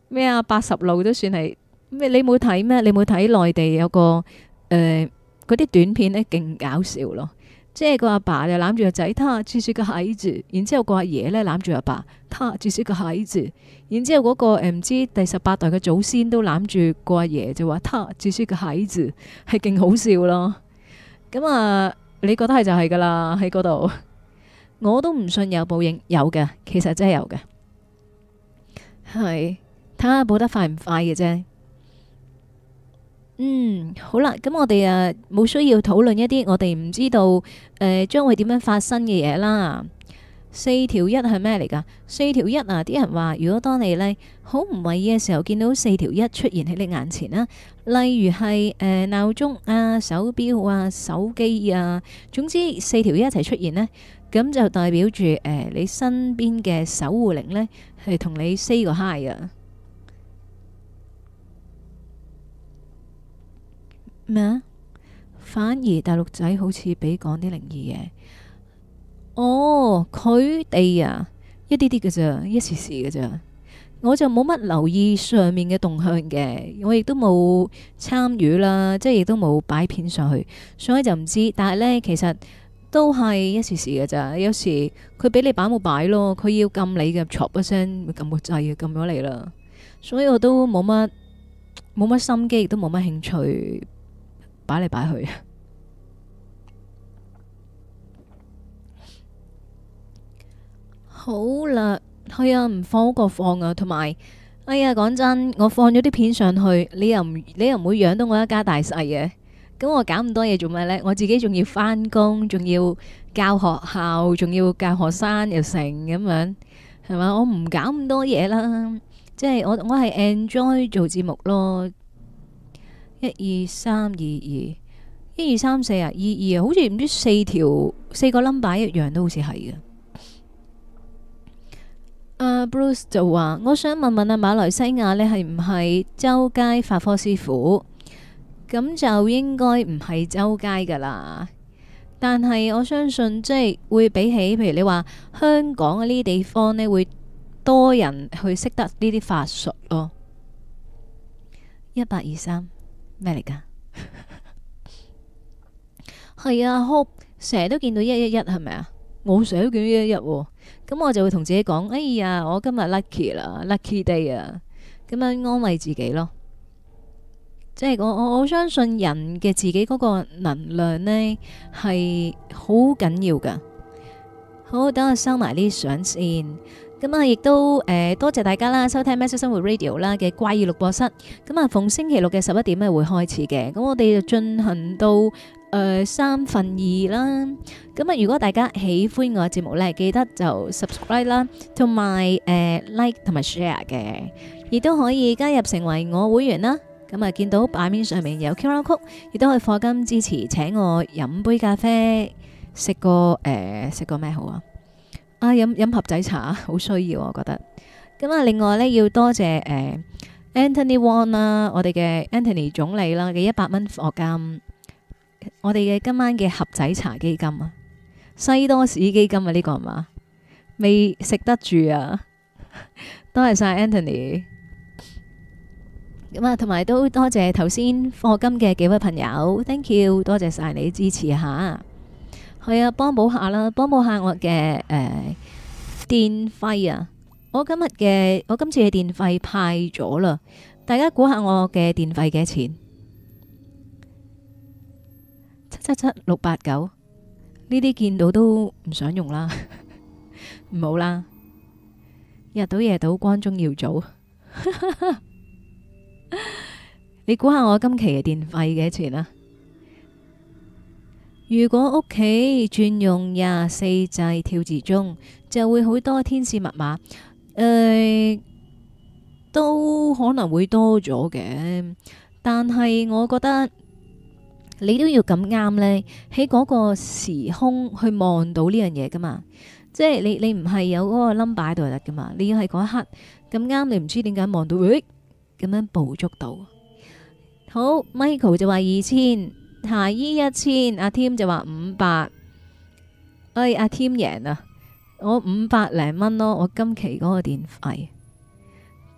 咩 [laughs] 啊？八十路都算係咩？你冇睇咩？你冇睇內地有個誒嗰啲短片呢？勁搞笑咯～即係個阿爸就攬住個仔，他注釋個啟字。然之後個阿爺呢攬住阿爸，他注釋個啟字。然之後嗰個唔知第十八代嘅祖先都攬住個阿爺，爺爺就話他注釋個啟字係勁好笑咯。咁、嗯、啊，你覺得係就係噶啦。喺嗰度，我都唔信有報應有嘅，其實真係有嘅，係睇下報得快唔快嘅啫。嗯，好啦，咁我哋啊冇需要討論一啲我哋唔知道誒將、呃、會點樣發生嘅嘢啦。四條一係咩嚟㗎？四條一啊，啲人話如果當你咧好唔為意嘅時候，見到四條一出現喺你眼前啦，例如係誒鬧鐘啊、手表啊、手機啊，總之四條一一齊出現呢，咁就代表住誒、呃、你身邊嘅守護靈呢，係同你 say 個 hi 啊！咩啊？反而大陸仔好似俾講啲靈異嘢。哦，佢哋啊，一啲啲嘅咋，一時時嘅咋。我就冇乜留意上面嘅動向嘅，我亦都冇參與啦，即係亦都冇擺片上去，所以就唔知。但係呢，其實都係一時時嘅咋。有時佢俾你擺冇擺咯，佢要撳你嘅，戳一聲撳個掣，要撳咗你啦。所以我都冇乜冇乜心機，亦都冇乜興趣。擺嚟擺去， [laughs] 好啦，係啊，唔放好過放啊，同埋，哎呀，講真，我放咗啲片上去，你又唔，你又唔會養到我一家大細嘅，咁我搞咁多嘢做咩呢？我自己仲要返工，仲要教學校，仲要教學生又成咁樣，係嘛？我唔搞咁多嘢啦，即係我我係 enjoy 做節目咯。一二三二二，一二三四啊，二二啊，好似唔知四條四個 number 一樣都好似係嘅。Uh, Bruce 就話：我想問問啊，馬來西亞咧係唔係周街法科師傅？咁就應該唔係周街噶啦。但係我相信即係會比起，譬如你話香港嗰啲地方咧，會多人去識得呢啲法術咯。一八二三。咩嚟噶？係 [laughs] 啊，好，成日都見到一一一係咪啊？我成日都見到一一一，咁我就會同自己講：哎呀，我今日 lucky 啦，lucky day 啊！咁樣安慰自己咯。即係我我我相信人嘅自己嗰個能量呢係好緊要噶。好，等我收埋啲相先。咁啊，亦都誒、呃、多謝大家啦，收聽《喵式生活 Radio 啦》啦嘅怪異錄播室。咁啊，逢星期六嘅十一點咧會開始嘅。咁我哋就進行到誒三、呃、分二啦。咁啊，如果大家喜歡我嘅節目咧，記得就 subscribe 啦，同埋誒 like 同埋 share 嘅，亦都可以加入成為我會員啦。咁啊，見到版面上面有 QR code，亦都可以課金支持，請我飲杯咖啡，食個誒食、呃、個咩好啊？啊飲飲盒仔茶好需要、啊、我覺得。咁啊，另外呢，要多謝、呃、Anthony Wong 啦，我哋嘅 Anthony 總理啦嘅一百蚊課金，我哋嘅今晚嘅盒仔茶基金啊，西多士基金啊呢、這個係咪？未食得住啊！ [laughs] 多謝晒 Anthony。咁啊，同埋都多謝頭先課金嘅幾位朋友，thank you，多謝晒你支持下。係啊，幫補下啦，幫補下我嘅誒電費啊！我今日嘅我今次嘅電費派咗啦，大家估下我嘅電費幾多錢？七七七六八九，呢啲見到都唔想用啦，唔好啦，日到夜到關中要早，你估下我今期嘅電費幾多錢啊？如果屋企轉用廿四制跳字鐘，就會好多天使密碼，誒，都可能會多咗嘅。但係我覺得你都要咁啱呢，喺嗰個時空去望到呢樣嘢噶嘛，即係你你唔係有嗰個 number 度就得噶嘛，你要喺嗰一刻咁啱，你唔知點解望到，誒，咁樣捕捉到。好，Michael 就話二千。下依一千，阿、啊、Tim 就話五百，哎，阿、啊、Tim 贏啦，我五百零蚊咯，我今期嗰個電費，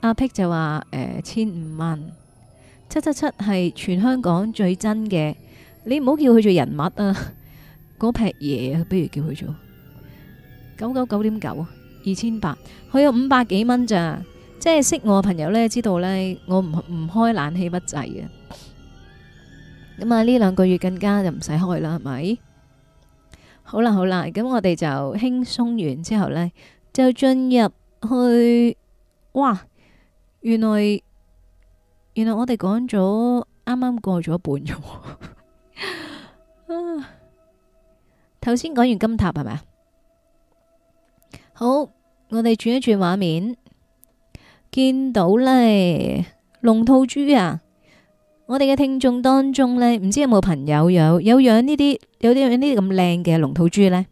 阿、啊、Pick 就話誒、呃、千五蚊，七七七係全香港最真嘅，你唔好叫佢做人物啊，嗰撇嘢啊，不如叫佢做九九九點九啊，二千八，佢有五百幾蚊咋，即係識我嘅朋友呢知道呢，我唔唔開冷氣不濟嘅。咁啊！呢兩個月更加就唔使開啦，係咪？好啦好啦，咁我哋就輕鬆完之後咧，就進入去。哇！原來原來我哋講咗啱啱過咗一半嘅。啊！頭先講完金塔係咪啊？好，我哋轉一轉畫面，見到咧龍吐珠啊！我哋嘅聽眾當中呢，唔知有冇朋友有養有養呢啲有啲養呢啲咁靚嘅龍吐珠呢？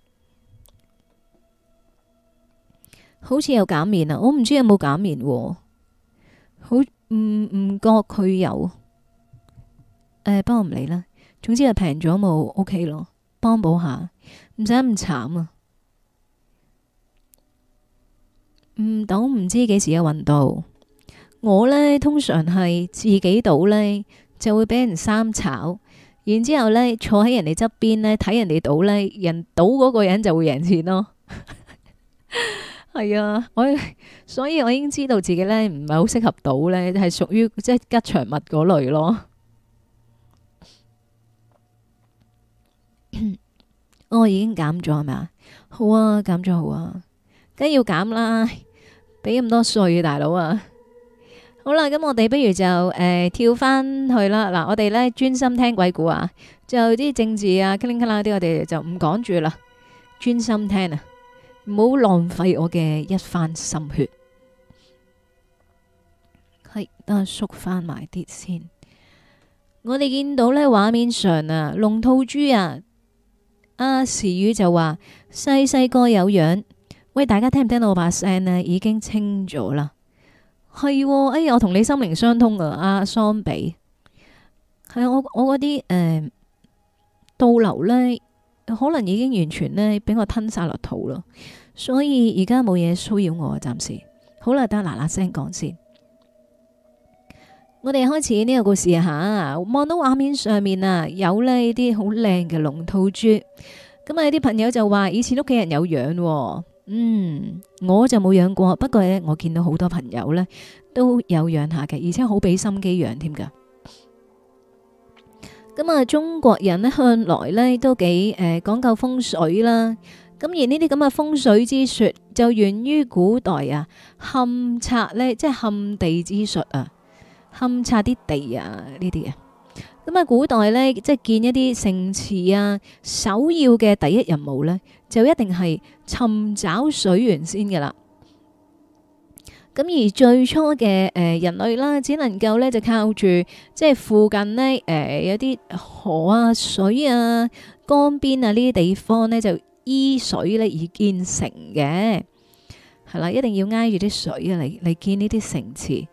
好似有減免啊！我唔知有冇減免，好唔唔、嗯、覺佢有，唉、欸，不過唔理啦。總之就平咗冇 OK 咯，幫補下，唔使咁慘啊！唔賭唔知幾時有運到，我呢，通常係自己賭呢。就會俾人三炒，然之後呢坐喺人哋側邊呢睇人哋賭呢，人賭嗰個人就會贏錢咯。係 [laughs] 啊，我所以我已經知道自己呢唔係好適合賭呢，係屬於即係吉祥物嗰類咯。我、 [coughs] 哦、已經減咗係咪啊？好啊，減咗好啊，梗係要減啦，俾咁多稅啊大佬啊！好啦，咁我哋不如就誒、呃、跳翻去啦。嗱，我哋呢專心聽鬼故啊，就啲政治啊、卡啦卡啦啲，我哋就唔講住啦，專心聽啊，唔好浪費我嘅一番心血。係，等我縮翻埋啲先。我哋見到呢畫面上啊，龍吐珠啊，阿、啊、時雨就話細細個有養。喂，大家聽唔聽到我把聲咧？已經清咗啦。係、喎，哎呀，我同你心靈相通啊！阿桑比，係我我嗰啲誒倒流呢，可能已經完全呢，俾我吞晒落肚咯，所以而家冇嘢騷擾我啊！暫時好啦，得嗱嗱聲講先。我哋開始呢個故事啊！吓，望到畫面上面啊，有呢啲好靚嘅龍吐珠，咁啊有啲朋友就話以前屋企人有養、喎。嗯，我就冇養過，不過呢，我見到好多朋友呢都有養下嘅，而且好俾心機養添㗎。咁啊，中國人呢，向來呢都幾誒講、呃、究風水啦。咁而呢啲咁嘅風水之說，就源於古代啊，勘察呢，即係勘地之術啊，勘察啲地啊呢啲啊。咁啊，古代呢，即係建一啲城池啊，首要嘅第一任務呢，就一定係尋找水源先嘅啦。咁而最初嘅誒人類啦，只能夠呢，就靠住即係附近呢，誒、呃、有一啲河啊、水啊、江邊啊呢啲地方呢，就依水呢而建成嘅。係啦，一定要挨住啲水嚟、啊、嚟建呢啲城池。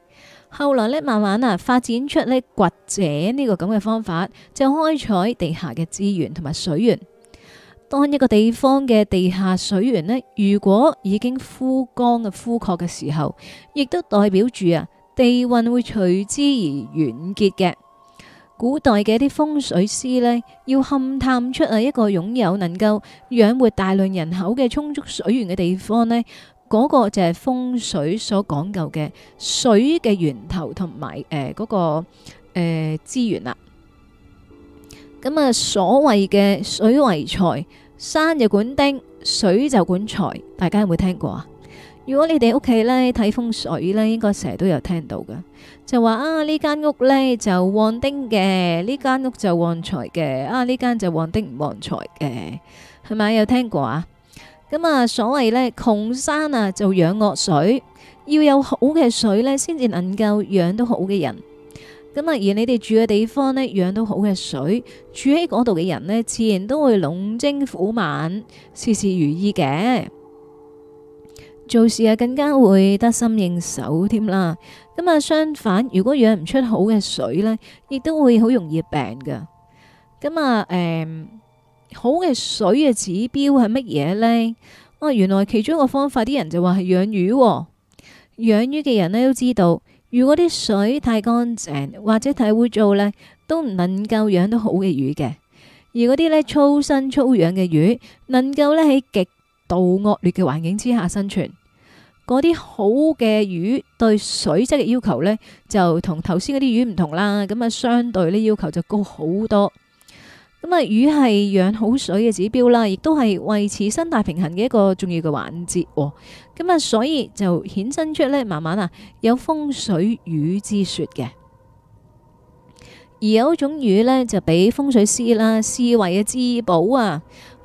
後來呢，慢慢啊，發展出呢掘井呢這個咁嘅方法，就開採地下嘅資源同埋水源。當一個地方嘅地下水源呢，如果已經枯乾嘅枯涸嘅時候，亦都代表住啊地運會隨之而完結嘅。古代嘅一啲風水師呢，要勘探出啊一個擁有能夠養活大量人口嘅充足水源嘅地方呢。嗰、個就係風水所講究嘅水嘅源頭同埋誒嗰個誒資源啦。咁啊，所謂嘅水為財，山就管丁，水就管財。大家有冇聽過啊？如果你哋屋企咧，睇風水咧，應該成日都有聽到嘅，就話啊呢間屋咧就旺丁嘅，呢間屋就旺財嘅，啊呢間就旺丁旺財嘅，係咪有聽過啊？咁啊，所謂呢窮山啊，就養惡水，要有好嘅水呢，先至能夠養到好嘅人。咁啊，而你哋住嘅地方呢，養到好嘅水，住喺嗰度嘅人呢，自然都會龍精虎猛，事事如意嘅。做事啊，更加會得心應手添啦。咁啊，相反，如果養唔出好嘅水呢，亦都會好容易病㗎。咁啊，誒、嗯。好嘅水嘅指標係乜嘢呢？哦，原來其中一個方法，啲人就話係養魚，哦。養魚嘅人呢，都知道，如果啲水太乾淨或者太污糟呢，都唔能夠養到好嘅魚嘅。而嗰啲咧粗生粗養嘅魚，能夠咧喺極度惡劣嘅環境之下生存。嗰啲好嘅魚對水質嘅要求呢，就同頭先嗰啲魚唔同啦。咁啊，相對呢，要求就高好多。咁啊，魚係養好水嘅指標啦，亦都係維持生態平衡嘅一個重要嘅環節。咁啊，所以就衍生出呢，慢慢啊，有風水魚之說嘅。而有一種魚呢，就俾風水師啦、視為嘅至寶啊，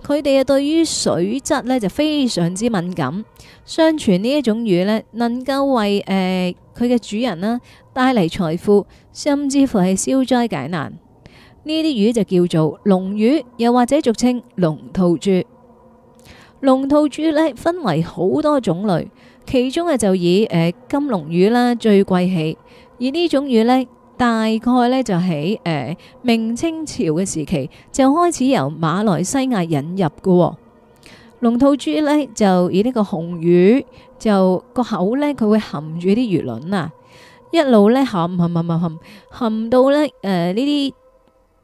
佢哋啊，對於水質呢就非常之敏感。相傳呢一種魚呢，能夠為誒佢嘅主人啦帶嚟財富，甚至乎係消災解難。呢啲魚就叫做龍魚，又或者俗稱龍吐珠。龍吐珠呢分為好多種類，其中啊就以、呃、金龍魚啦最貴氣。而呢種魚呢，大概呢就喺、呃、明清朝嘅時期就開始由馬來西亞引入嘅。龍吐珠呢，就以呢個紅魚，就個口呢，佢會含住啲魚卵啊，一路呢含含含含含，含到呢啲，呃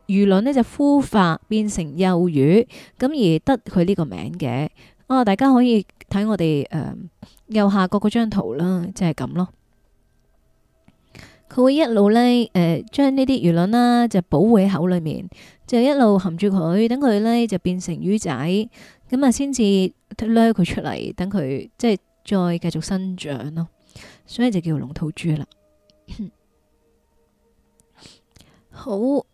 魚卵呢就孵化變成幼魚，咁而得佢呢個名嘅。哦、啊，大家可以睇我哋誒、呃、右下角嗰張圖啦，即係咁咯。佢會一路呢誒、呃、將呢啲魚卵啦就保護喺口裏面，就一路含住佢，等佢呢就變成魚仔，咁啊先至掠佢出嚟，等佢即係再繼續生長咯。所以就叫龍吐珠啦。 [laughs] 好。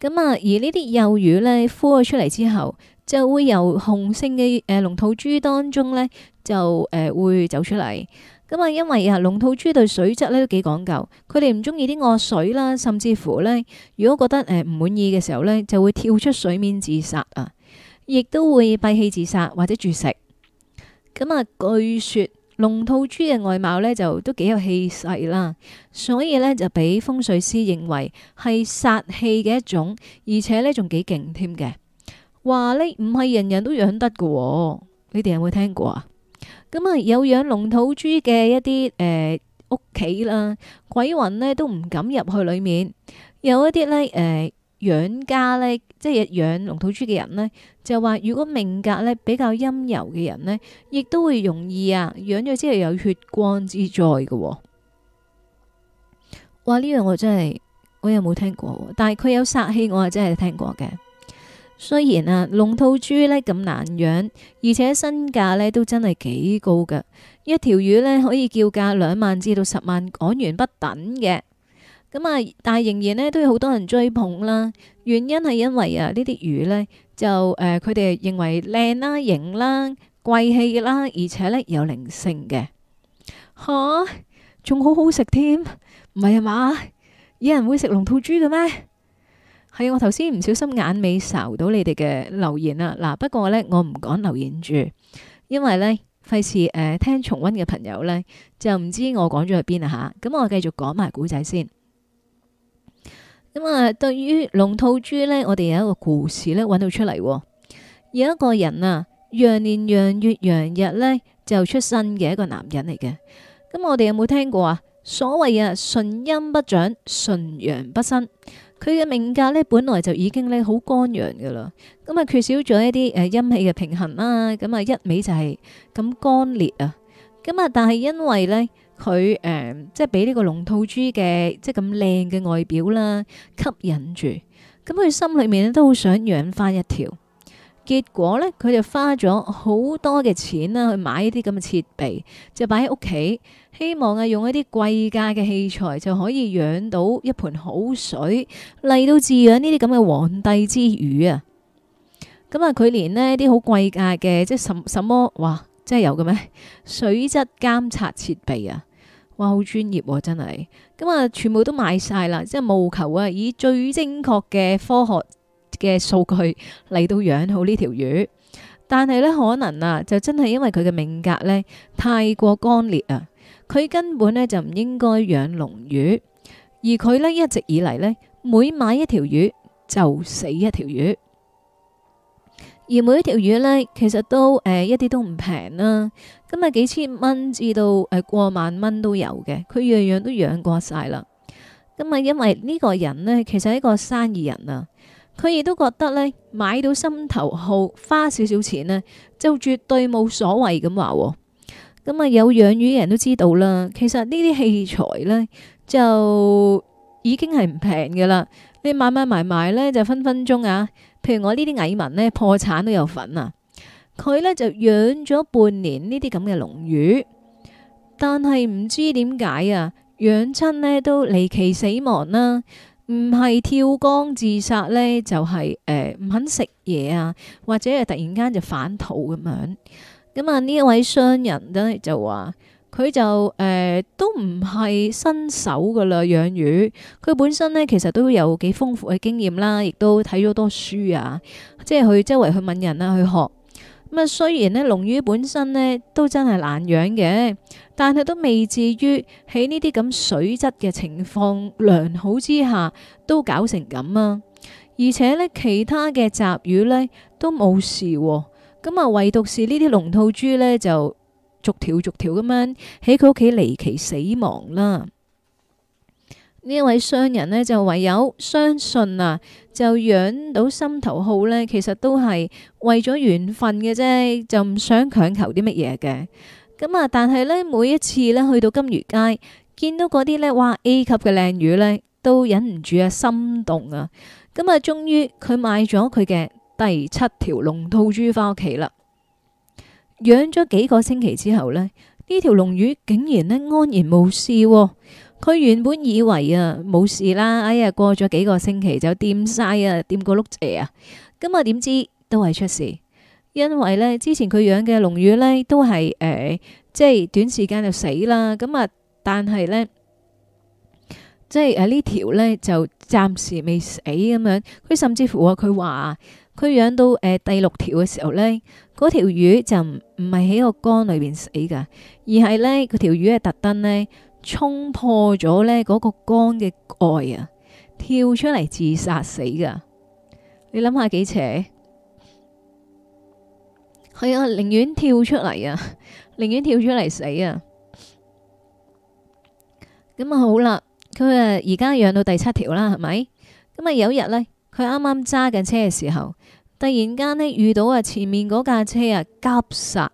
咁啊，而呢啲幼魚咧孵咗出嚟之後，就會由雄性嘅誒龍吐珠當中咧就誒、呃、會走出嚟。咁啊，因為啊龍吐珠對水質咧都幾講究，佢哋唔中意啲惡水啦，甚至乎咧，如果覺得誒唔滿意嘅時候咧，就會跳出水面自殺啊，亦都會閉氣自殺或者絕食。咁、嗯、啊，據說。龍吐珠嘅外貌呢，就都幾有氣勢啦，所以呢，就俾風水師認為係煞氣嘅一種，而且呢，仲幾勁添嘅，話呢，唔係人人都養得嘅。哦，你哋有冇聽過啊？咁、嗯、啊有養龍吐珠嘅一啲誒屋企啦，鬼魂呢都唔敢入去裏面，有一啲呢。誒、呃。養家呢，即係養龍套豬嘅人呢，就話、是、如果命格呢比較陰柔嘅人呢，亦都會容易啊養咗之後有血光之災㗎喎。哇！呢、這、樣、個、我真係我又冇聽過？但係佢有殺氣，我係真係聽過嘅。雖然啊，龍套豬呢咁難養，而且身價呢都真係幾高嘅，一條魚呢可以叫價兩萬至到十萬港元不等嘅。咁啊，但係仍然咧都有好多人追捧啦。原因係因為啊，呢啲魚呢，就誒，佢、呃、哋認為靚啦、型啦、貴氣啦，而且呢有靈性嘅吓，仲、啊、好好食添，唔係啊嘛？有人會食龍吐珠嘅咩？係我頭先唔小心眼尾搜到你哋嘅留言啦嗱。不過呢，我唔講留言住，因為呢，費事誒聽重温嘅朋友呢，就唔知我講咗去邊啦吓。咁、啊、我繼續講埋古仔先。咁啊，對於龍吐珠咧，我哋有一個故事呢揾到出嚟。有一個人啊，陽年陽月陽日呢，就出生嘅一個男人嚟嘅。咁我哋有冇聽過啊？所謂啊，純陰不長，純陽不生。佢嘅命格呢，本來就已經呢好乾陽噶啦。咁啊，缺少咗一啲誒陰氣嘅平衡啦。咁啊，一味就係咁乾裂啊。咁啊，但係因為呢。佢誒、呃、即係俾呢個龍吐珠嘅即係咁靚嘅外表啦吸引住，咁佢心裏面咧都好想養翻一條。結果呢，佢就花咗好多嘅錢啦去買呢啲咁嘅設備，就擺喺屋企，希望啊用一啲貴價嘅器材就可以養到一盆好水嚟到飼養呢啲咁嘅皇帝之魚啊！咁啊，佢連呢啲好貴價嘅即係什什麼哇，即係有嘅咩？水質監察設備啊！哇，好專業喎、啊，真係咁啊，全部都買晒啦，即係務求啊，以最精確嘅科學嘅數據嚟到養好呢條魚。但係呢，可能啊，就真係因為佢嘅命格呢，太過乾裂啊，佢根本呢就唔應該養龍魚。而佢呢，一直以嚟呢，每買一條魚就死一條魚，而每一條魚呢，其實都誒、呃、一啲都唔平啦。咁啊，幾千蚊至到誒過萬蚊都有嘅，佢樣樣都養過晒啦。咁啊，因為呢個人呢，其實係一個生意人啊，佢亦都覺得呢，買到心頭好，花少少錢呢，就絕對冇所謂咁話。咁啊，有養魚人都知道啦，其實呢啲器材呢，就已經係唔平噶啦。你買買埋埋呢，就分分鐘啊。譬如我呢啲蟻民呢，破產都有份啊。佢呢就養咗半年呢啲咁嘅龍魚，但係唔知點解啊，養親呢都離奇死亡啦，唔係跳缸自殺呢，就是，就係唔肯食嘢啊，或者係突然間就反肚咁樣。咁、嗯、啊呢一位商人呢就話：佢就誒、呃、都唔係新手噶啦養魚，佢本身呢其實都有幾豐富嘅經驗啦，亦都睇咗多書啊，即係去周圍去問人啦，啊，去學。咁啊，雖然咧龍魚本身咧都真係難養嘅，但係都未至於喺呢啲咁水質嘅情況良好之下都搞成咁啊！而且呢，其他嘅雜魚呢都冇事，啊、咁、嗯、啊唯獨是呢啲龍吐珠呢，就逐條逐條咁樣喺佢屋企離奇死亡啦。呢位商人呢，就唯有相信啊，就養到心頭好呢。其實都係為咗緣分嘅啫，就唔想強求啲乜嘢嘅。咁啊，但係呢，每一次呢去到金魚街，見到嗰啲呢，哇 A 級嘅靚魚呢，都忍唔住啊心動啊。咁啊，終於佢買咗佢嘅第七條龍吐珠返屋企啦。養咗幾個星期之後呢，呢條龍魚竟然呢安然無事。佢原本以為啊冇事啦，哎呀過咗幾個星期就掂晒啊，掂個碌蔗啊，咁啊點知都係出事，因為呢之前佢養嘅龍魚呢都係誒、呃、即係短時間就死啦，咁啊但係呢，即係誒呢條呢就暫時未死咁樣。佢甚至乎啊佢話佢養到誒、呃、第六條嘅時候呢，嗰條魚就唔唔係喺個缸裏邊死噶，而係呢，佢條魚係特登呢，沖破咗呢嗰個缸嘅蓋啊，跳出嚟，自殺死噶。你諗下幾邪？係啊，寧願跳出嚟啊，寧願跳出嚟死啊。咁啊好啦，佢啊而家養到第七條啦，係咪？咁啊有一日呢，佢啱啱揸緊車嘅時候，突然間呢遇到啊前面嗰架車啊急剎，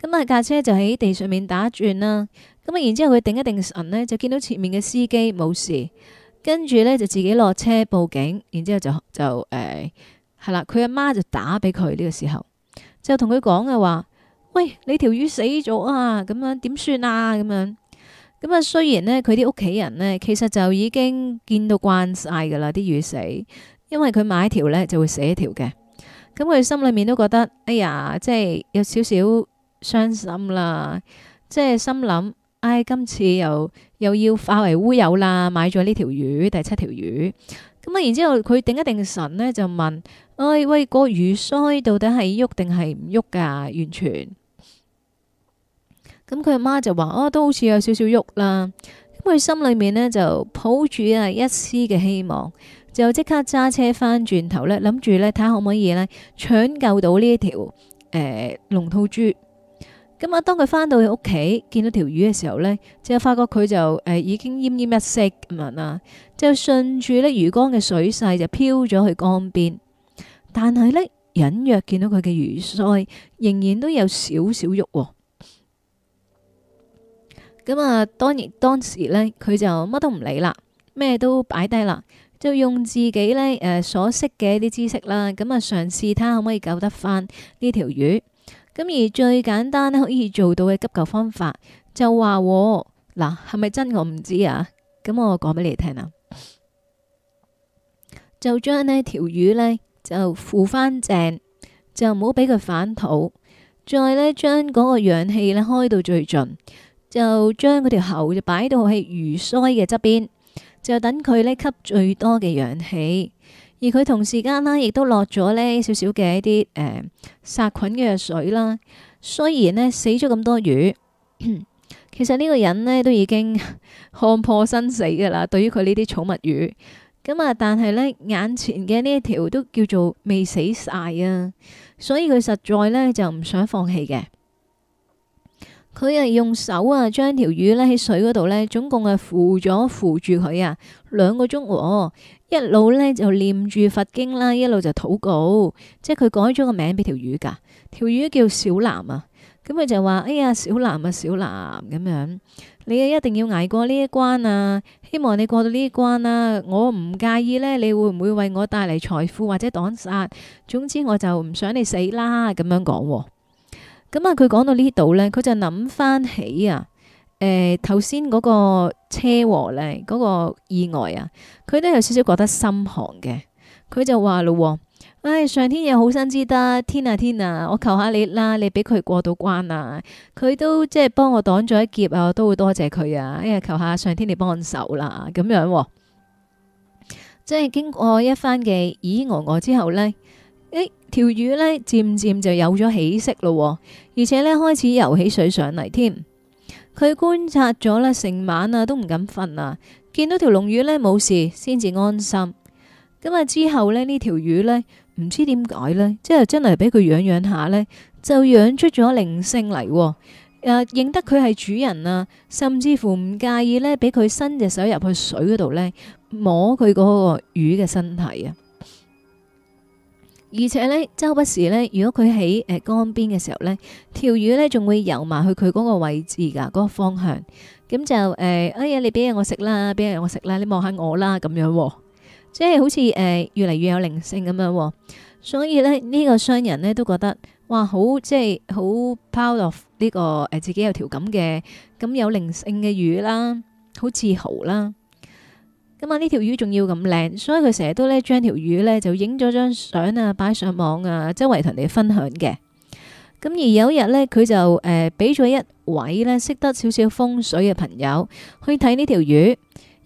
咁啊架車就喺地上面打轉啦。咁啊！然之後佢定一定神呢，就見到前面嘅司機冇事，跟住呢就自己落車報警。然之後就就誒係、呃、啦，佢阿媽就打俾佢呢個時候，就同佢講嘅話：，喂，你條魚死咗啊！咁樣點算啊？咁樣咁啊。雖然呢，佢啲屋企人呢，其實就已經見到慣晒噶啦，啲魚死，因為佢買一條呢就會死一條嘅。咁、嗯、佢心裏面都覺得：，哎呀，即係有少少傷心啦，即係心諗。唉、哎，今次又又要化為烏有啦！買咗呢條魚，第七條魚，咁啊，然之後佢定一定神呢，就問：唉、哎，喂，個魚鰓到底係喐定係唔喐噶？完全。咁佢阿媽就話：，哦、啊，都好似有少少喐啦。咁佢心裏面呢，就抱住啊一絲嘅希望，就即刻揸車翻轉頭呢諗住呢，睇下可唔可以呢搶救到呢一條誒、呃、龍吐珠。咁啊，當佢翻到去屋企，見到條魚嘅時候呢，咧，就發覺佢就誒、呃、已經奄奄一息咁、嗯、啊，就順住呢魚缸嘅水勢就飄咗去江邊，但係呢，隱約見到佢嘅魚腮，仍然都有少少喐、哦。咁、嗯、啊，當然當時呢，佢就乜都唔理啦，咩都擺低啦，就用自己呢誒、呃、所識嘅一啲知識啦，咁啊嘗試睇下可唔可以救得翻呢條魚。咁而最簡單呢可以做到嘅急救方法就話，嗱，係咪真我唔知啊，咁我講俾你聽啊，就將呢條魚呢，就扶翻正，就唔好俾佢反肚。再呢，將嗰個氧氣呢開到最盡，就將嗰條喉就擺到去魚鰓嘅側邊，就等佢呢吸最多嘅氧氣。而佢同時間啦，亦都落咗呢少少嘅一啲誒、呃、殺菌嘅藥水啦。雖然呢，死咗咁多魚， [coughs] 其實呢個人呢，都已經看破生死噶啦。對於佢呢啲寵物魚咁啊、嗯，但係呢眼前嘅呢一條都叫做未死晒啊，所以佢實在呢，就唔想放棄嘅。佢係、啊、用手啊，將條魚呢喺水嗰度呢，總共係扶咗扶住佢啊兩個鐘一路呢就念住佛經啦，一路就禱告，即係佢改咗個名俾條魚噶，條魚叫小藍啊，咁、嗯、佢就話：哎呀，小藍啊，小藍咁樣，你一定要挨過呢一關啊，希望你過到呢一關啊，我唔介意呢，你會唔會為我帶嚟財富或者擋煞？總之我就唔想你死啦，咁樣講。咁啊，佢、嗯、講到呢度呢，佢就諗翻起啊。誒、呃，頭先嗰個車禍呢，嗰、那個意外啊，佢都有少少覺得心寒嘅，佢就話咯、啊，唉、哎，上天有好生之德，天啊天啊，我求下你啦，你俾佢過到關啊！佢都即係幫我擋咗一劫啊，我都會多謝佢啊！哎呀，求下上，上天你幫手啦，咁樣、啊，即係經過一番嘅咦咿俄、呃呃、之後呢，誒、哎，條魚呢漸漸就有咗起色咯、啊，而且呢，開始游起水上嚟添。佢觀察咗啦，成晚啊都唔敢瞓啊，見到條龍魚呢，冇事，先至安心。咁啊之後呢，呢條魚呢，唔知點解呢，即係真係俾佢養養下呢，就養出咗靈性嚟，喎、啊。認得佢係主人啊，甚至乎唔介意呢，俾佢伸隻手入去水嗰度呢，摸佢嗰個魚嘅身體啊。而且呢，周不時呢，如果佢喺誒江邊嘅時候呢，條魚呢仲會遊埋去佢嗰個位置㗎，嗰個方向。咁就誒，哎呀，你俾嘢我食啦，俾嘢我食啦，你望下我啦，咁樣，即係好似誒越嚟越有靈性咁樣。所以呢，呢個商人呢都覺得，哇，好即係好 proud of 呢個誒自己有條咁嘅咁有靈性嘅魚啦，好自豪啦。咁啊！呢條魚仲要咁靚，所以佢成日都呢將條魚呢就影咗張相啊，擺上網啊，周圍同你哋分享嘅。咁而有一日呢，佢就誒俾咗一位呢識得少少風水嘅朋友去睇呢條魚。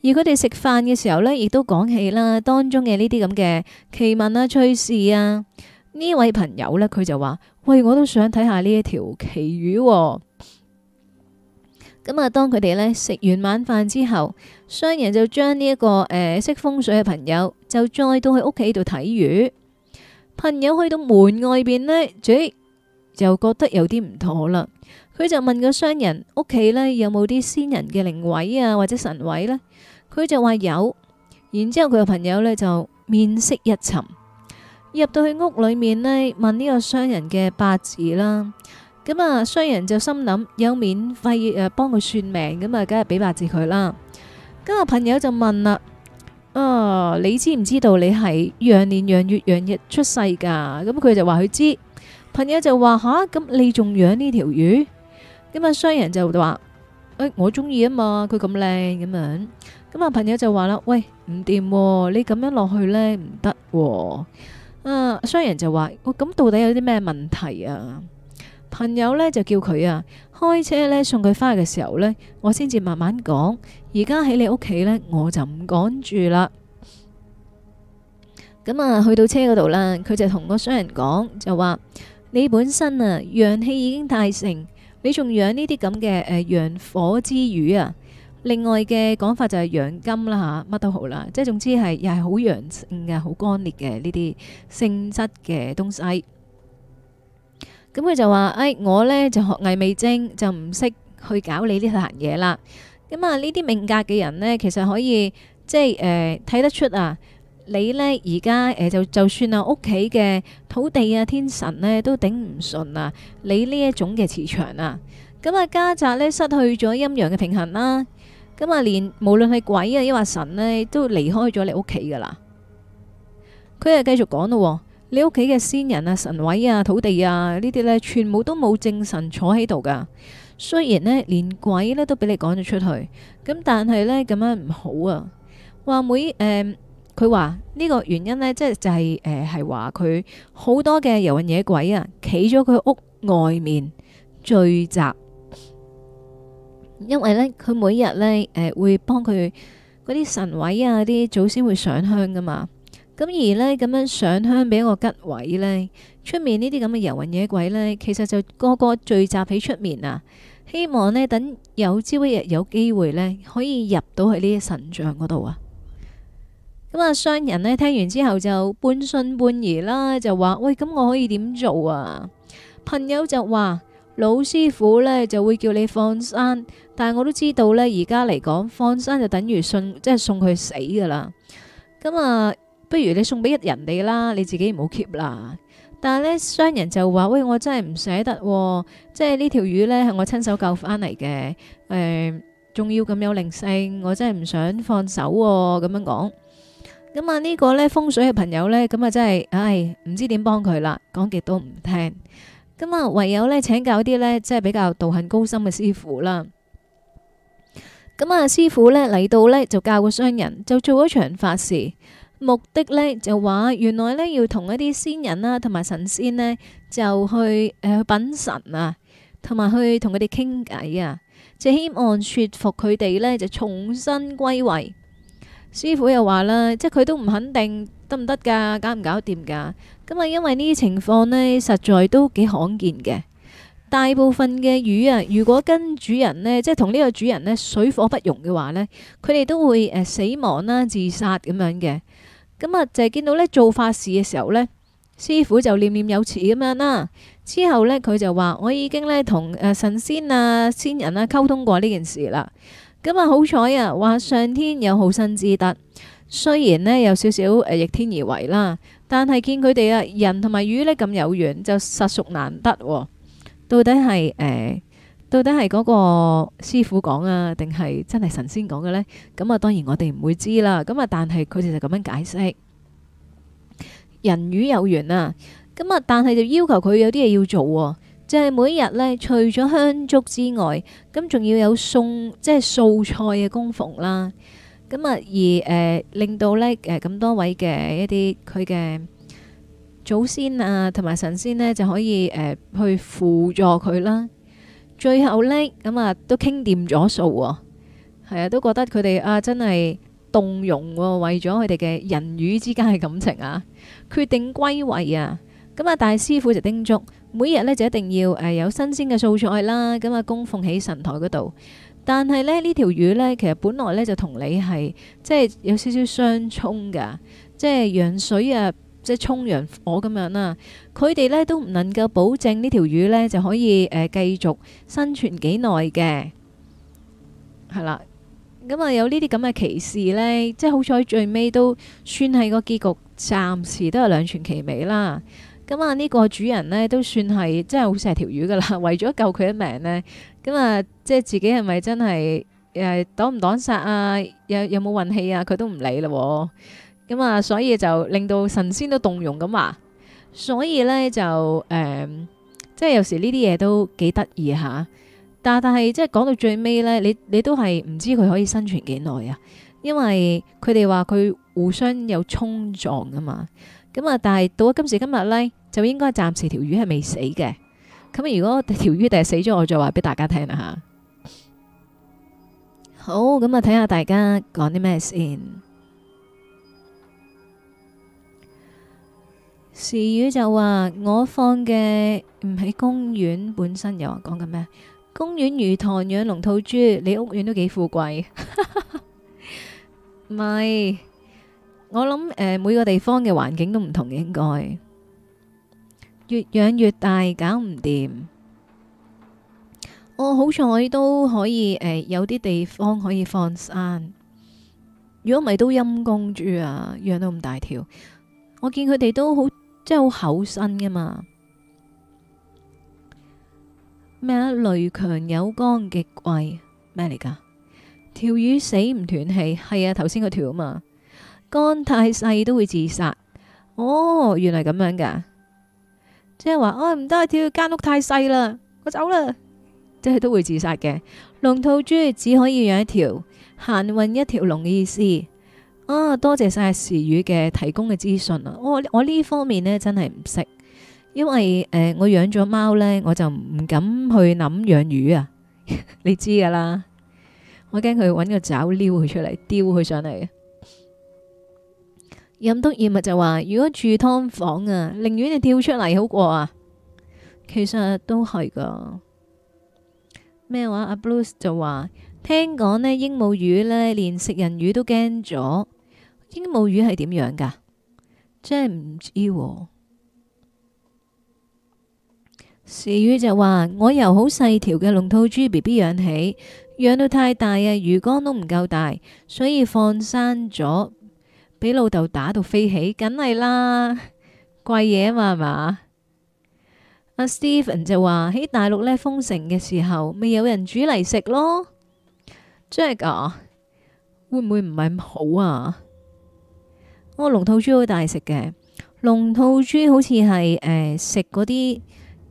而佢哋食飯嘅時候呢，亦都講起啦，當中嘅呢啲咁嘅奇聞啊、趣事啊。呢位朋友呢，佢就話：喂，我都想睇下呢一條奇魚喎。咁啊，當佢哋呢食完晚飯之後，商人就將呢一個誒、呃、識風水嘅朋友就載到去屋企度睇魚。朋友去到門外邊呢、哎，就又覺得有啲唔妥啦。佢就問個商人屋企呢有冇啲先人嘅靈位啊，或者神位呢？佢就話有。然之後佢個朋友呢就面色一沉，入到去屋裏面呢，問呢個商人嘅八字啦。咁啊！商人就心諗有免費誒幫佢算命，咁啊，梗係俾八字佢啦。咁啊，朋友就問啦：，啊，你知唔知道你係羊年羊月羊日出世噶？咁佢就話佢知。朋友就話：吓，咁你仲養呢條魚？咁啊，商人就話：，誒，我中意啊嘛，佢咁靚咁樣。咁啊，朋友就話啦：，喂，唔掂，你咁樣落去呢唔得。啊，商人就話：，咁到底有啲咩問題啊？朋友呢就叫佢啊，開車呢，送佢翻去嘅時候呢，我先至慢慢講。而家喺你屋企呢，我就唔講住啦。咁啊，去到車嗰度啦，佢就同個商人講，就話你本身啊，陽氣已經大盛，你仲養呢啲咁嘅誒陽火之魚啊。另外嘅講法就係養金啦、啊、吓，乜都好啦，即係總之係又係好陽性嘅、好乾裂嘅呢啲性質嘅東西。咁、嗯、佢就話：哎，我呢就學藝未精，就唔識去搞你呢套行嘢啦。咁、嗯、啊，呢啲命格嘅人呢，其實可以即係誒睇得出啊，你呢而家誒就就算啊屋企嘅土地啊天神呢都頂唔順啊，你呢一種嘅磁場啊，咁、嗯、啊家宅呢失去咗陰陽嘅平衡啦、啊，咁、嗯、啊連無論係鬼啊亦或神呢、啊，都離開咗你屋企噶啦。佢係繼續講咯、哦。你屋企嘅先人啊、神位啊、土地啊呢啲呢，全部都冇正神坐喺度噶。雖然呢，連鬼呢都俾你趕咗出去，咁但係呢，咁樣唔好啊。話每，佢話呢個原因呢，即係就係、是、誒，係話佢好多嘅遊魂野鬼啊，企咗佢屋外面聚集，因為呢，佢每日呢誒、呃、會幫佢嗰啲神位啊、啲祖先會上香噶嘛。咁而呢，咁樣上香俾一個吉位呢，出面呢啲咁嘅遊魂野鬼呢，其實就個個聚集喺出面啊，希望呢，等有朝一日有機會呢，可以入到喺呢啲神像嗰度啊。咁、嗯、啊，商人呢，聽完之後就半信半疑啦，就話：喂，咁我可以點做啊？朋友就話：老師傅呢，就會叫你放生，但係我都知道呢，而家嚟講放生就等於送，即係送佢死噶啦。咁、嗯、啊～、嗯不如你送俾一人哋啦，你自己唔好 keep 啦。但係呢，商人就話，喂，我真係唔捨得，即係呢條魚呢係我親手救翻嚟嘅，誒、呃，仲要咁有靈性，我真係唔想放手，哦。咁樣講咁啊，呢、呢個呢風水嘅朋友呢，咁啊真係唉，唔知點幫佢啦，講極都唔聽。咁啊，唯有呢請教啲呢，即係比較道行高深嘅師傅啦。咁啊，師傅呢嚟到呢，就教個商人就做咗場法事。目的呢就話原來呢要同一啲仙人啦、啊，同埋神仙呢，就去誒去、呃、品神啊，同埋去同佢哋傾偈啊，就希望説服佢哋呢，就重新歸位。師傅又話啦，即係佢都唔肯定得唔得㗎，搞唔搞掂㗎？咁啊，因為呢啲情況呢，實在都幾罕見嘅。大部分嘅魚啊，如果跟主人呢，即係同呢個主人呢，水火不容嘅話呢，佢哋都會誒、呃、死亡啦、啊、自殺咁樣嘅。咁啊，就係見到呢做法事嘅時候呢，師傅就念念有詞咁樣啦。之後呢，佢就話我已經呢同誒神仙啊、仙人啊溝通過呢件事啦。咁啊，好彩啊，話上天有好生之德，雖然呢有少少誒逆天而為啦，但係見佢哋啊人同埋魚呢咁有緣，就實屬難得。到底係誒。呃到底係嗰個師傅講啊，定係真係神仙講嘅呢？咁啊，當然我哋唔會知啦。咁啊，但係佢哋就咁樣解釋，人與有緣啊。咁啊，但係就要求佢有啲嘢要做，哦，就係、是，每日呢，除咗香燭之外，咁仲要有餸，即係素菜嘅供奉啦。咁啊，而、呃、誒令到呢誒咁、呃、多位嘅一啲佢嘅祖先啊，同埋神仙呢，就可以誒、呃、去輔助佢啦。最後呢，咁啊都傾掂咗數喎，係啊都覺得佢哋啊真係動容喎，為咗佢哋嘅人魚之間嘅感情啊，決定歸位啊，咁啊大師傅就叮囑，每日呢，就一定要誒有新鮮嘅素菜啦，咁啊供奉喺神台嗰度，但係呢，呢條魚呢，其實本來呢，就同你係即係有少少相沖㗎，即係羊水啊。即係沖洋火咁樣啦，佢哋呢都唔能夠保證呢條魚呢就可以誒繼、呃、續生存幾耐嘅，係啦。咁啊有呢啲咁嘅歧視呢，即係好彩最尾都算係個結局，暫時都係兩全其美啦。咁啊呢個主人呢，都算係真係好錫條魚噶啦， [laughs] 為咗救佢一命呢，咁啊即係自己係咪真係誒擋唔擋殺啊，有有冇運氣啊，佢都唔理啦。咁、嗯、啊，所以就令到神仙都動容咁話、嗯，所以呢，就、嗯、誒，即係有時呢啲嘢都幾得意吓，但但係即係講到最尾呢、嗯，你你都係唔知佢可以生存幾耐啊，因為佢哋話佢互相有衝撞啊嘛，咁、嗯、啊、嗯，但係到今時今日呢，就應該暫時條魚係未死嘅，咁、嗯、如果條魚第日死咗，我再話俾大家聽啦吓。好，咁啊睇下大家講啲咩先。時雨就話我放嘅唔係公園本身，又話講緊咩？公園魚塘養龍兔豬，你屋苑都幾富貴。唔係，我諗誒，每個地方嘅環境都唔同嘅，應該越養越大，搞唔掂。我好彩都可以誒，有啲地方可以放山。如果唔係都陰公豬啊，養到咁大條。我見佢哋都好。即係好厚身噶嘛？咩啊？雷強有缸極貴咩嚟噶？條魚死唔斷氣，係啊，頭先嗰條啊嘛。缸太細都會自殺。哦，原嚟咁樣噶，即係話，哦、哎，唔得啊，條間屋太細啦，我走啦，即係都會自殺嘅。龍吐珠只可以養一條，行運一條龍嘅意思。啊，多謝晒時魚嘅提供嘅資訊啊！我我呢方面咧真係唔識，因為誒、呃、我養咗貓呢，我就唔敢去諗養魚啊！ [laughs] 你知噶啦，我驚佢搵個爪撩佢出嚟，叼佢上嚟。任督二物就話：如果住劏房啊，寧願你跳出嚟好過啊！其實都係噶。咩話？阿 Bruce 就話：聽講呢，鸚鵡魚呢，連食人魚都驚咗。鸚鵡魚係點樣噶？真係唔知喎、啊。時雨就話：我由好細條嘅龍吐珠 B B 養起，養到太大啊，魚缸都唔夠大，所以放生咗，俾老豆打到飛起，梗係啦，貴嘢啊嘛，係嘛？阿 Stephen 就話：喺大陸呢封城嘅時候，咪有人煮嚟食咯。真係㗎，會唔會唔係咁好啊？我龍吐珠好大食嘅，龍吐珠好似係誒食嗰啲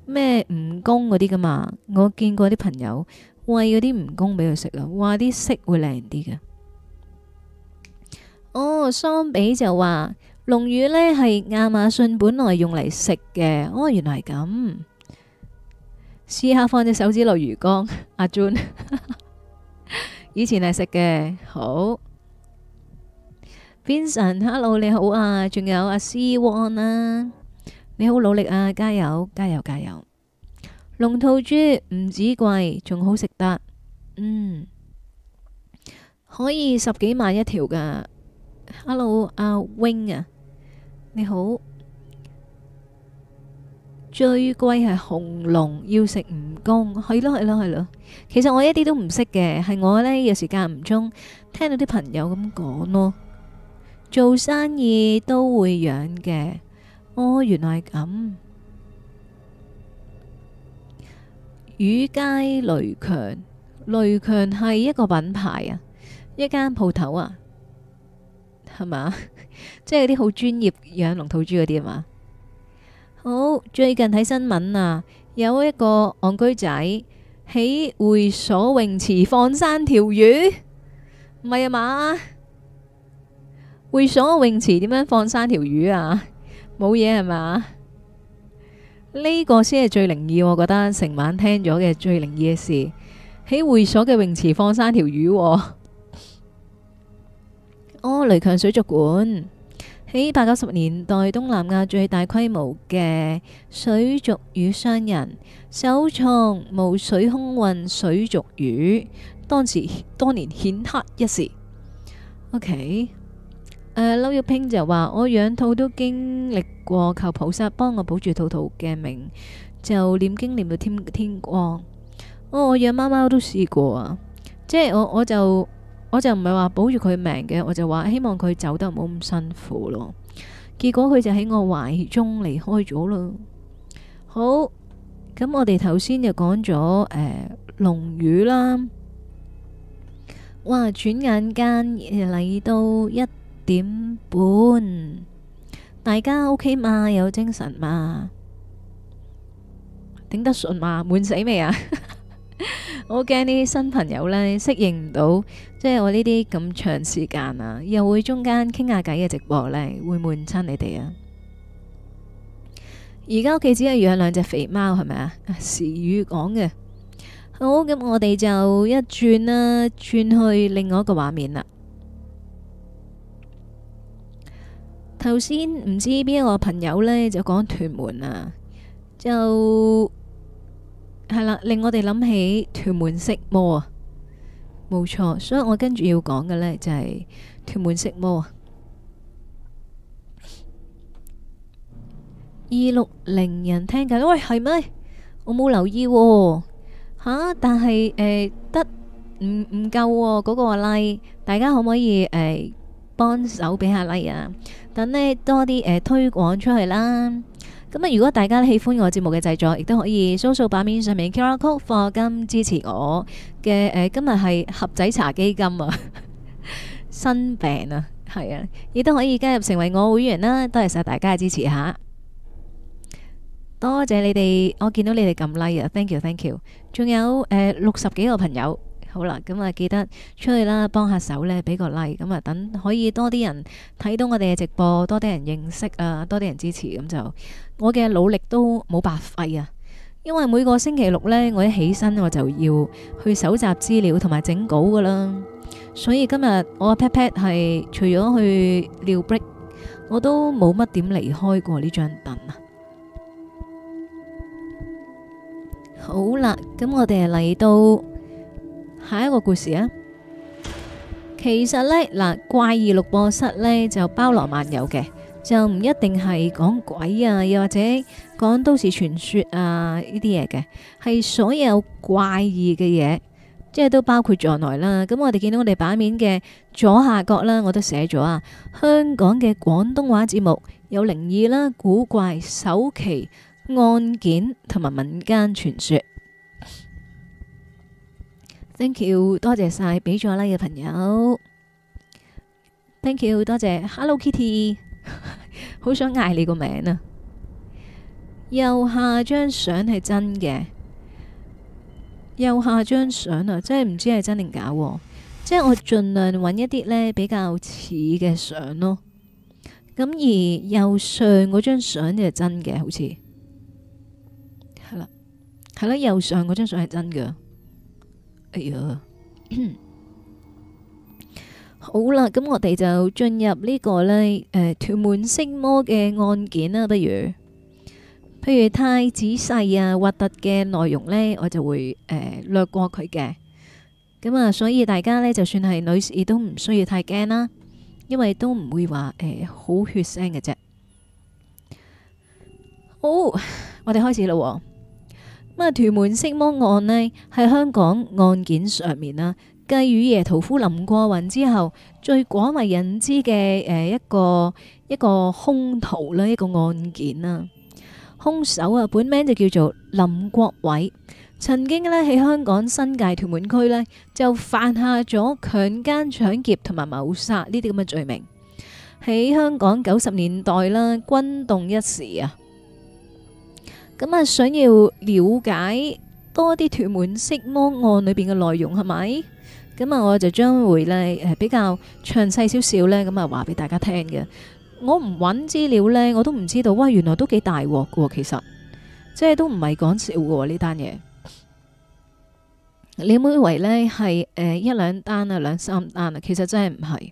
咩蜈蚣嗰啲噶嘛，我見過啲朋友餵嗰啲蜈蚣俾佢食啊，話啲色會靚啲嘅。哦，桑比就話龍魚呢係亞馬遜本來用嚟食嘅，哦原來係咁，試下放隻手指落魚缸，阿、啊、Joan， [laughs] 以前係食嘅，好。Vincent，Hello，你好啊，仲有阿 C One 啊，你好努力啊，加油，加油，加油！龍兔豬唔止貴，仲好食得，嗯，可以十幾萬一條噶。Hello，阿、啊、Wing 啊，你好，最貴係紅龍要食蜈蚣，係咯，係咯，係咯。其實我一啲都唔識嘅，係我呢，有時間唔中聽到啲朋友咁講咯。做生意都會養嘅。哦，原來係咁。魚街雷強，雷強係一個品牌啊，一間鋪頭啊，係嘛？ [laughs] 即係啲好專業養龍吐珠嗰啲啊嘛。好，最近睇新聞啊，有一個戇居仔喺會所泳池放生條魚，唔係啊嘛？會所泳池點樣放三條魚啊？冇嘢係嘛？呢、這個先係最靈異，我覺得成晚聽咗嘅最靈異嘅事，喺會所嘅泳池放三條魚，啊。哦，雷強水族館喺八九十年代東南亞最大規模嘅水族魚商人，首創無水空運水族魚，當時當年顯赫一時。O K。誒，劉玉平就話：我養兔都經歷過，求菩薩幫我保住兔兔嘅命，就念經念到天天光。我我養貓貓都試過啊，即係我我就我就唔係話保住佢命嘅，我就話希望佢走得唔好咁辛苦咯。結果佢就喺我懷中離開咗咯。好，咁我哋頭先就講咗誒龍魚啦。哇，轉眼間嚟到一。點半，大家 O K 嘛？有精神嘛？頂得順嘛？悶死未啊？ [laughs] 我驚啲新朋友咧適應唔到，即係我呢啲咁長時間啊，又會中間傾下偈嘅直播咧，會悶親你哋啊！而家屋企只係養兩隻肥貓，係咪啊？時雨講嘅，好，咁我哋就一轉啦，轉去另外一個畫面啦。首先唔知邊一個朋友呢就講屯門啊，就係啦，令我哋諗起屯門色魔啊，冇錯，所以我跟住要講嘅呢就係屯門色魔啊，二六零人聽緊，喂，係咪？我冇留意吓，但係誒得唔唔夠嗰個 like，大家可唔可以誒？幫手俾下 like 啊，等咧多啲誒、呃、推廣出去啦。咁啊，如果大家喜歡我節目嘅製作，亦都可以掃掃版面上面 QR code 課金支持我嘅。誒、呃，今日係盒仔茶基金啊， [laughs] 新病啊，係啊，亦都可以加入成為我會員啦、啊。多謝晒大家嘅支持吓，多謝你哋，我見到你哋咁 like thank you，thank you。仲有誒、呃、六十幾個朋友。好啦，咁啊，記得出去啦，幫下手呢，俾個 like 咁啊，等可以多啲人睇到我哋嘅直播，多啲人認識啊，多啲人支持咁就我嘅努力都冇白費啊。因為每個星期六呢，我一起身我就要去搜集資料同埋整稿噶啦，所以今日我阿 Pat Pat 係除咗去尿 break，我都冇乜點離開過呢張凳啊。好啦，咁我哋嚟到。下一個故事啊，其實呢嗱，怪異錄播室呢就包羅萬有嘅，就唔一定係講鬼啊，又或者講都市傳說啊呢啲嘢嘅，係所有怪異嘅嘢，即係都包括在內啦。咁我哋見到我哋版面嘅左下角啦，我都寫咗啊，香港嘅廣東話節目有靈異啦、古怪、首期案件同埋民間傳說。Thank you，多謝晒俾咗 like 嘅朋友。Thank you，多謝。Hello Kitty，好 [laughs] 想嗌你個名啊！右下張相係真嘅，右下張相啊，真係唔知係真定假喎。即係我盡量揾一啲呢比較似嘅相咯。咁而右上嗰張相就真嘅，好似係啦，係啦，右上嗰張相係真嘅。哎呀， [coughs] 好啦，咁我哋就進入個呢個呢，誒、呃，屯門色魔嘅案件啦。不如，譬如太仔細啊，核突嘅內容呢，我就會誒、呃、略過佢嘅。咁啊，所以大家呢，就算係女士，亦都唔需要太驚啦，因為都唔會話誒好血腥嘅啫。好，我哋開始啦。咁啊，屯門色魔案咧，係香港案件上面啦，繼雨夜屠夫林過雲之後，最廣為人知嘅誒一個一個兇徒啦，一個案件啦，兇手啊，本名就叫做林國偉，曾經咧喺香港新界屯門區咧，就犯下咗強姦、搶劫同埋謀殺呢啲咁嘅罪名，喺香港九十年代啦，轟動一時啊！咁啊，想要了解多啲屯門色魔案裏邊嘅內容，係咪？咁啊，我就將會呢，比較詳細少少呢。咁啊話俾大家聽嘅。我唔搵資料呢，我都唔知道。哇，原來都幾大鑊嘅，其實即係都唔係講笑嘅呢單嘢。你唔好以為呢，係一兩單啊，兩三單啊，其實真係唔係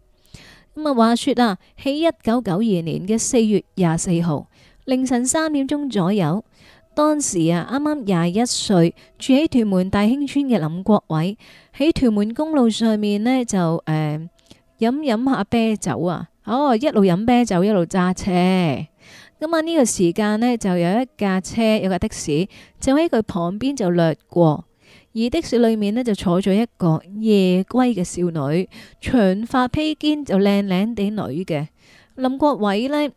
咁啊。話說啊，喺一九九二年嘅四月廿四號凌晨三點鐘左右。當時啊，啱啱廿一歲，住喺屯門大興村嘅林國偉，喺屯門公路上面呢，就誒飲飲下啤酒啊，哦一路飲啤酒一路揸車，咁啊呢個時間呢，就有一架車，有架的士，就喺佢旁邊就掠過，而的士裏面呢，就坐咗一個夜歸嘅少女，長髮披肩就靚靚地女嘅，林國偉呢。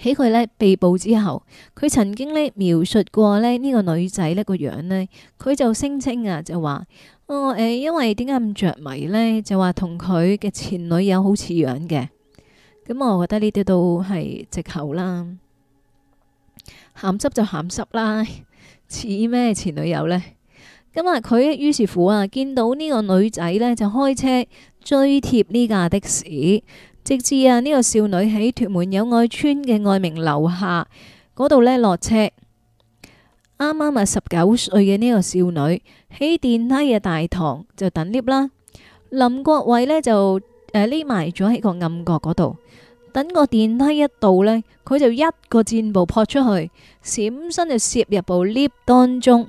喺佢呢被捕之後，佢曾經呢描述過呢呢個女仔呢個樣呢，佢就聲稱啊，就話哦誒，因為點解咁着迷呢？就話同佢嘅前女友好似樣嘅。咁我覺得呢啲都係藉口啦。鹹濕就鹹濕啦，似咩前女友呢？咁啊，佢於是乎啊，見到呢個女仔呢，就開車追貼呢架的士。直至啊呢個少女喺屯門友愛村嘅愛明樓下嗰度咧落車，啱啱啊十九歲嘅呢個少女喺電梯嘅大堂就等 lift 啦。林國偉咧就誒匿埋咗喺個暗角嗰度，等個電梯一到咧，佢就一個箭步撲出去，閃身就攝入部 lift 當中，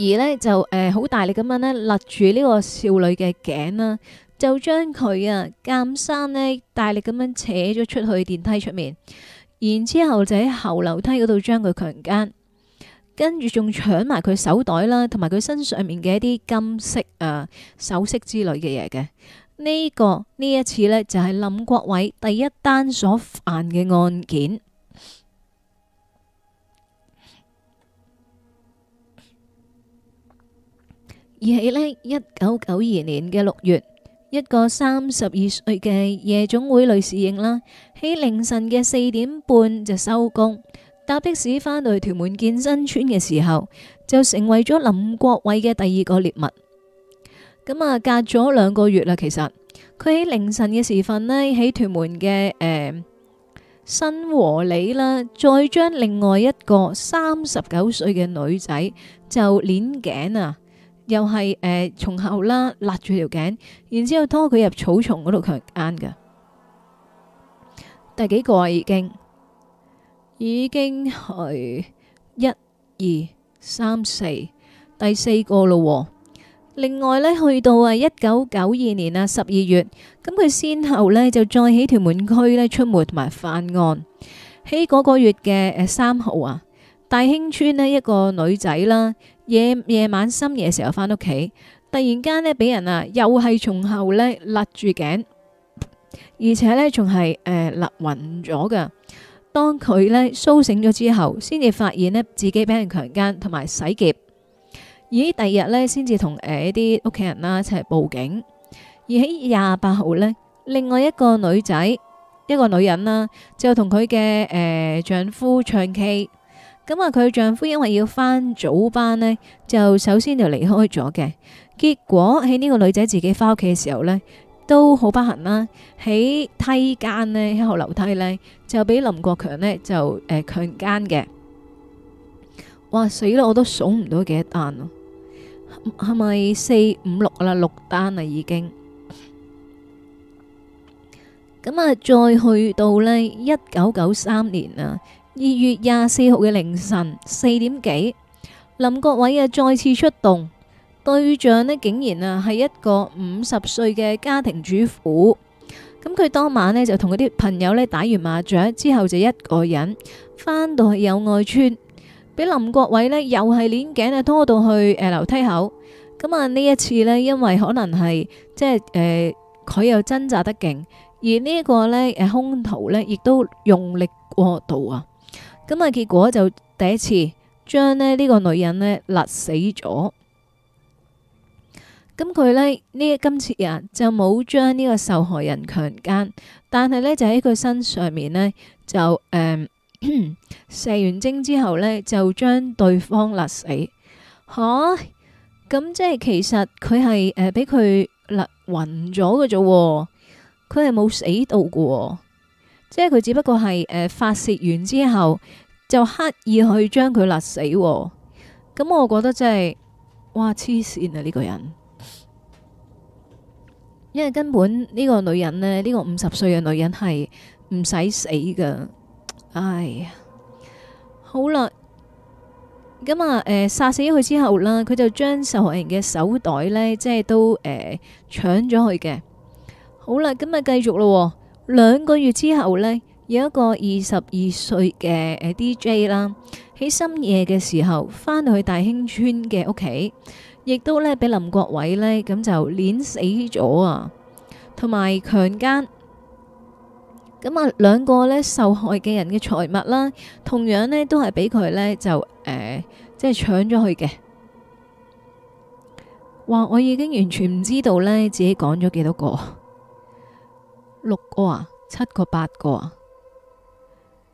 而咧就誒好大力咁樣咧勒住呢個少女嘅頸啦。就將佢啊監生呢大力咁樣扯咗出去電梯出面，然之後就喺後樓梯嗰度將佢強奸，跟住仲搶埋佢手袋啦，同埋佢身上面嘅一啲金色啊、呃、首飾之類嘅嘢嘅。呢、呢個呢一次呢，就係、是、林國偉第一單所犯嘅案件，而喺呢一九九二年嘅六月。一個三十二歲嘅夜總會女侍應啦，喺凌晨嘅四點半就收工，搭的士翻到屯門健身村嘅時候，就成為咗林國偉嘅第二個獵物。咁啊，隔咗兩個月啦，其實佢喺凌晨嘅時分呢，喺屯門嘅誒新和里啦，再將另外一個三十九歲嘅女仔就鏈頸啊。又係誒，從後啦，勒住條頸，然之後拖佢入草叢嗰度強姦噶。第幾個啊？已經已經係一二三四，第四個咯。另外咧，去到啊一九九二年啊十二月，咁佢先後咧就再喺屯門區咧出沒同埋犯案。喺嗰個月嘅誒三號啊，大興村咧一個女仔啦，夜夜晚深夜嘅時候返屋企，突然間呢俾人啊又係從後呢勒住頸，而且呢仲係誒勒暈咗㗎。當佢呢蘇醒咗之後，先至發現呢自己俾人強奸同埋洗劫。而喺第二日呢，先至同誒一啲屋企人啦一齊報警。而喺廿八號呢，另外一個女仔一個女人啦，啊、就同佢嘅誒丈夫唱 K。咁啊，佢丈夫因為要翻早班呢，就首先就離開咗嘅。結果喺呢、這個女仔自己翻屋企嘅時候呢，都好不幸啦。喺梯間呢，喺後樓梯呢，就俾林國強呢，就誒強奸嘅。哇！死啦，我都數唔到幾多單咯、啊。係咪四五六啦？六單啦已經。咁啊，再去到呢，一九九三年啊。二月廿四號嘅凌晨四點幾，林國偉啊再次出動，對象呢竟然啊係一個五十歲嘅家庭主婦。咁佢當晚呢就同嗰啲朋友呢打完麻將之後就一個人返到去友愛村，俾林國偉呢又係鏈頸啊拖到去誒樓梯口。咁啊呢一次呢因為可能係即係誒佢又掙扎得勁，而呢個呢誒兇徒呢亦都用力過度啊。咁啊！結果就第一次將咧呢個女人呢勒死咗。咁佢咧呢今次呀就冇將呢個受害人強姦，但係呢就喺佢身上面呢，就誒、嗯、射完精之後呢，就將對方勒死。吓、啊、咁即係其實佢係誒俾佢勒暈咗嘅啫，佢係冇死到嘅、哦。即係佢只不過係誒、呃、發洩完之後就刻意去將佢勒死、哦，咁、嗯、我覺得真係哇黐線啊呢、這個人，因為根本呢個女人呢、呢、這個五十歲嘅女人係唔使死噶。唉，呀，好、嗯、啦，咁啊誒殺死佢之後啦，佢就將受害人嘅手袋呢，即係都誒搶咗去嘅。好啦，咁啊繼續咯。兩個月之後呢，有一個二十二歲嘅 DJ 啦，喺深夜嘅時候返去大興村嘅屋企，亦都呢俾林國偉呢，咁就碾死咗啊，同埋強姦。咁啊兩個呢受害嘅人嘅財物啦，同樣呢都係俾佢呢，就誒即係搶咗去嘅。哇！我已經完全唔知道呢，自己講咗幾多個。六個啊，七個，八個啊，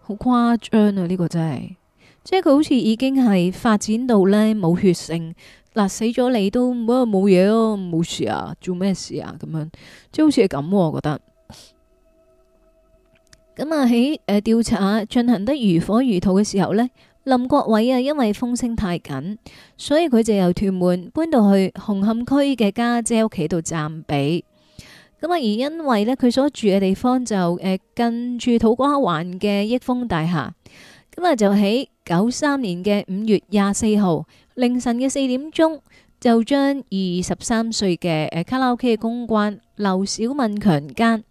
好誇張啊！呢個真係，即係佢好似已經係發展到呢冇血性，嗱死咗你都冇嘢咯，冇事啊，做咩事啊咁樣，即係好似係咁我覺得。咁啊喺誒調查進行得如火如荼嘅時候呢，林國偉啊，因為風聲太緊，所以佢就由屯門搬到去紅磡區嘅家姐屋企度暫避。咁啊，而因為咧，佢所住嘅地方就誒近住土瓜灣嘅益豐大廈，咁啊就喺九三年嘅五月廿四號凌晨嘅四點鐘，就將二十三歲嘅卡拉 OK 嘅公關劉小敏強姦。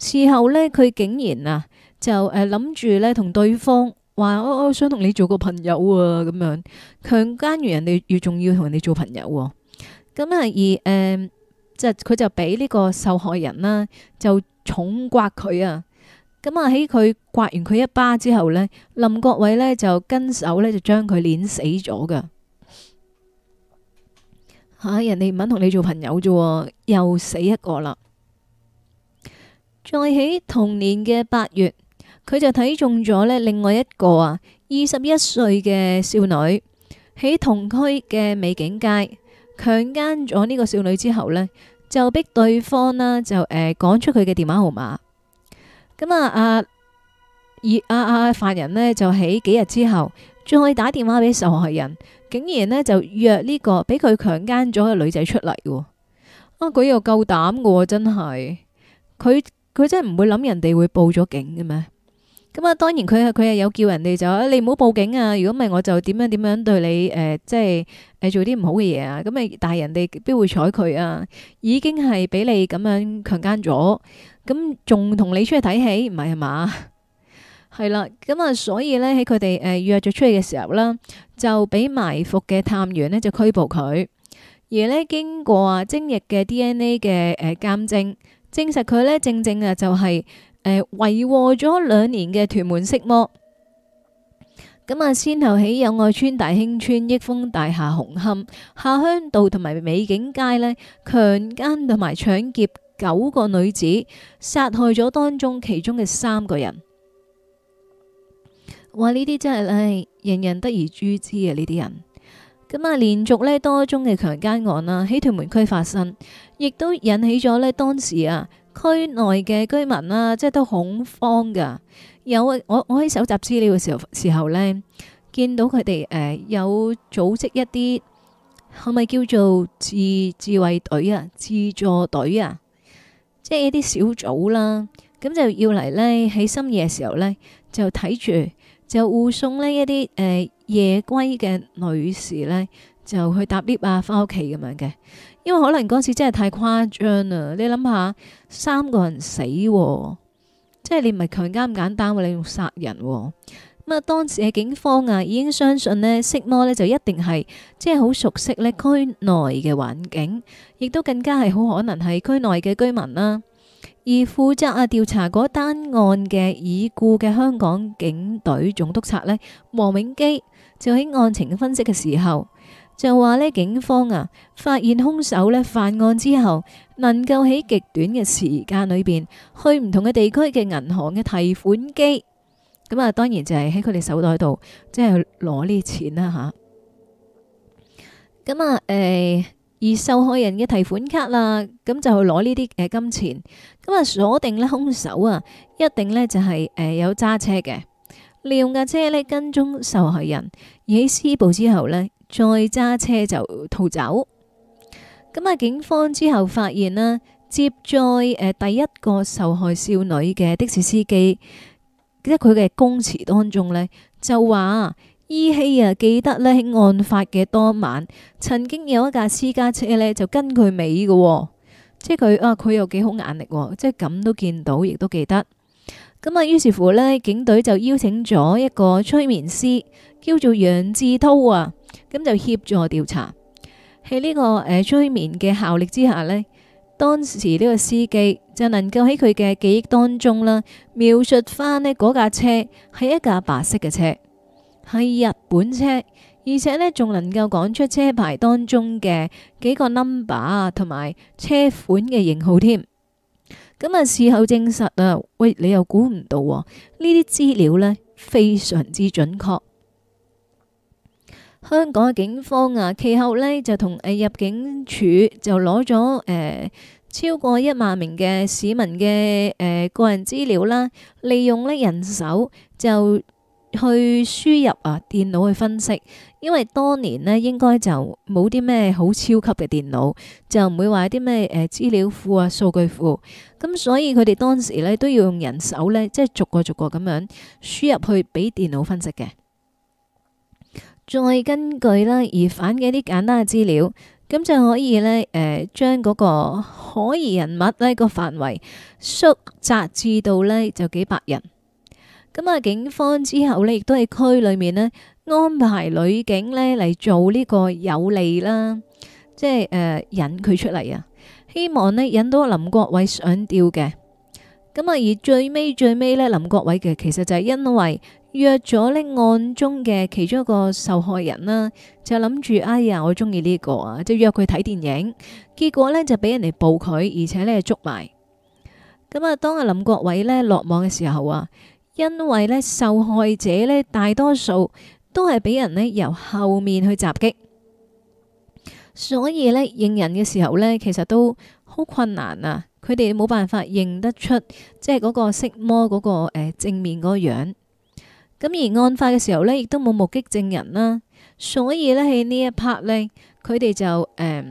事後呢，佢竟然啊就誒諗住咧同對方話：哦，我我想同你做個朋友啊，咁樣強姦完人哋，要仲要同人哋做朋友喎啊。咁啊而誒。嗯即係佢就俾呢個受害人啦，就重刮佢啊！咁啊，喺佢刮完佢一巴之後呢，林國偉呢就跟手呢，就將佢碾死咗噶吓！人哋唔肯同你做朋友啫喎，又死一個啦！再喺同年嘅八月，佢就睇中咗呢另外一個啊，二十一歲嘅少女喺同區嘅美景街。強姦咗呢個少女之後呢，就逼對方呢，就誒講、呃、出佢嘅電話號碼。咁啊而啊而啊啊犯人呢，就喺幾日之後，再打電話俾受害人，竟然呢，就約呢個俾佢強姦咗嘅女仔出嚟喎！啊，佢又夠膽喎，真係佢佢真係唔會諗人哋會報咗警嘅咩？咁啊，當然佢係佢係有叫人哋就話，你唔好報警啊！如果唔係，我就點樣點樣對你誒，即係誒做啲唔好嘅嘢啊！咁啊，但係人哋必會睬佢啊？已經係俾你咁樣強姦咗，咁仲同你出去睇戲，唔係係嘛？係 [laughs] 啦，咁啊，所以咧喺佢哋誒約咗出去嘅時候啦，就俾埋伏嘅探員呢就拘捕佢，而呢，經過啊精液嘅 DNA 嘅誒鑑證，證實佢咧正正啊就係、是。誒、呃，為禍咗兩年嘅屯門色魔，咁啊，先後喺友愛邨、大興邨益豐大廈、紅磡、下鄉道同埋美景街呢，強奸同埋搶劫九個女子，殺害咗當中其中嘅三個人。話呢啲真係，誒，人人得而誅之啊！呢啲人，咁啊，連續呢多宗嘅強奸案啊，喺屯門區發生，亦都引起咗呢當時啊。區內嘅居民啦，即係都恐慌㗎。有我我喺蒐集資料嘅時候時候咧，見到佢哋誒有組織一啲，係咪叫做自自衞隊啊、自助隊啊，即係一啲小組啦。咁就要嚟咧喺深夜時候咧，就睇住就護送咧一啲誒夜歸嘅女士咧，就去搭 lift 啊翻屋企咁樣嘅。因為可能嗰次真係太誇張啦，你諗下三個人死，即係你唔係強奸咁簡單，你用殺人咁啊！當時嘅警方啊，已經相信呢色魔呢就一定係即係好熟悉呢區內嘅環境，亦都更加係好可能係區內嘅居民啦。而負責啊調查嗰單案嘅已故嘅香港警隊總督察呢，黃永基就喺案情分析嘅時候。就話呢，警方啊發現兇手呢犯案之後，能夠喺極短嘅時間裏邊去唔同嘅地區嘅銀行嘅提款機咁啊，當然就係喺佢哋手袋度，即係攞呢啲錢啦吓。咁啊，誒而受害人嘅提款卡啦，咁就去攞呢啲誒金錢咁啊鎖定呢兇手啊，一定呢就係誒有揸車嘅，利用架車呢跟蹤受害人而喺施暴之後呢。再揸車就逃走咁啊！警方之後發現啦，接載誒、呃、第一個受害少女嘅的，的士司機，即係佢嘅供詞當中呢，就話依稀啊記得呢喺案發嘅當晚曾經有一架私家車呢，就跟佢尾嘅，哦，即係佢啊，佢又幾好眼力，哦，即係咁都見到，亦都記得咁啊。於是乎呢，警隊就邀請咗一個催眠師，叫做楊志濤啊。咁就協助調查，喺呢個誒催眠嘅效力之下呢，當時呢個司機就能夠喺佢嘅記憶當中啦，描述翻呢嗰架車係一架白色嘅車，係日本車，而且呢仲能夠講出車牌當中嘅幾個 number 啊，同埋車款嘅型號添。咁啊，事後證實啊，喂，你又估唔到呢啲資料呢，非常之準確。香港嘅警方啊，其後呢就同誒入境處就攞咗誒超過一萬名嘅市民嘅誒、呃、個人資料啦，利用呢人手就去輸入啊電腦去分析，因為當年呢應該就冇啲咩好超級嘅電腦，就唔會話啲咩誒資料庫啊數據庫，咁所以佢哋當時呢都要用人手呢，即、就、係、是、逐個逐個咁樣輸入去俾電腦分析嘅。再根據咧疑犯嘅一啲簡單嘅資料，咁就可以呢誒、呃、將嗰個可疑人物呢個範圍縮窄至到呢就幾百人。咁啊，警方之後呢亦都喺區裏面呢安排女警呢嚟做呢個有利啦，即係誒、呃、引佢出嚟啊，希望呢引到林國偉上吊嘅。咁啊，而最尾最尾呢，林國偉嘅其實就係因為。約咗呢案中嘅其中一個受害人啦，就諗住哎呀，我中意呢個啊，就約佢睇電影。結果呢就俾人嚟捕佢，而且呢捉埋咁啊。當阿林國偉呢落網嘅時候啊，因為呢受害者呢大多數都係俾人呢由後面去襲擊，所以呢認人嘅時候呢其實都好困難啊。佢哋冇辦法認得出，即係嗰個色魔嗰個誒正面嗰個樣。咁而案發嘅時候呢，亦都冇目擊證人啦，所以呢喺呢一 part 呢，佢哋就誒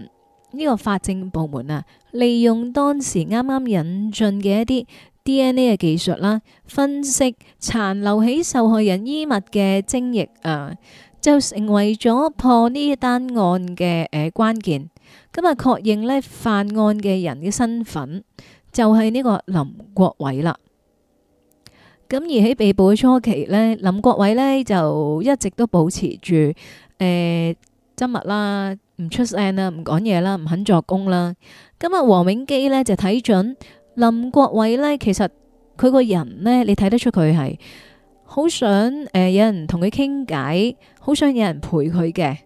呢個法證部門啊，利用當時啱啱引進嘅一啲 DNA 嘅技術啦，分析殘留喺受害人衣物嘅精液啊，就成為咗破呢單案嘅誒關鍵，咁啊確認呢犯案嘅人嘅身份就係呢個林國偉啦。咁而喺被捕嘅初期呢，林國偉呢就一直都保持住誒，緘默啦，唔出聲啦，唔講嘢啦，唔肯作供啦。咁啊，黃永基呢就睇準林國偉呢，其實佢個人呢，你睇得出佢係好想誒，有人同佢傾偈，好想有人陪佢嘅。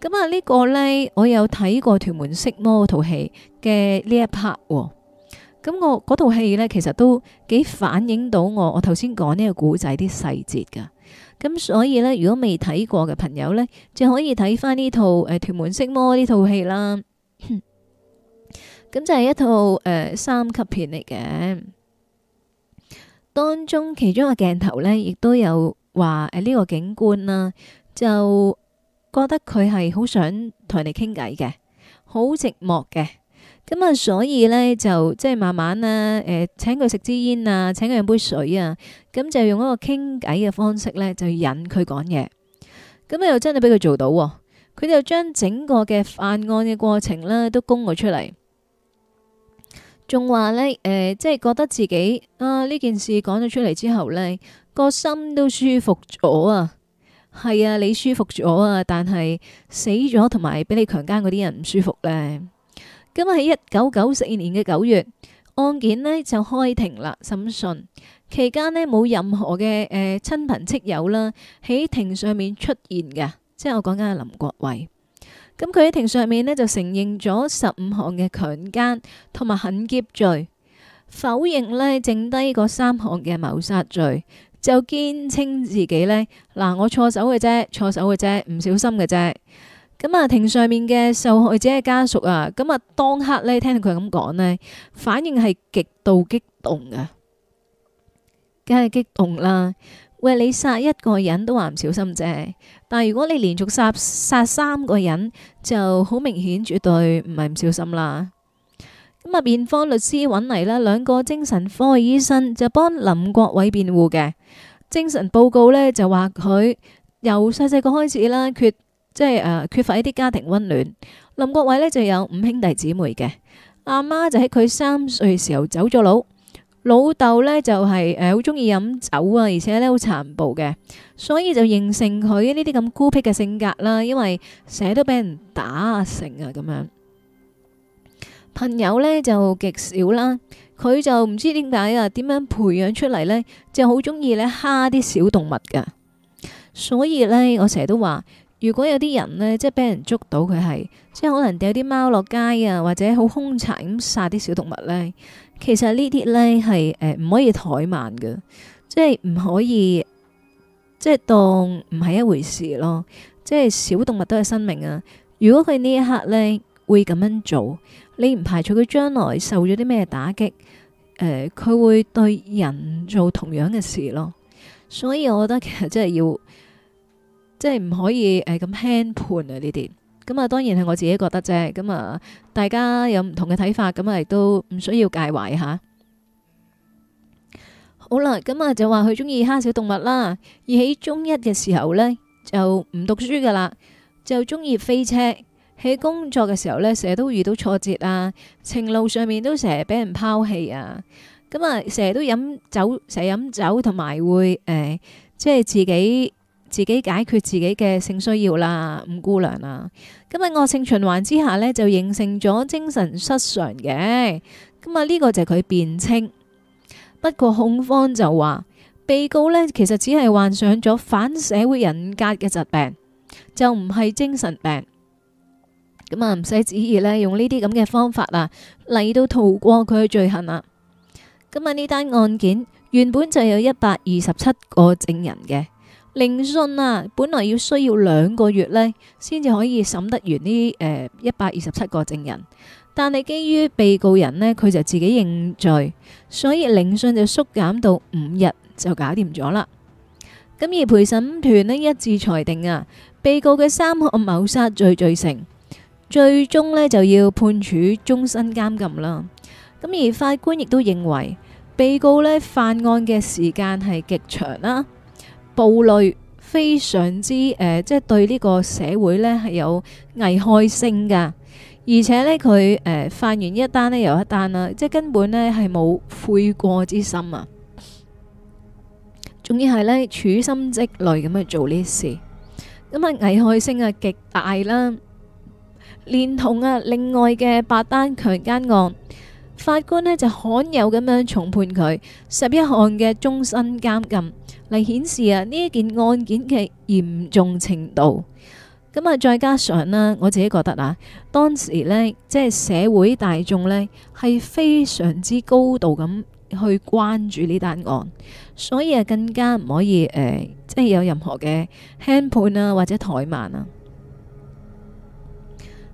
咁啊，呢個呢，我有睇過《屯門色魔》套戲嘅呢一 part。咁我套戲呢，其實都幾反映到我我頭先講呢個古仔啲細節噶咁所以呢，如果未睇過嘅朋友呢，就可以睇翻呢套誒、呃、《屯門色魔》呢套戲啦。咁 [laughs] 就係一套誒、呃、三級片嚟嘅，當中其中個鏡頭呢，亦都有話誒呢個警官啦、啊，就覺得佢係好想同你傾偈嘅，好寂寞嘅。咁啊，所以呢，就即係慢慢咧，誒，請佢食支煙啊，請佢飲杯水啊，咁就用一個傾偈嘅方式呢，就引佢講嘢。咁啊，又真係俾佢做到啊，佢就將整個嘅犯案嘅過程呢都供咗出嚟，仲話呢，誒，即係覺得自己啊呢件事講咗出嚟之後呢，個心都舒服咗啊。係啊，你舒服咗啊，但係死咗同埋俾你強姦嗰啲人唔舒服呢。咁啊喺一九九四年嘅九月，案件呢就開庭啦，審訊期間呢冇任何嘅，誒，親朋戚友啦喺庭上面出現嘅，即係我講緊係林國偉。咁佢喺庭上面呢就承認咗十五項嘅強姦同埋狠劫罪，否認呢剩低嗰三項嘅謀殺罪，就堅稱自己呢嗱，我錯手嘅啫，錯手嘅啫，唔小心嘅啫。咁啊，庭上面嘅受害者嘅家屬啊，咁啊，當刻咧聽到佢咁講咧，反應係極度激動啊，梗係激動啦。喂，你殺一個人都話唔小心啫，但係如果你連續殺殺三個人，就好明顯，絕對唔係唔小心啦。咁啊，辯方律師揾嚟啦，兩個精神科醫生就幫林國偉辯護嘅精神報告咧，就話佢由細細個開始啦，缺。即係誒、啊，缺乏一啲家庭溫暖。林國偉呢就有五兄弟姊妹嘅，阿媽就喺佢三歲時候走咗佬，老豆呢就係誒好中意飲酒啊，而且呢好殘暴嘅，所以就形成佢呢啲咁孤僻嘅性格啦。因為成日都俾人打啊、成啊咁樣。朋友呢就極少啦。佢就唔知點解啊，點樣培養出嚟呢，就好中意呢蝦啲小動物㗎，所以呢，我成日都話。如果有啲人呢，即係俾人捉到佢係，即係可能掉啲貓落街啊，或者好兇殘咁殺啲小動物呢。其實呢啲呢係誒唔可以怠慢嘅，即係唔可以即係當唔係一回事咯。即係小動物都係生命啊！如果佢呢一刻呢會咁樣做，你唔排除佢將來受咗啲咩打擊，誒，佢會對人做同樣嘅事咯。所以我覺得其實真係要。即係唔可以誒咁、哎、輕判啊！呢啲咁啊，當然係我自己覺得啫。咁啊，大家有唔同嘅睇法，咁啊都唔需要介懷下、啊。好啦，咁、嗯、啊就話佢中意蝦小動物啦。而喺中一嘅時候呢，就唔讀書噶啦，就中意飛車。喺工作嘅時候呢，成日都遇到挫折啊，情路上面都成日俾人拋棄啊。咁、嗯、啊，成日都飲酒，成日飲酒，同埋會誒、哎，即係自己。自己解決自己嘅性需要啦，五姑娘啊，咁啊惡性循環之下呢，就形成咗精神失常嘅咁啊。呢個就係佢辯稱，不過控方就話被告呢其實只係患上咗反社會人格嘅疾病，就唔係精神病。咁啊，唔使旨意呢，用呢啲咁嘅方法啊嚟到逃過佢嘅罪行啊。咁啊呢單案件原本就有一百二十七個證人嘅。聆訊啊，本來要需要兩個月呢，先至可以審得完呢，誒一百二十七個證人，但係基於被告人呢，佢就自己認罪，所以聆訊就縮減到五日就搞掂咗啦。咁而陪審團呢一致裁定啊，被告嘅三項謀殺罪罪成，最終呢就要判處終身監禁啦。咁而法官亦都認為被告呢犯案嘅時間係極長啦、啊。暴戾非常之誒，即、呃、係、就是、對呢個社會呢係有危害性噶，而且呢，佢誒、呃、犯完一單呢又一單啦，即係根本呢係冇悔過之心啊！仲要係呢處心積慮咁去做呢啲事，咁、嗯、啊危害性啊極大啦，連同啊另外嘅八單強姦案。法官呢就罕有咁樣重判佢十一項嘅終身監禁，嚟顯示啊呢一件案件嘅嚴重程度。咁啊再加上咧，我自己覺得啊，當時呢，即係社會大眾呢，係非常之高度咁去關注呢單案，所以啊更加唔可以誒、呃，即係有任何嘅輕判啊或者怠慢啊。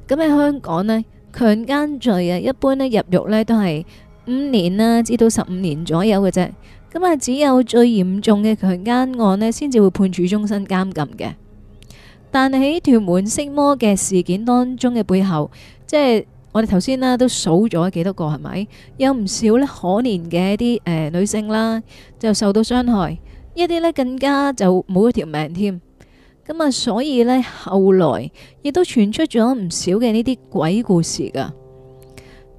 咁喺香港呢，強姦罪啊，一般咧入獄咧都係五年啦，至到十五年左右嘅啫。咁啊，只有最嚴重嘅強姦案咧，先至會判處終身監禁嘅。但係喺屯門色魔嘅事件當中嘅背後，即係我哋頭先啦，都數咗幾多個，係咪？有唔少咧可憐嘅一啲誒女性啦，就受到傷害。一啲咧更加就冇咗條命添。咁啊，所以呢，後來亦都傳出咗唔少嘅呢啲鬼故事噶。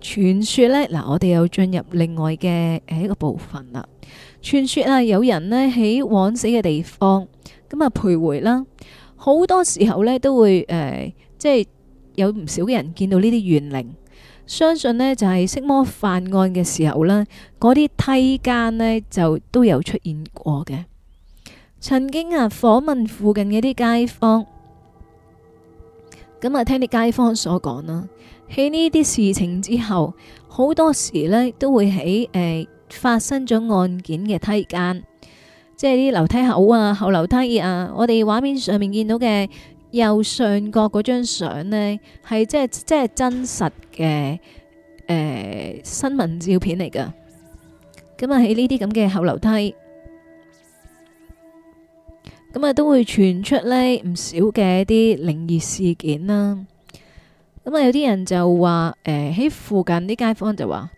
傳說呢，嗱，我哋又進入另外嘅誒一個部分啦。傳說啊，有人呢喺枉死嘅地方，咁啊徘徊啦，好多時候呢都會誒，即係有唔少嘅人見到呢啲怨靈。相信呢，就係色魔犯案嘅時候呢，嗰啲梯間呢就都有出現過嘅。曾經啊，訪問附近嘅啲街坊，咁啊聽啲街坊所講啦。喺呢啲事情之後，好多時咧都會喺誒、呃、發生咗案件嘅梯間，即係啲樓梯口啊、後樓梯啊。我哋畫面上面見到嘅右上角嗰張相呢，係即係即係真實嘅誒、呃、新聞照片嚟㗎。咁啊喺呢啲咁嘅後樓梯。咁啊，都會傳出呢唔少嘅一啲靈異事件啦。咁啊，有啲人就話誒，喺、呃、附近啲街坊就話，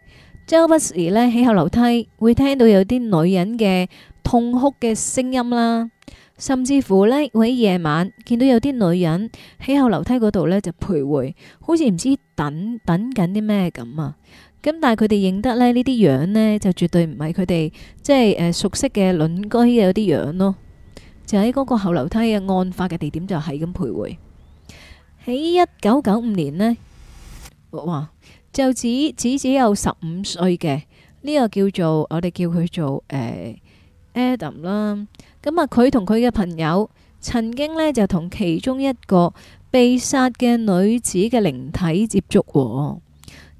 周不時呢喺後樓梯會聽到有啲女人嘅痛哭嘅聲音啦，甚至乎呢會喺夜晚見到有啲女人喺後樓梯嗰度呢就徘徊，好似唔知等等緊啲咩咁啊。咁但係佢哋認得咧呢啲樣呢，就絕對唔係佢哋即係誒熟悉嘅鄰居有啲樣咯。就喺嗰個後樓梯嘅案發嘅地點，就係咁徘徊。喺一九九五年呢，哇，就只只只有十五歲嘅呢個叫做我哋叫佢做誒、呃、Adam 啦。咁啊，佢同佢嘅朋友曾經呢，就同其中一個被殺嘅女子嘅靈體接觸。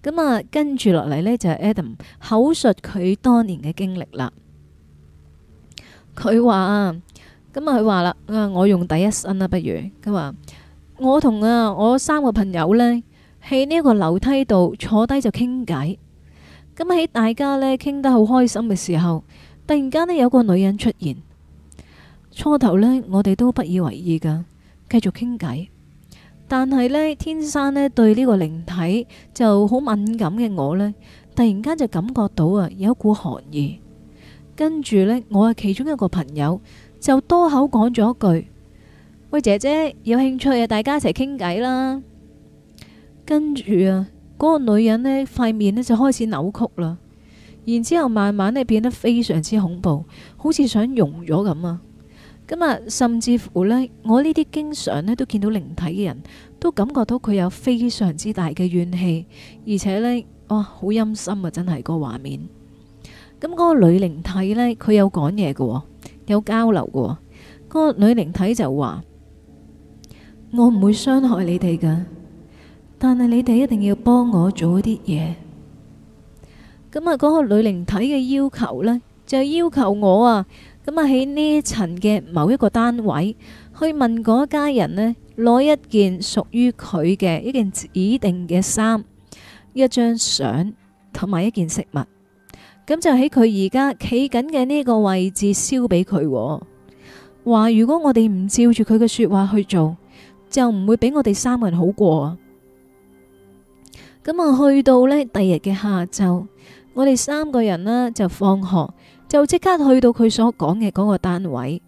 咁啊，跟住落嚟，呢就係、是、Adam 口述佢當年嘅經歷啦。佢話啊。咁啊！佢話啦，啊，我用第一身啦，不如佢話我同啊，我三個朋友呢，喺呢一個樓梯度坐低就傾偈。咁喺大家呢傾得好開心嘅時候，突然間呢有個女人出現。初頭呢我哋都不以為意噶，繼續傾偈。但係呢天生呢對呢個靈體就好敏感嘅我呢，突然間就感覺到啊有一股寒意。跟住呢，我係其中一個朋友就多口講咗一句：，喂，姐姐有興趣啊，大家一齊傾偈啦。跟住啊，嗰個女人呢塊面呢就開始扭曲啦，然之後慢慢呢變得非常之恐怖，好似想溶咗咁啊。咁啊，甚至乎呢，我呢啲經常呢都見到靈體嘅人，都感覺到佢有非常之大嘅怨氣，而且呢，哇，好陰森啊！真係嗰個畫面。咁嗰個女靈體呢，佢有講嘢㗎喎。有交流喎。嗰個女靈體就話：我唔會傷害你哋噶，但係你哋一定要幫我做啲嘢。咁啊，嗰個女靈體嘅要求咧，就係要求我啊，咁啊喺呢一層嘅某一個單位去問嗰家人咧，攞一件屬於佢嘅一件指定嘅衫、一張相同埋一件飾物。咁就喺佢而家企緊嘅呢個位置燒俾佢喎。話如果我哋唔照住佢嘅說話去做，就唔會俾我哋三個人好過啊！咁啊，去到呢第二日嘅下晝，我哋三個人呢就放學，就即刻去到佢所講嘅嗰個單位，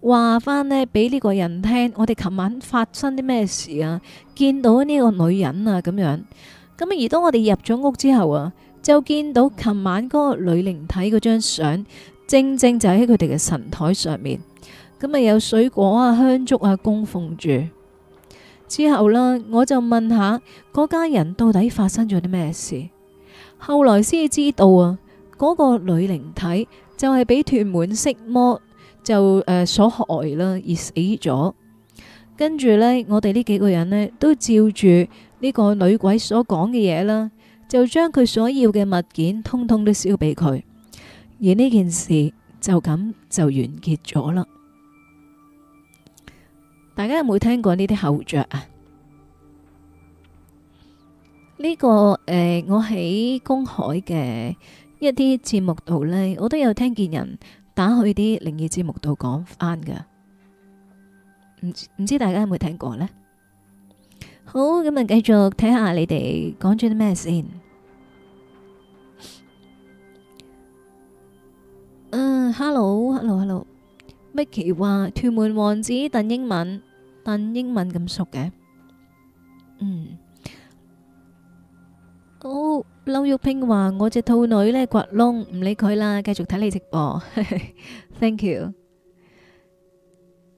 話翻呢俾呢個人聽，我哋琴晚發生啲咩事啊，見到呢個女人啊咁樣。咁而當我哋入咗屋之後啊。就見到琴晚嗰個女靈體嗰張相，正正就喺佢哋嘅神台上面，咁啊有水果啊、香燭啊供奉住。之後啦，我就問下嗰家人到底發生咗啲咩事。後來先知道啊，嗰、那個女靈體就係俾屯門色魔就誒、呃、所害啦而死咗。跟住呢，我哋呢幾個人呢，都照住呢個女鬼所講嘅嘢啦。就將佢所要嘅物件，通通都燒俾佢，而呢件事就咁就完結咗啦。大家有冇聽過呢啲後著啊？呢個誒，我喺公開嘅一啲節目度呢，我都有聽見人打去啲靈異節目度講翻嘅，唔唔知大家有冇聽過呢？好，咁啊，繼續睇下你哋講咗啲咩先。嗯，Hello，Hello，Hello，Mickey 話屯門王子鄧英文，鄧英文咁熟嘅。嗯，好，劉玉平話我隻兔女呢刮窿，唔理佢啦，繼續睇你直播。Thank you。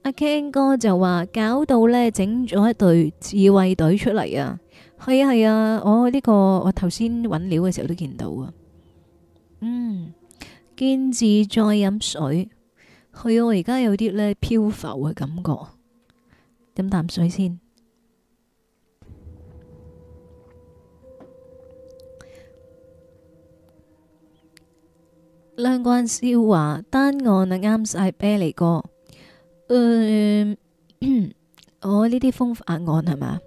阿 Ken 哥就話搞到呢，整咗一隊自衛隊出嚟啊！係啊係，啊，我呢、個，我頭先揾料嘅時候都見到啊。嗯，堅持再飲水。係我而家有啲呢漂浮嘅感覺，飲啖水先。兩個人笑話，單案啊，啱晒，啤梨哥。誒、嗯，我呢啲風化案係嘛？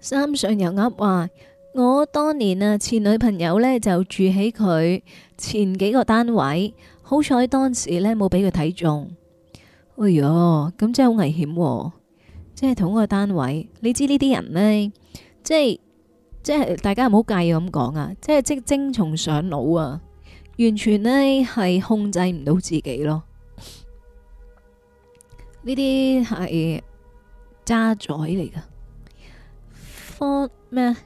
三上悠亞話：我當年啊，前女朋友呢，就住喺佢前幾個單位，好彩當時呢冇俾佢睇中。哎呀，咁真係好危險、啊，即係同一個單位。你知呢啲人呢，即係即係大家唔好介意咁講啊，即係即精蟲上腦啊，完全呢係控制唔到自己咯。呢啲係渣滓嚟噶，方咩啊？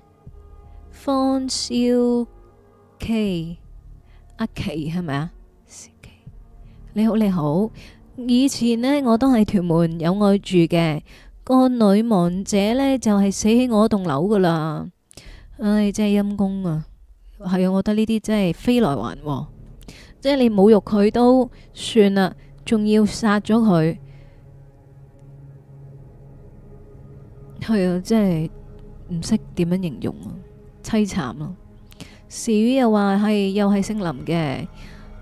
方少 K 阿奇係咪啊？S-K. 你好，你好。以前呢，我都喺屯門有我住嘅個女亡者呢，就係、是、死喺我棟樓噶啦。唉，真係陰公啊！係啊，我覺得呢啲真係飛來還禍、啊，即係你侮辱佢都算啦，仲要殺咗佢。係、嗯、啊，即係唔識點樣形容啊，淒慘咯。時雨又話係又係姓林嘅，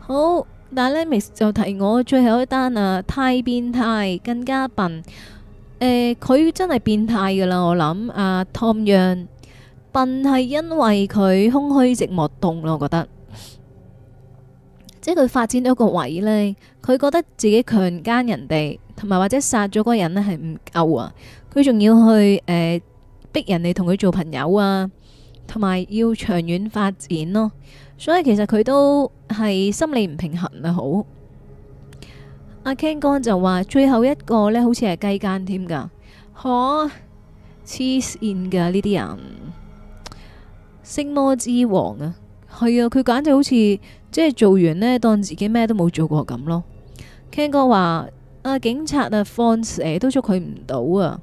好但係呢 Miss 就提我最後一單啊，太變態，更加笨。佢、欸、真係變態噶啦，我諗啊，Tommy 笨係因為佢空虛寂寞凍咯，我覺得。即係佢發展到一個位呢，佢覺得自己強姦人哋，同埋或者殺咗嗰個人呢，係唔夠啊。佢仲要去誒、呃、逼人哋同佢做朋友啊，同埋要長遠發展咯。所以其實佢都係心理唔平衡啊！好，阿、啊、Ken 哥就話最後一個呢好似係雞奸添㗎，嚇黐線㗎呢啲人，星魔之王啊，係啊，佢簡直好似即係做完呢當自己咩都冇做過咁咯。Ken 哥話：阿、啊、警察不啊，放蛇都捉佢唔到啊！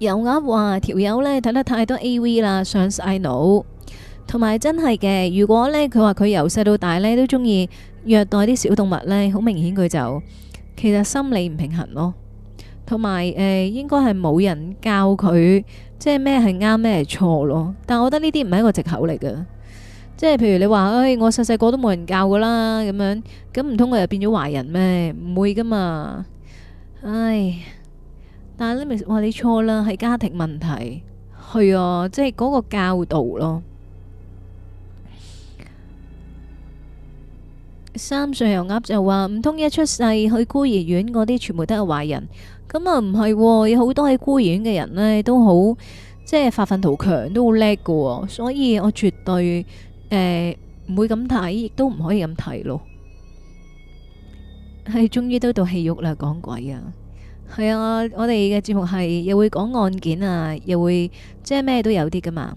有啲話，條友呢，睇得太多 AV 啦，上晒腦。但係你咪話你錯啦，係家庭問題，係啊，即係嗰個教導咯。三歲油鴨就話，唔通一出世去孤兒院嗰啲全部都係壞人，咁啊唔係，有好多喺孤兒院嘅人呢都好，即係發奮圖強都好叻噶，所以我絕對誒唔會咁睇，亦都唔可以咁睇咯。係，終於都到戲肉啦，講鬼啊！係啊，我哋嘅節目係又會講案件啊，又會即係咩都有啲噶嘛。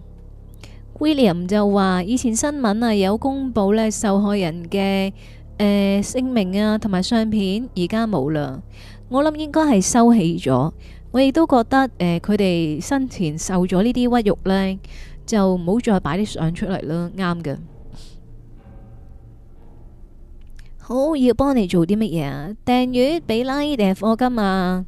William 就話以前新聞啊有公布呢受害人嘅誒、呃、姓名啊同埋相片，而家冇啦。我諗應該係收起咗。我亦都覺得誒，佢、呃、哋生前受咗呢啲屈辱呢，就唔好再擺啲相出嚟囉，啱嘅。好，要幫你做啲乜嘢啊？訂閱、俾拉定係課金啊？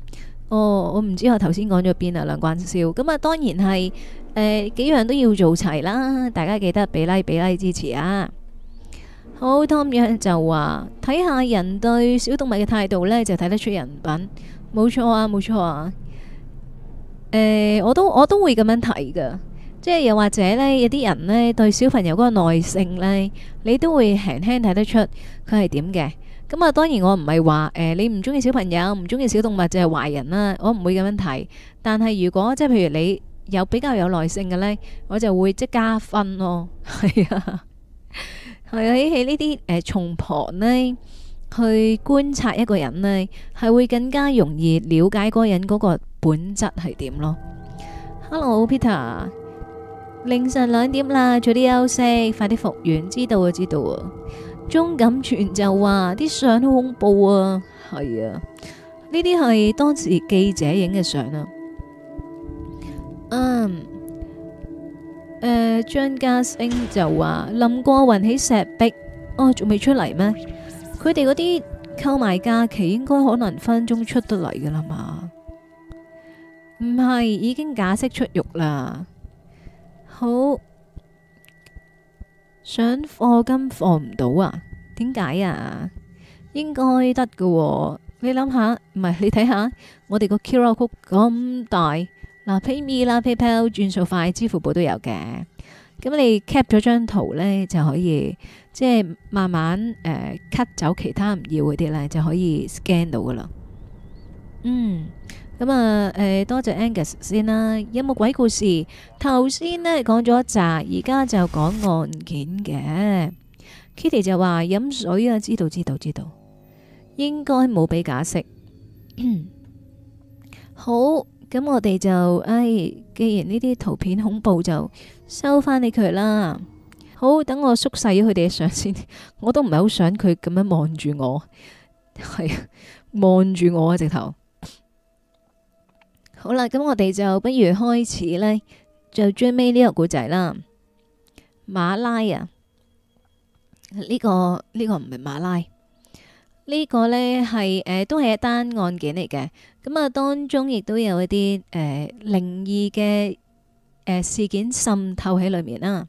哦，我唔知我頭先講咗邊啊，梁冠少。咁啊，當然係誒、呃、幾樣都要做齊啦。大家記得比拉比拉支持啊！好，Tom Young 就話睇下人對小動物嘅態度呢，就睇得出人品。冇錯啊，冇錯啊。誒、呃，我都我都會咁樣睇噶。即係又或者呢，有啲人呢，對小朋友嗰個耐性呢，你都會輕輕睇得出佢係點嘅。咁啊，當然我唔係話誒，你唔中意小朋友唔中意小動物就係壞人啦。我唔會咁樣睇。但係如果即係譬如你有比較有耐性嘅呢，我就會即加分咯。係 [laughs] 啊，係啊，起、呃、起呢啲誒，從旁呢去觀察一個人呢，係會更加容易了解嗰個人嗰個本質係點咯。Hello，Peter。凌晨兩點啦，早啲休息，快啲復原。知道啊，知道啊。鍾錦全就話啲相好恐怖啊，係啊，呢啲係當時記者影嘅相啊。嗯，誒，張家星就話林過雲起石壁，哦，仲未出嚟咩？佢哋嗰啲扣埋假期應該可能分鐘出得嚟噶啦嘛，唔係已經假釋出獄啦。好，想課金課唔到啊？點解啊？應該得噶喎，你諗下，唔係你睇下，我哋個 QR Code 咁大，嗱 PayMe 啦 PayPal 轉數快，支付寶都有嘅，咁你 cap 咗張圖呢，就可以，即、就、係、是、慢慢、呃、cut 走其他唔要嗰啲咧就可以 scan 到噶啦，嗯。咁啊，誒，多謝 Angus 先啦。有冇鬼故事？頭先呢講咗一集，而家就講案件嘅。Kitty 就話飲水啊，知道知道知道，應該冇俾假釋 [coughs] 。好，咁我哋就唉、哎，既然呢啲圖片恐怖，就收翻你佢啦。好，等我縮細咗佢哋嘅相先，我都唔係好想佢咁樣望住我，係望住我啊！直頭。好啦，咁我哋就不如開始呢，就最尾呢一個故仔啦。馬拉啊，呢個呢個唔係馬拉，呢個呢係誒都係一單案件嚟嘅。咁啊當中亦都有一啲誒，靈異嘅誒事件滲透喺裏面啦。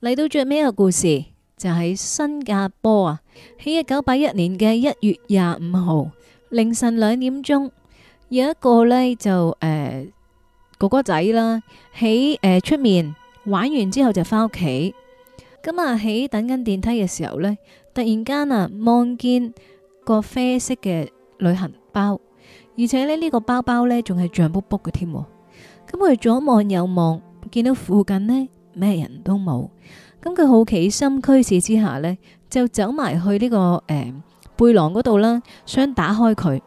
嚟到最尾一個故事，就係新加坡啊，喺一九八一年嘅一月廿五號凌晨兩點鐘。有一個呢，就誒、呃、哥哥仔啦，喺誒出面玩完之後就翻屋企。咁啊喺等緊電梯嘅時候呢，突然間啊望見個啡色嘅旅行包，而且呢，呢、呢個包包呢，仲係脹卜卜嘅添。咁佢左望右望，見到附近呢，咩人都冇。咁佢好奇心驅使之下呢，就走埋去呢個誒、呃、背囊嗰度啦，想打開佢。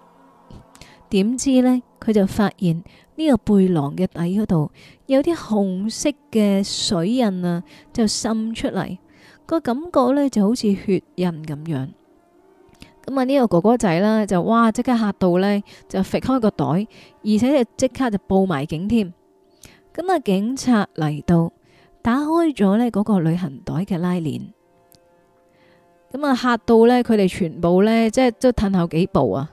點知呢，佢就發現呢個背囊嘅底嗰度有啲紅色嘅水印啊，就滲出嚟，個感覺呢就好似血印咁樣。咁啊，呢個哥哥仔呢，就哇，即刻嚇到呢，就搣開個袋，而且就即刻就報埋警添。咁啊，警察嚟到打開咗呢嗰個旅行袋嘅拉鏈，咁啊嚇到呢，佢哋全部呢，即係都退後幾步啊。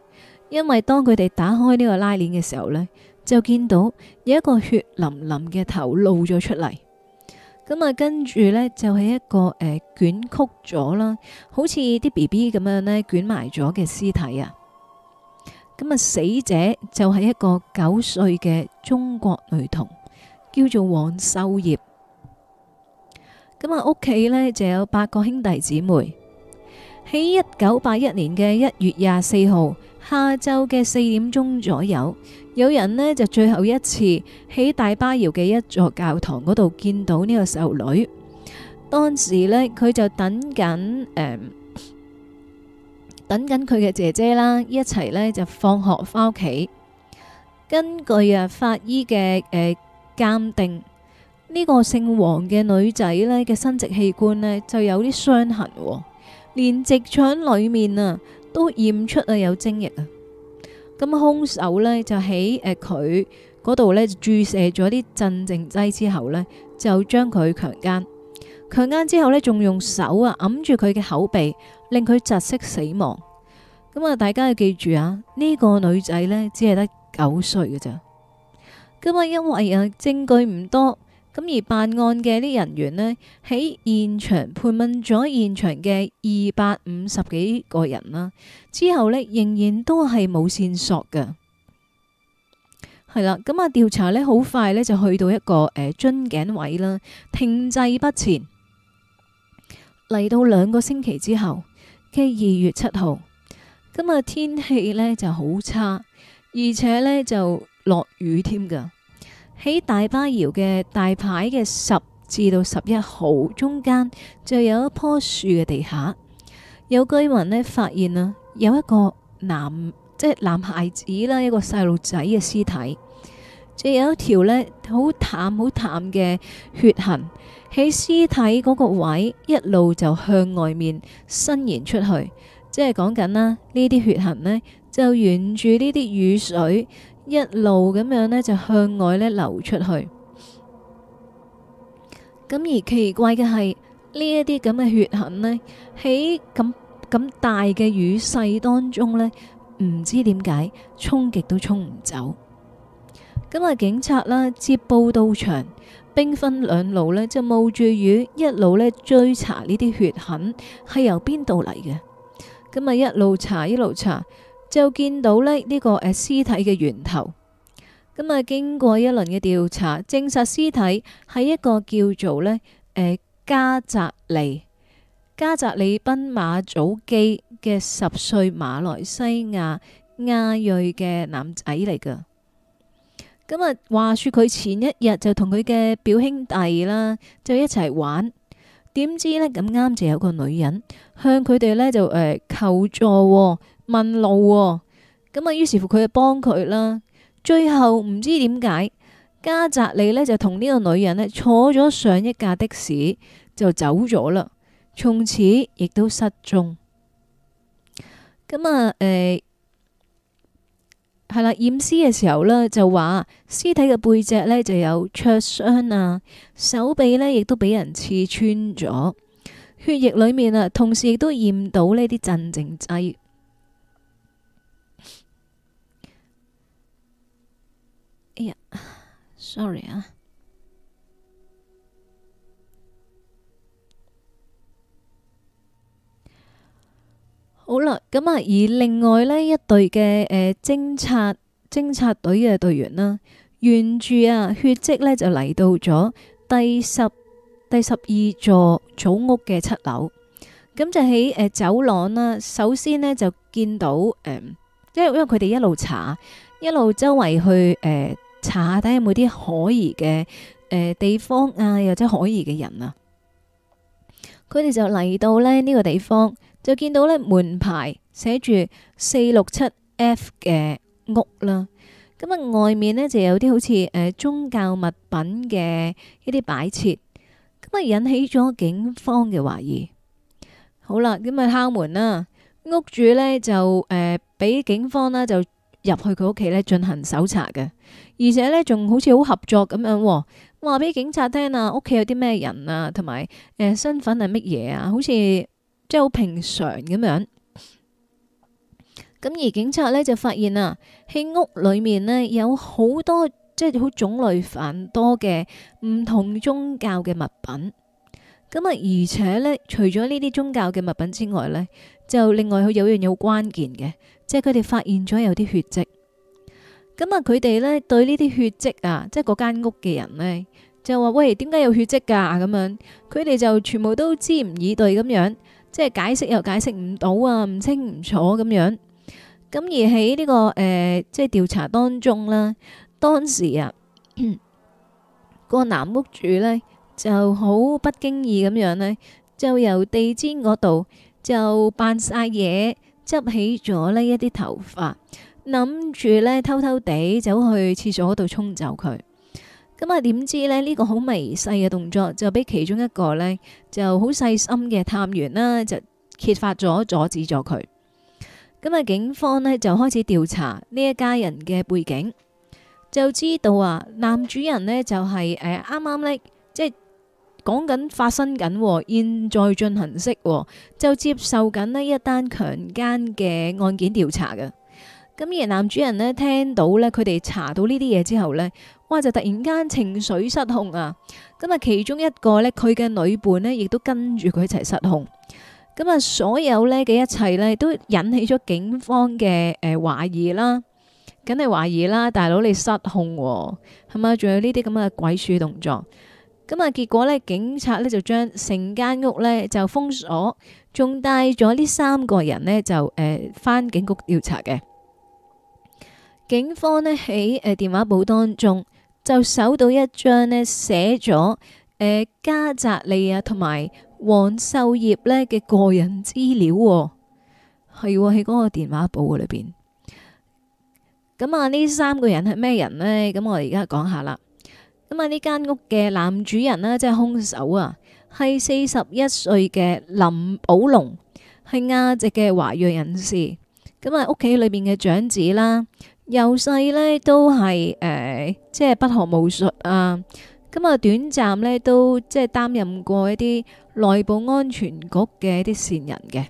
因為當佢哋打開呢個拉鏈嘅時候呢，就見到有一個血淋淋嘅頭露咗出嚟。咁啊跟住呢，就係一個誒捲曲咗啦，好似啲 BB 咁樣呢捲埋咗嘅屍體啊。咁啊，死者就係一個九歲嘅中國女童，叫做黃秀葉。咁啊，屋企呢，就有八個兄弟姊妹。喺一九八一年嘅一月廿四號，下晝嘅四點鐘左右，有人呢就最後一次喺大巴窑嘅一座教堂嗰度見到呢個細路女。當時呢，佢就等緊誒、呃，等緊佢嘅姐姐啦，一齊呢就放學翻屋企。根據啊法醫嘅誒鑑定，呢、這個姓黃嘅女仔呢嘅生殖器官呢就有啲傷痕，連直腸裏面啊，都驗出啊有精液啊，咁啊兇手呢就喺佢嗰度呢注射咗啲鎮靜劑之後呢，就將佢強姦，強姦之後呢，仲用手啊揞住佢嘅口鼻，令佢窒息死亡。咁啊大家要記住啊，呢個女仔呢，只係得九歲嘅咋。咁啊因為啊證據唔多。咁而辦案嘅啲人員呢，喺現場盤問咗現場嘅二百五十幾個人啦，之後呢，仍然都係冇線索嘅，係啦。咁啊，調查呢，好快呢就去到一個誒樽頸位啦，停滯不前。嚟到兩個星期之後，即二月七號，今日天氣呢就好差，而且呢就落雨添㗎。喺大巴窑嘅大牌嘅十至到十一號中間，就有一棵樹嘅地下，有居民呢發現啦，有一個男即係、就是、男孩子啦，一個細路仔嘅屍體，就有一條呢好淡好淡嘅血痕喺屍體嗰個位，一路就向外面伸延出去，即係講緊啦，呢啲血痕呢，就沿住呢啲雨水，一路咁樣呢，就向外呢流出去，咁而奇怪嘅係呢一啲咁嘅血痕呢，喺咁咁大嘅雨勢當中呢，唔知點解沖極都沖唔走。咁啊，警察啦接報到場，兵分兩路呢，就冒住雨一路呢追查呢啲血痕係由邊度嚟嘅。咁啊，一路查一路查。就見到咧、這、呢個誒屍、啊、體嘅源頭，咁、嗯、啊經過一輪嘅調查，證實屍體係一個叫做咧誒、啊、加澤尼加澤里賓馬祖基嘅十歲馬來西亞亞裔嘅男仔嚟㗎。咁、嗯、啊，話說佢前一日就同佢嘅表兄弟啦，就一齊玩，點知呢？咁啱就有個女人向佢哋呢就誒、呃、求助、喔。問路咁、哦、啊，於是乎佢就幫佢啦。最後唔知點解，加扎利呢就同呢個女人咧坐咗上一架的士就走咗啦。從此亦都失蹤。咁、嗯、啊，誒、欸、係啦，驗屍嘅時候呢，就話屍體嘅背脊呢就有灼傷啊，手臂呢亦都俾人刺穿咗，血液裏面啊，同時亦都驗到呢啲鎮靜劑。Sorry. 好啦，咁啊，而另外呢一隊嘅誒，偵察偵察隊嘅隊員啦，沿住啊血迹呢就嚟到咗第十第十二座祖屋嘅七樓，咁就喺誒走廊啦。首先呢就見到誒，即係因為佢哋一路查，一路周圍去誒。呃查下睇有冇啲可疑嘅誒、呃、地方啊，又或者可疑嘅人啊？佢哋就嚟到呢呢、呢個地方，就見到呢門牌寫住四六七 F 嘅屋啦。咁、嗯、啊，外面呢就有啲好似誒、呃、宗教物品嘅一啲擺設，咁、嗯、啊、嗯、引起咗警方嘅懷疑。好啦，咁、嗯、啊敲門啦，屋主呢就誒俾、呃、警方啦就入去佢屋企呢進行搜查嘅。而且呢，仲好似好合作咁樣喎，話俾警察聽啊，屋企有啲咩人啊，同埋誒身份係乜嘢啊，好似即係好平常咁樣。咁而警察呢，就發現啊，喺屋裏面呢，有好多即係好種類繁多嘅唔同宗教嘅物品。咁啊，而且呢，除咗呢啲宗教嘅物品之外呢，就另外佢有一樣嘢好關鍵嘅，即係佢哋發現咗有啲血跡。咁啊！佢哋咧對呢啲血跡啊，即係嗰間屋嘅人咧，就話喂，點解有血跡㗎？咁樣，佢哋就全部都知唔以對咁樣，即係解釋又解釋唔到啊，唔清唔楚咁樣。咁而喺呢個誒，即係調查當中啦，當時啊，個男屋主咧就好不經意咁樣咧，就由地氈嗰度就扮曬嘢，執起咗咧一啲頭髮。諗住偷偷地走去廁所嗰度沖走佢。咁啊，點知呢，呢個好微細嘅動作就俾其中一個呢就好細心嘅探員啦，就揭發咗，阻止咗佢。咁啊，警方呢，就開始調查呢一家人嘅背景，就知道啊，男主人呢，就係誒啱啱呢，即係講緊發生緊，現在進行式，就接受緊呢一單強姦嘅案件調查嘅。咁而男主人呢，聽到呢佢哋查到呢啲嘢之後呢，哇就突然間情緒失控啊！咁啊，其中一個呢，佢嘅女伴呢，亦都跟住佢一齊失控。咁啊，所有呢嘅一切呢，都引起咗警方嘅誒、呃、懷疑啦，梗係懷疑啦，大佬你失控喎、喔，係嘛？仲有呢啲咁嘅鬼鼠動作。咁啊，結果呢，警察呢，就將成間屋呢，就封鎖，仲帶咗呢三個人呢，就返翻、呃、警局調查嘅。警方咧，喺誒電話簿當中就搜到一張咧，寫咗誒、呃、加澤利啊，同埋黃秀業咧嘅個人資料喎、哦，係喎，喺嗰個電話簿嘅裏邊。咁啊，呢三個人係咩人呢？咁我哋而家講下啦。咁啊，呢間屋嘅男主人咧、啊，即係兇手啊，係四十一歲嘅林寶龍，係亞籍嘅華裔人士。咁啊，屋企裏面嘅長子啦。由細呢都係誒，即係不學無術啊！咁啊，短暫呢都即係擔任過一啲內部安全局嘅一啲線人嘅。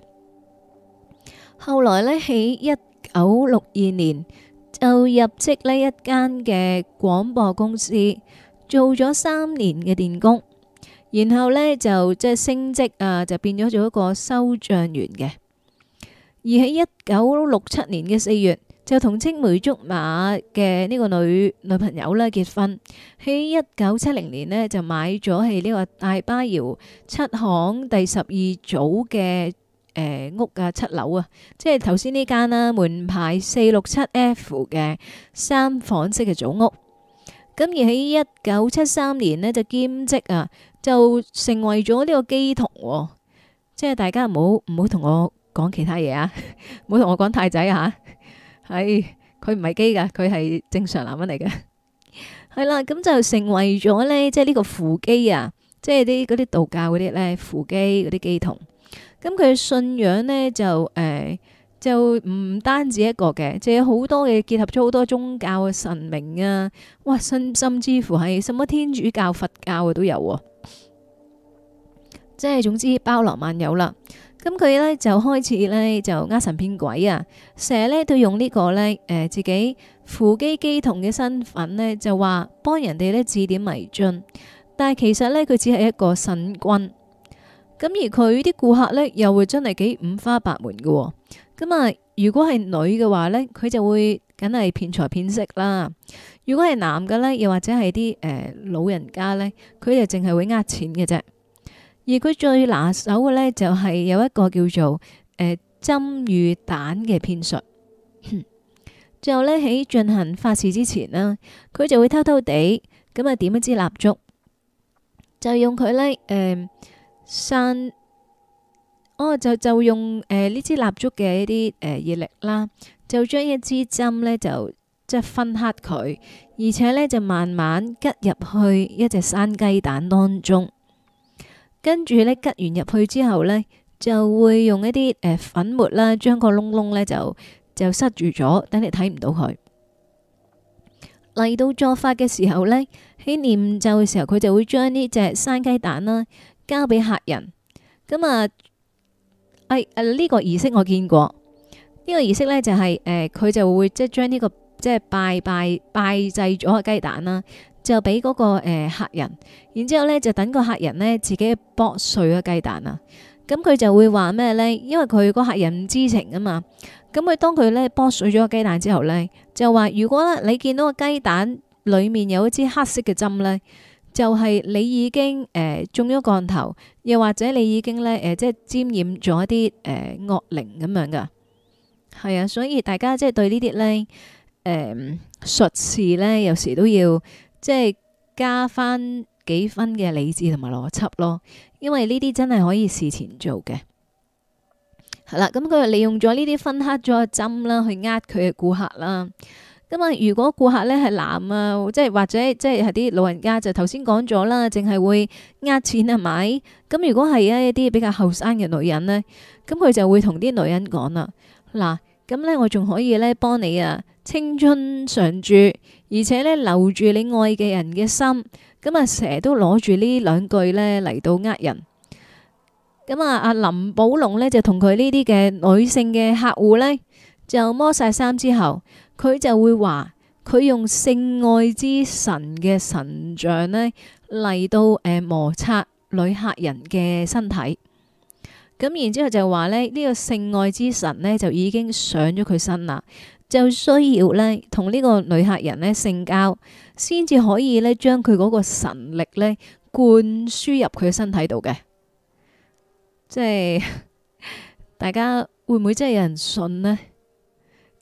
後來呢，喺一九六二年就入職呢一間嘅廣播公司，做咗三年嘅電工，然後呢就即係升職啊，就變咗做一個收賬員嘅。而喺一九六七年嘅四月。就同青梅竹馬嘅呢個女女朋友啦結婚，喺一九七零年咧就買咗喺呢個大巴窯七巷第十二組嘅誒屋啊七樓啊，即係頭先呢間啦門牌四六七 F 嘅三房式嘅組屋。咁而喺一九七三年咧就兼職啊，就成為咗呢個乩童，即係大家唔好唔好同我講其他嘢啊，唔好同我講太仔啊。係、哎，佢唔係基噶，佢係正常男人嚟嘅。係 [laughs] 啦，咁就成為咗呢，即係呢個扶基啊，即係啲啲道教嗰啲呢扶基嗰啲基童。咁佢信仰呢，就誒、呃，就唔單止一個嘅，就有好多嘅結合咗好多宗教嘅神明啊。哇，信甚,甚至乎係什麼天主教、佛教嘅都有啊。即係總之包羅萬有啦。咁佢呢，就開始呢，就呃神騙鬼啊，成日呢，都用呢個呢，誒、呃、自己扶機機同嘅身份呢，就話幫人哋呢，指點迷津，但係其實呢，佢只係一個神棍。咁而佢啲顧客呢，又會真係幾五花八門嘅，啊。咁、嗯、啊，如果係女嘅話呢，佢就會梗係騙財騙色啦。如果係男嘅呢，又或者係啲誒老人家呢，佢就淨係會呃錢嘅啫。而佢最拿手嘅呢，就係有一個叫做誒、呃、針與蛋嘅騙術。最後呢，喺進行發誓之前呢，佢就會偷偷地咁啊點一支蠟燭，就用佢呢「誒、呃，山哦就就用誒呢支蠟燭嘅一啲誒、呃、熱力啦，就將一支針呢，就即係分黑佢，而且呢，就慢慢吉入去一隻生雞蛋當中。跟住呢，吉完入去之後呢，就會用一啲誒、呃、粉末啦，將個窿窿呢就就塞住咗，等你睇唔到佢。嚟到作法嘅時候呢，喺念咒嘅時候，佢就會將呢隻生雞蛋啦交俾客人。咁啊，誒、哎、誒，呢、啊這個儀式我見過，呢、這個儀式呢，就係、是、誒，佢、呃、就會即係將呢個即係、就是、拜拜拜祭咗嘅雞蛋啦。就俾嗰、那個誒、呃、客人，然之後咧就等個客人咧自己剝碎個雞蛋啊。咁佢就會話咩咧？因為佢個客人唔知情啊嘛。咁佢當佢咧剝碎咗個雞蛋之後咧，就話如果咧你見到個雞蛋裏面有一支黑色嘅針咧，就係、是、你已經誒、呃、中咗降頭，又或者你已經咧誒、呃、即係沾染咗一啲誒、呃、惡靈咁樣噶。係啊，所以大家即係對呢啲咧誒術士咧有時都要。即係加翻幾分嘅理智同埋邏輯咯，因為呢啲真係可以事前做嘅。係啦，咁佢就利用咗呢啲分黑咗嘅針啦，去呃佢嘅顧客啦。咁啊，如果顧客呢係男啊，即係或者即係係啲老人家就頭先講咗啦，淨係會呃錢係咪？咁如果係一啲比較後生嘅女人呢，咁佢就會同啲女人講啦。嗱，咁呢我仲可以呢幫你啊，青春常駐。而且呢，留住你愛嘅人嘅心，咁啊，成日都攞住呢兩句呢嚟到呃人。咁啊，阿林寶龍呢，就同佢呢啲嘅女性嘅客戶呢，就摸晒衫之後，佢就會話，佢用性愛之神嘅神像呢嚟到誒摩擦女客人嘅身體。咁然之後就話呢，呢個性愛之神呢，就已經上咗佢身啦。就需要呢同呢個女客人呢，性交，先至可以呢將佢嗰個神力呢灌輸入佢嘅身體度嘅。即係大家會唔會真係有人信呢？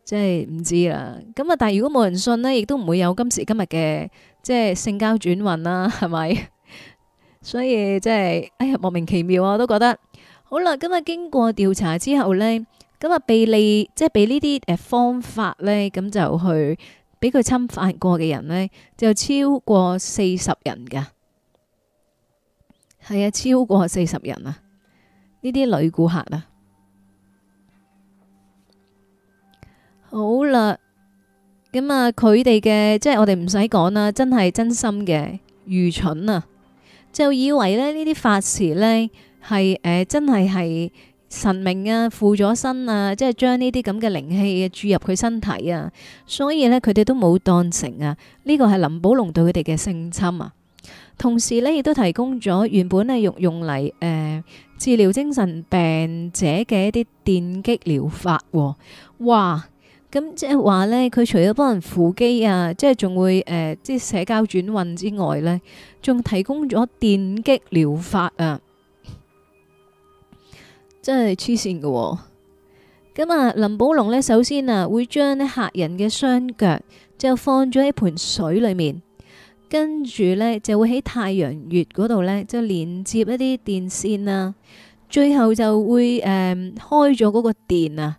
即係唔知啦。咁啊，但係如果冇人信呢，亦都唔會有今時今日嘅即係性交轉運啦，係咪？所以即係哎呀，莫名其妙啊，我都覺得好啦。今日經過調查之後呢。咁啊，被利即係被呢啲誒方法咧，咁就去俾佢侵犯過嘅人咧，就超過四十人噶。係啊，超過四十人啊，呢啲女顧客啊。好啦，咁啊，佢哋嘅即係我哋唔使講啦，真係真心嘅愚蠢啊，就以為咧呢啲法事咧係誒真係係。神明啊，附咗身啊，即係將呢啲咁嘅靈氣注入佢身體啊，所以咧佢哋都冇當成啊，呢、這個係林寶龍對佢哋嘅性侵啊，同時咧亦都提供咗原本係用用嚟誒、呃、治療精神病者嘅一啲電擊療法，哦。哇，咁即係話咧，佢除咗幫人扶乩啊，即係仲會誒、呃，即係社交轉運之外咧，仲提供咗電擊療法啊。真係黐線嘅，咁啊林寶龍呢，首先啊會將啲客人嘅雙腳就放咗喺盆水裏面，跟住呢，就會喺太陽穴嗰度呢就連接一啲電線啊，最後就會誒、嗯、開咗嗰個電啊，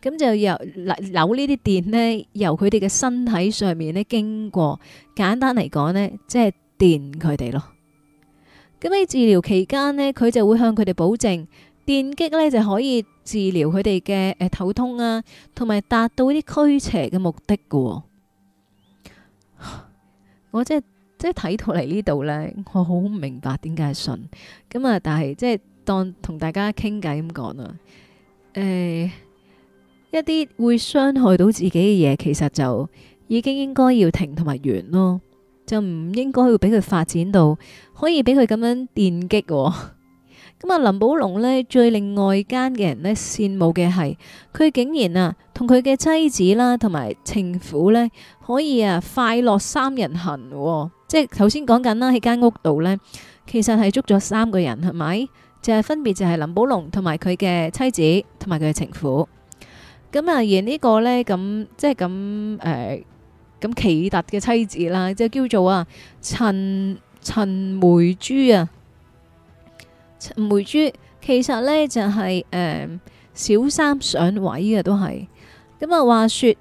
咁就由扭呢啲電呢，由佢哋嘅身體上面呢經過，簡單嚟講呢，即係電佢哋咯。咁喺治療期間呢，佢就會向佢哋保證。電擊呢就可以治療佢哋嘅誒頭痛啊，同埋達到啲驅邪嘅目的嘅、啊。我即係即係睇到嚟呢度呢，我好唔明白點解信咁啊！但係即係當同大家傾偈咁講啊，誒、欸，一啲會傷害到自己嘅嘢，其實就已經應該要停同埋完咯，就唔應該會俾佢發展到可以俾佢咁樣電擊、啊。咁啊，林寶龍呢，最令外間嘅人呢，羨慕嘅係，佢竟然啊同佢嘅妻子啦、啊，同埋情婦呢，可以啊快樂三人行、哦，即係頭先講緊啦，喺間屋度呢，其實係捉咗三個人係咪？就係分別就係林寶龍同埋佢嘅妻子同埋佢嘅情婦。咁、嗯、啊，而呢個呢，咁即係咁誒，咁、呃、奇特嘅妻子啦，就叫做啊陳陳梅珠啊。梅珠其實呢，就係、是、誒、嗯、小三上位嘅都係，咁啊，話說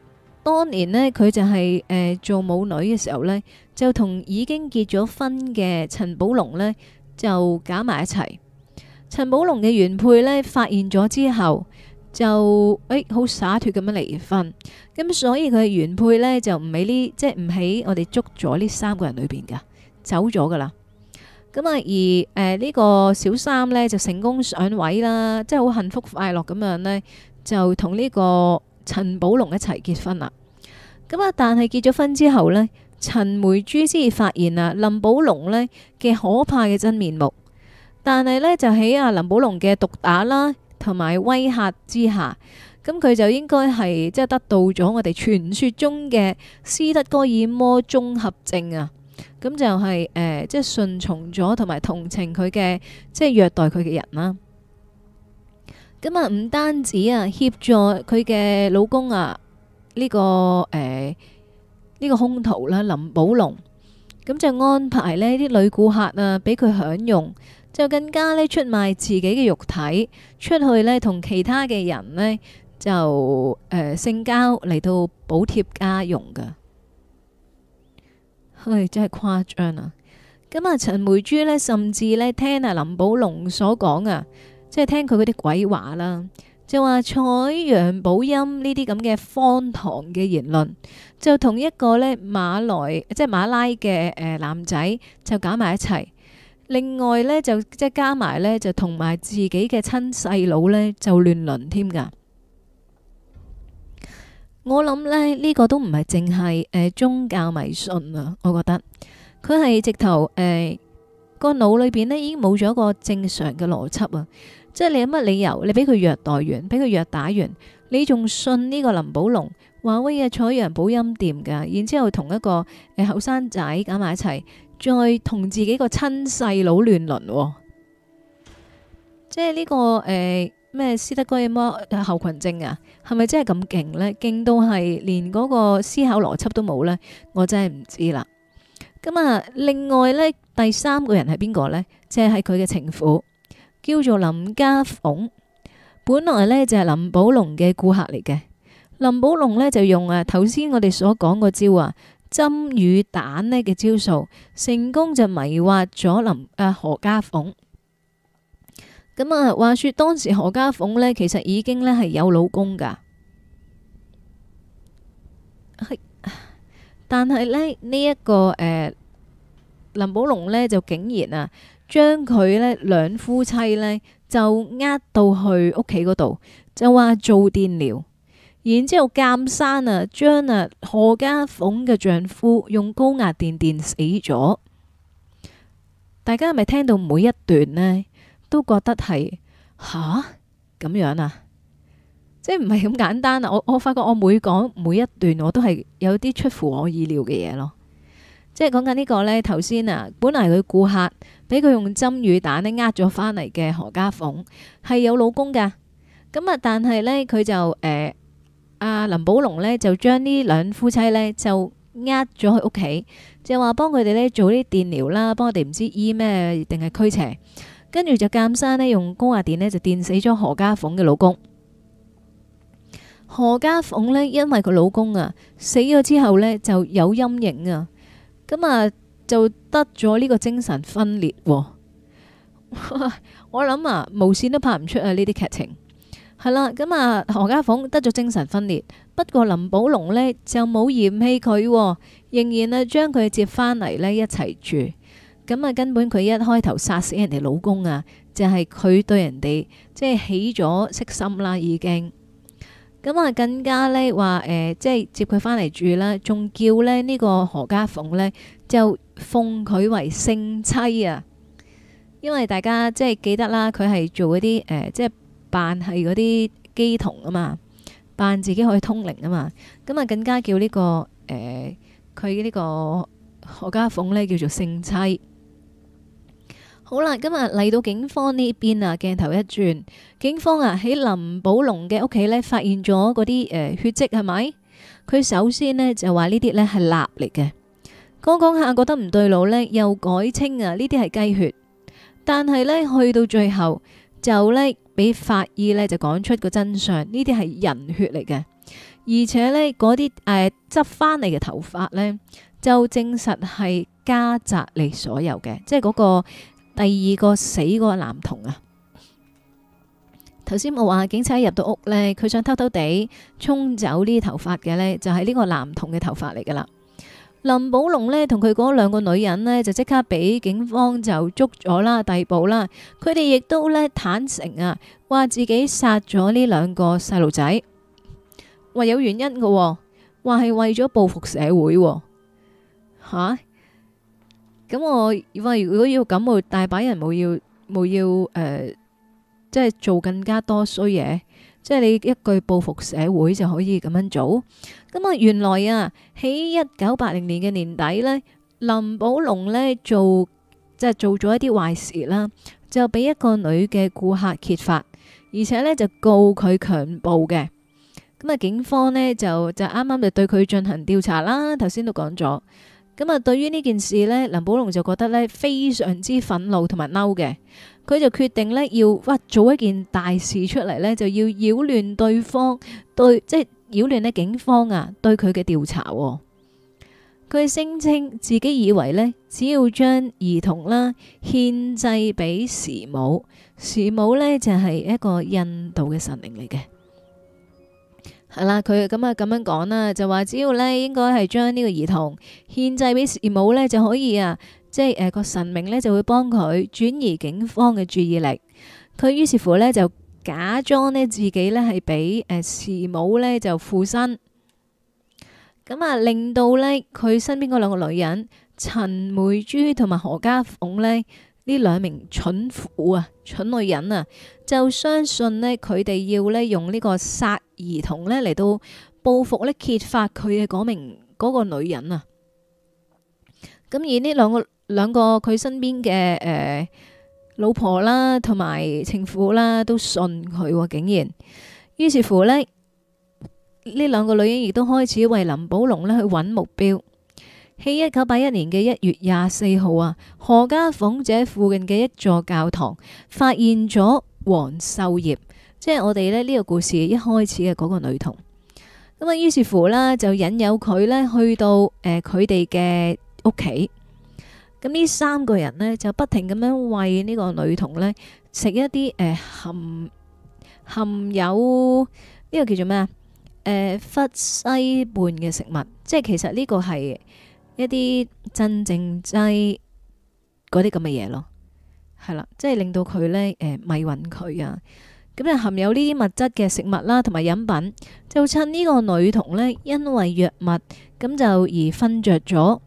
當年呢，佢就係、是、誒、呃、做舞女嘅時候呢，就同已經結咗婚嘅陳寶龍呢，就搞埋一齊，陳寶龍嘅原配呢，發現咗之後就誒好灑脫咁樣離婚，咁所以佢嘅原配呢，就唔喺呢即係唔喺我哋捉咗呢三個人裏邊噶，走咗噶啦。咁啊，而誒呢個小三呢，就成功上位啦，即係好幸福快樂咁樣呢，就同呢個陳寶龍一齊結婚啦。咁啊，但係結咗婚之後呢，陳梅珠先至發現啊，林寶龍呢嘅可怕嘅真面目。但係呢，就喺阿林寶龍嘅毒打啦同埋威嚇之下，咁佢就應該係即係得到咗我哋傳説中嘅斯德哥爾摩綜合症啊！咁就係誒，即係順從咗，同埋同情佢嘅即係虐待佢嘅人啦。咁啊，唔單止啊，協助佢嘅老公啊，呢個誒呢個兇徒啦林寶龍，咁就安排呢啲女顧客啊，俾佢享用，就更加呢出賣自己嘅肉體出去呢，同其他嘅人呢就誒性交嚟到補貼家用噶。唉、哎，真係誇張啊！咁啊，陳梅珠呢，甚至呢，聽啊林寶龍所講啊，即係聽佢嗰啲鬼話啦，就話採陽補陰呢啲咁嘅荒唐嘅言論，就同一個呢馬來即係、就是、馬拉嘅誒男仔就搞埋一齊。另外呢，就即係加埋呢，就同埋自己嘅親細佬呢，就亂倫添噶。我諗咧呢，這個都唔係淨係誒宗教迷信啊，我覺得佢係直頭誒，呃，個腦裏邊咧已經冇咗一個正常嘅邏輯啊！即係你有乜理由？你俾佢虐待完，俾佢虐打完，你仲信呢個林寶龍？話威嘅採陽補陰店噶，然之後同一個誒後生仔搞埋一齊，再同自己個親細佬亂倫，即係呢，這個誒，呃咩斯德哥爾摩后群症啊，係咪真係咁勁呢？勁到係連嗰個思考邏輯都冇呢？我真係唔知啦。咁啊，另外呢，第三個人係邊個呢？即係佢嘅情婦，叫做林家鳳。本來呢，就係林寶龍嘅顧客嚟嘅。林寶龍呢，就用啊頭先我哋所講個招啊針與蛋呢嘅招數，成功就迷惑咗林啊何家鳳。咁啊！話說當時何家鳳呢，其實已經咧係有老公噶，但係咧呢一個誒林寶龍呢，就竟然啊，將佢咧兩夫妻呢，就呃到去屋企嗰度，就話做電療，然之後監生啊，將啊何家鳳嘅丈夫用高壓電電死咗。大家係咪聽到每一段呢？都覺得係吓咁樣啊！即係唔係咁簡單啊！我我發覺我每講每一段，我都係有啲出乎我意料嘅嘢咯。即係講緊呢個呢，頭先啊，本嚟佢顧客俾佢用針魚蛋呢呃咗返嚟嘅何家鳳係有老公噶，咁啊，但係呢，佢就誒阿、呃、林寶龍呢，就將呢兩夫妻呢就呃咗去屋企，就係話幫佢哋呢做啲電療啦，幫佢哋唔知醫咩定係驅邪。跟住就監生呢，用高壓電呢，就電死咗何家鳳嘅老公。何家鳳呢，因為佢老公啊死咗之後呢，就有陰影啊，咁啊就得咗呢個精神分裂。哦。喎。我諗啊，無線都拍唔出啊呢啲劇情。係啦，咁啊，何家鳳得咗精神分裂，不過林寶龍呢，就冇嫌棄佢，喎，仍然啊將佢接翻嚟呢一齊住。咁啊，根本佢一開頭殺死人哋老公啊，就係、是、佢對人哋即係起咗色心啦，已經。咁啊，更加呢話誒，即係接佢翻嚟住啦，仲叫咧呢個何家鳳呢，就封佢為聖妻啊。因為大家即係記得啦，佢係做嗰啲誒，即係扮係嗰啲乩童啊嘛，扮自己可以通靈啊嘛。咁啊，更加叫呢、這個誒，佢、呃、呢個何家鳳呢，叫做聖妻。好啦，今日嚟到警方呢邊啊，鏡頭一轉，警方啊喺林寶龍嘅屋企呢，發現咗嗰啲誒血跡係咪？佢首先呢就話呢啲呢係蠟嚟嘅，講講下覺得唔對路呢，又改稱啊呢啲係雞血，但係呢去到最後就呢，俾法醫呢就講出個真相，呢啲係人血嚟嘅，而且呢嗰啲誒執翻嚟嘅頭髮呢，就證實係加澤嚟所有嘅，即係嗰個。第二個死個男童啊，頭先我話警察入到屋呢，佢想偷偷地衝走呢頭髮嘅呢，就係呢個男童嘅頭髮嚟噶啦。林寶龍呢，同佢嗰兩個女人呢，就即刻俾警方就捉咗啦，逮捕啦，佢哋亦都呢坦誠啊，話自己殺咗呢兩個細路仔，話有原因嘅，話係為咗報復社會吓。咁我，因為如果要感冒，大把人冇要冇要，誒，即係做更加多衰嘢，即係你一句報復社會就可以咁樣做。咁啊，原來啊，喺一九八零年嘅年底呢，林寶龍呢做，即係做咗一啲壞事啦，就俾一個女嘅顧客揭發，而且呢就告佢強暴嘅。咁啊，警方呢，就就啱啱就對佢進行調查啦。頭先都講咗。咁、嗯、啊，對於呢件事咧，林寶龍就覺得咧非常之憤怒同埋嬲嘅，佢就決定咧要哇做一件大事出嚟咧，就要擾亂對方對即係擾亂咧警方啊對佢嘅調查，哦。佢聲稱自己以為咧只要將兒童啦獻祭俾時母，時母咧就係、是、一個印度嘅神靈嚟嘅。係、嗯、啦，佢咁啊咁樣講啦，就話只要呢應該係將呢個兒童獻祭俾慈母呢，就可以啊，即係誒個神明呢就會幫佢轉移警方嘅注意力。佢於是乎呢就假裝呢自己呢係俾、呃、慈母呢就附身，咁啊令到呢佢身邊嗰兩個女人陳梅珠同埋何家鳳呢，呢兩名蠢婦啊蠢女人啊，就相信呢佢哋要呢用呢個殺。兒童咧嚟到報復咧，揭發佢嘅嗰名嗰個女人啊！咁而呢兩個兩個佢身邊嘅誒、呃、老婆啦同埋情婦啦都信佢、啊、竟然，於是乎呢，呢兩個女人亦都開始為林寶龍咧去揾目標。喺一九八一年嘅一月廿四號啊，何家鳳姐附近嘅一座教堂發現咗黃秀葉。即係我哋咧呢、這個故事一開始嘅嗰個女童，咁啊於是乎呢就引誘佢咧去到誒、佢哋嘅屋企，咁、呃、呢三個人呢就不停咁樣喂呢個女童呢食一啲誒、呃、含含有呢、這個叫做咩啊？誒、呃，氟西泮嘅食物，即係其實呢個係一啲鎮靜劑，嗰啲咁嘅嘢咯，係啦，即係令到佢呢誒、呃、迷暈佢啊。咁就含有呢啲物質嘅食物啦，同埋飲品，就趁呢個女童呢，因為藥物咁就而瞓着咗。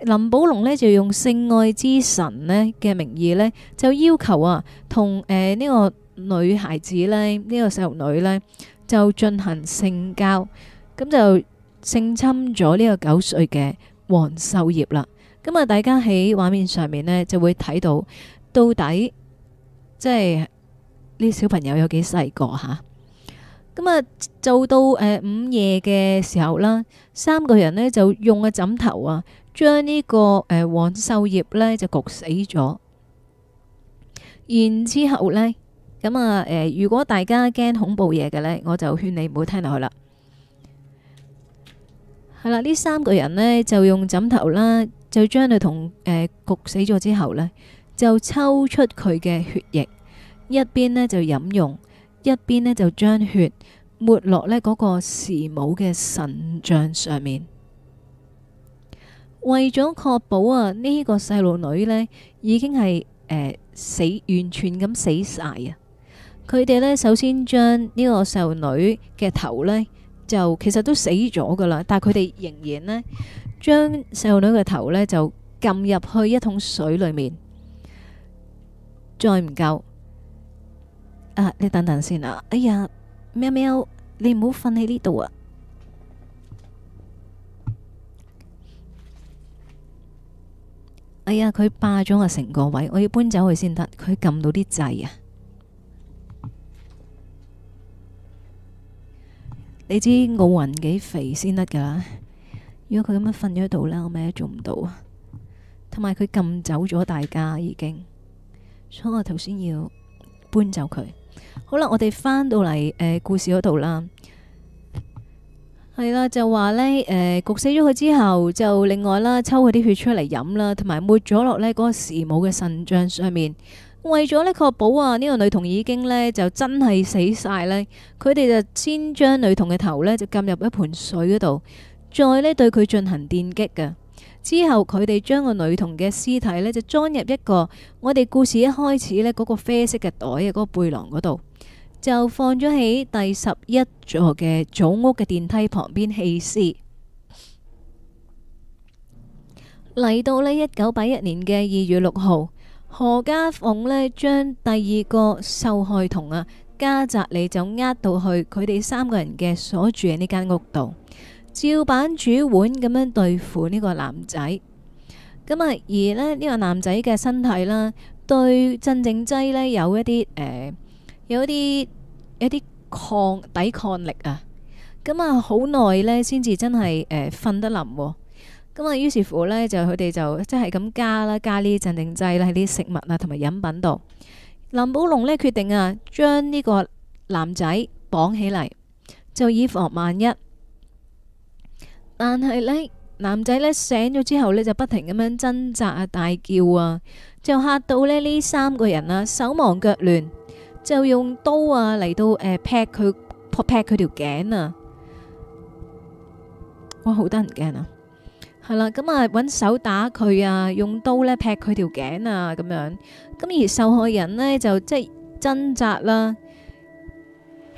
林寶龍呢，就用性愛之神呢嘅名義呢，就要求啊，同、呃、呢、這個女孩子呢，呢、這個細路女呢，就進行性交，咁就性侵咗呢個九歲嘅黃秀葉啦。咁啊，大家喺畫面上面呢，就會睇到到底即係。就是呢小朋友有幾細個吓，咁啊做到誒午夜嘅時候啦，三個人呢就用個枕頭啊，將呢個誒黃秀葉呢就焗死咗。然之後咧，咁啊誒，如果大家驚恐怖嘢嘅呢，我就勸你唔好聽落去啦。係啦，呢三個人呢就用枕頭啦，就將佢同焗死咗之後呢，就抽出佢嘅血液。一邊呢就飲用，一邊呢就將血抹落呢嗰、那個時母嘅神像上面，為咗確保啊、這個、小呢個細路女呢已經係、呃、死完全咁死晒啊。佢哋呢首先將呢個細路女嘅頭呢，就其實都死咗噶啦，但係佢哋仍然呢將細路女嘅頭呢就撳入去一桶水裏面，再唔夠。啊、uh！你等等先啊！哎呀，喵喵，你唔好瞓喺呢度啊！哎呀，佢霸咗我成個位，我要搬走佢先得。佢撳到啲掣啊！你知奧雲幾肥先得噶啦？如果佢咁樣瞓咗喺度咧，我咩都做唔到啊！同埋佢撳走咗大家已經，所以我頭先要搬走佢。好啦，我哋翻到嚟誒、呃、故事嗰度啦，係啦就話呢，誒、呃，焗死咗佢之後，就另外啦抽佢啲血出嚟飲啦，同埋抹咗落呢嗰個侍母嘅腎臟上面，為咗呢確保啊呢、這個女童已經呢，就真係死晒咧，佢哋就先將女童嘅頭呢，就撳入一盆水嗰度，再呢對佢進行電擊嘅。之後佢哋將個女童嘅屍體呢就裝入一個我哋故事一開始呢嗰個啡色嘅袋啊，嗰、嗰個背囊嗰度，就放咗喺第十一座嘅祖屋嘅電梯旁邊棄屍。嚟到呢，一九八一年嘅二月六號，何家鳳呢將第二個受害童啊加澤里就呃到去佢哋三個人嘅所住嘅呢間屋度。照板煮碗咁樣對付呢個男仔，咁啊而咧呢、這個男仔嘅身體啦，對鎮靜劑呢，有一啲誒、呃，有一啲一啲抗抵抗力啊，咁啊好耐呢，先至真係誒瞓得腍喎、啊，咁啊於是乎呢，就佢哋就即係咁加啦，加啲鎮靜劑啦喺啲食物啊同埋飲品度。林寶龍呢，決定啊，將呢個男仔綁起嚟，就以防萬一。但係呢，男仔呢醒咗之後呢，就不停咁樣掙扎啊，大叫啊，就嚇到呢呢三個人啊，手忙腳亂，就用刀啊嚟到誒劈佢劈佢條頸啊！哇，好得人驚啊！係啦，咁啊，用手打佢啊，用刀呢劈佢條頸啊，咁樣。咁而受害人呢就即係掙扎啦，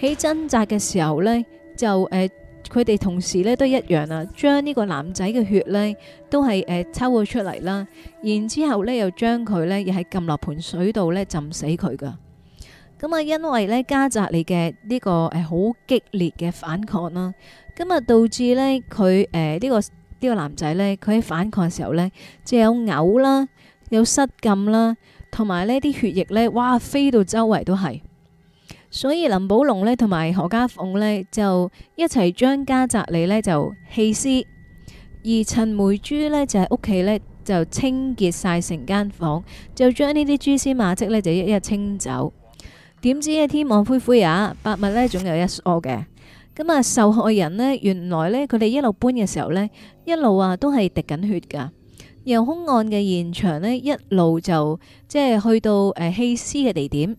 喺掙扎嘅時候呢就誒。佢哋同時咧都一樣啊，將呢個男仔嘅血咧都係誒、呃、抽咗出嚟啦，然之後咧又將佢咧又喺㩒落盆水度咧浸死佢㗎。咁、嗯、啊，因為咧加扎嚟嘅呢個誒好、呃、激烈嘅反抗啦，咁、嗯、啊導致咧佢誒呢、呃這個呢、這個男仔咧佢喺反抗嘅時候咧即係有嘔啦，有失禁啦，同埋呢啲血液咧哇飛到周圍都係。所以林寶龍咧同埋何家鳳咧就一齊將家宅裏咧就棄屍，而陳梅珠咧就喺屋企咧就清潔晒成間房間，就將呢啲蛛絲馬跡咧就一一清走。點知啊，天網恢恢也，百物呢總有一疏嘅。咁啊受害人呢，原來呢，佢哋一路搬嘅時候呢，一路啊都係滴緊血噶由兇案嘅現場呢，一路就即係去到誒棄屍嘅地點。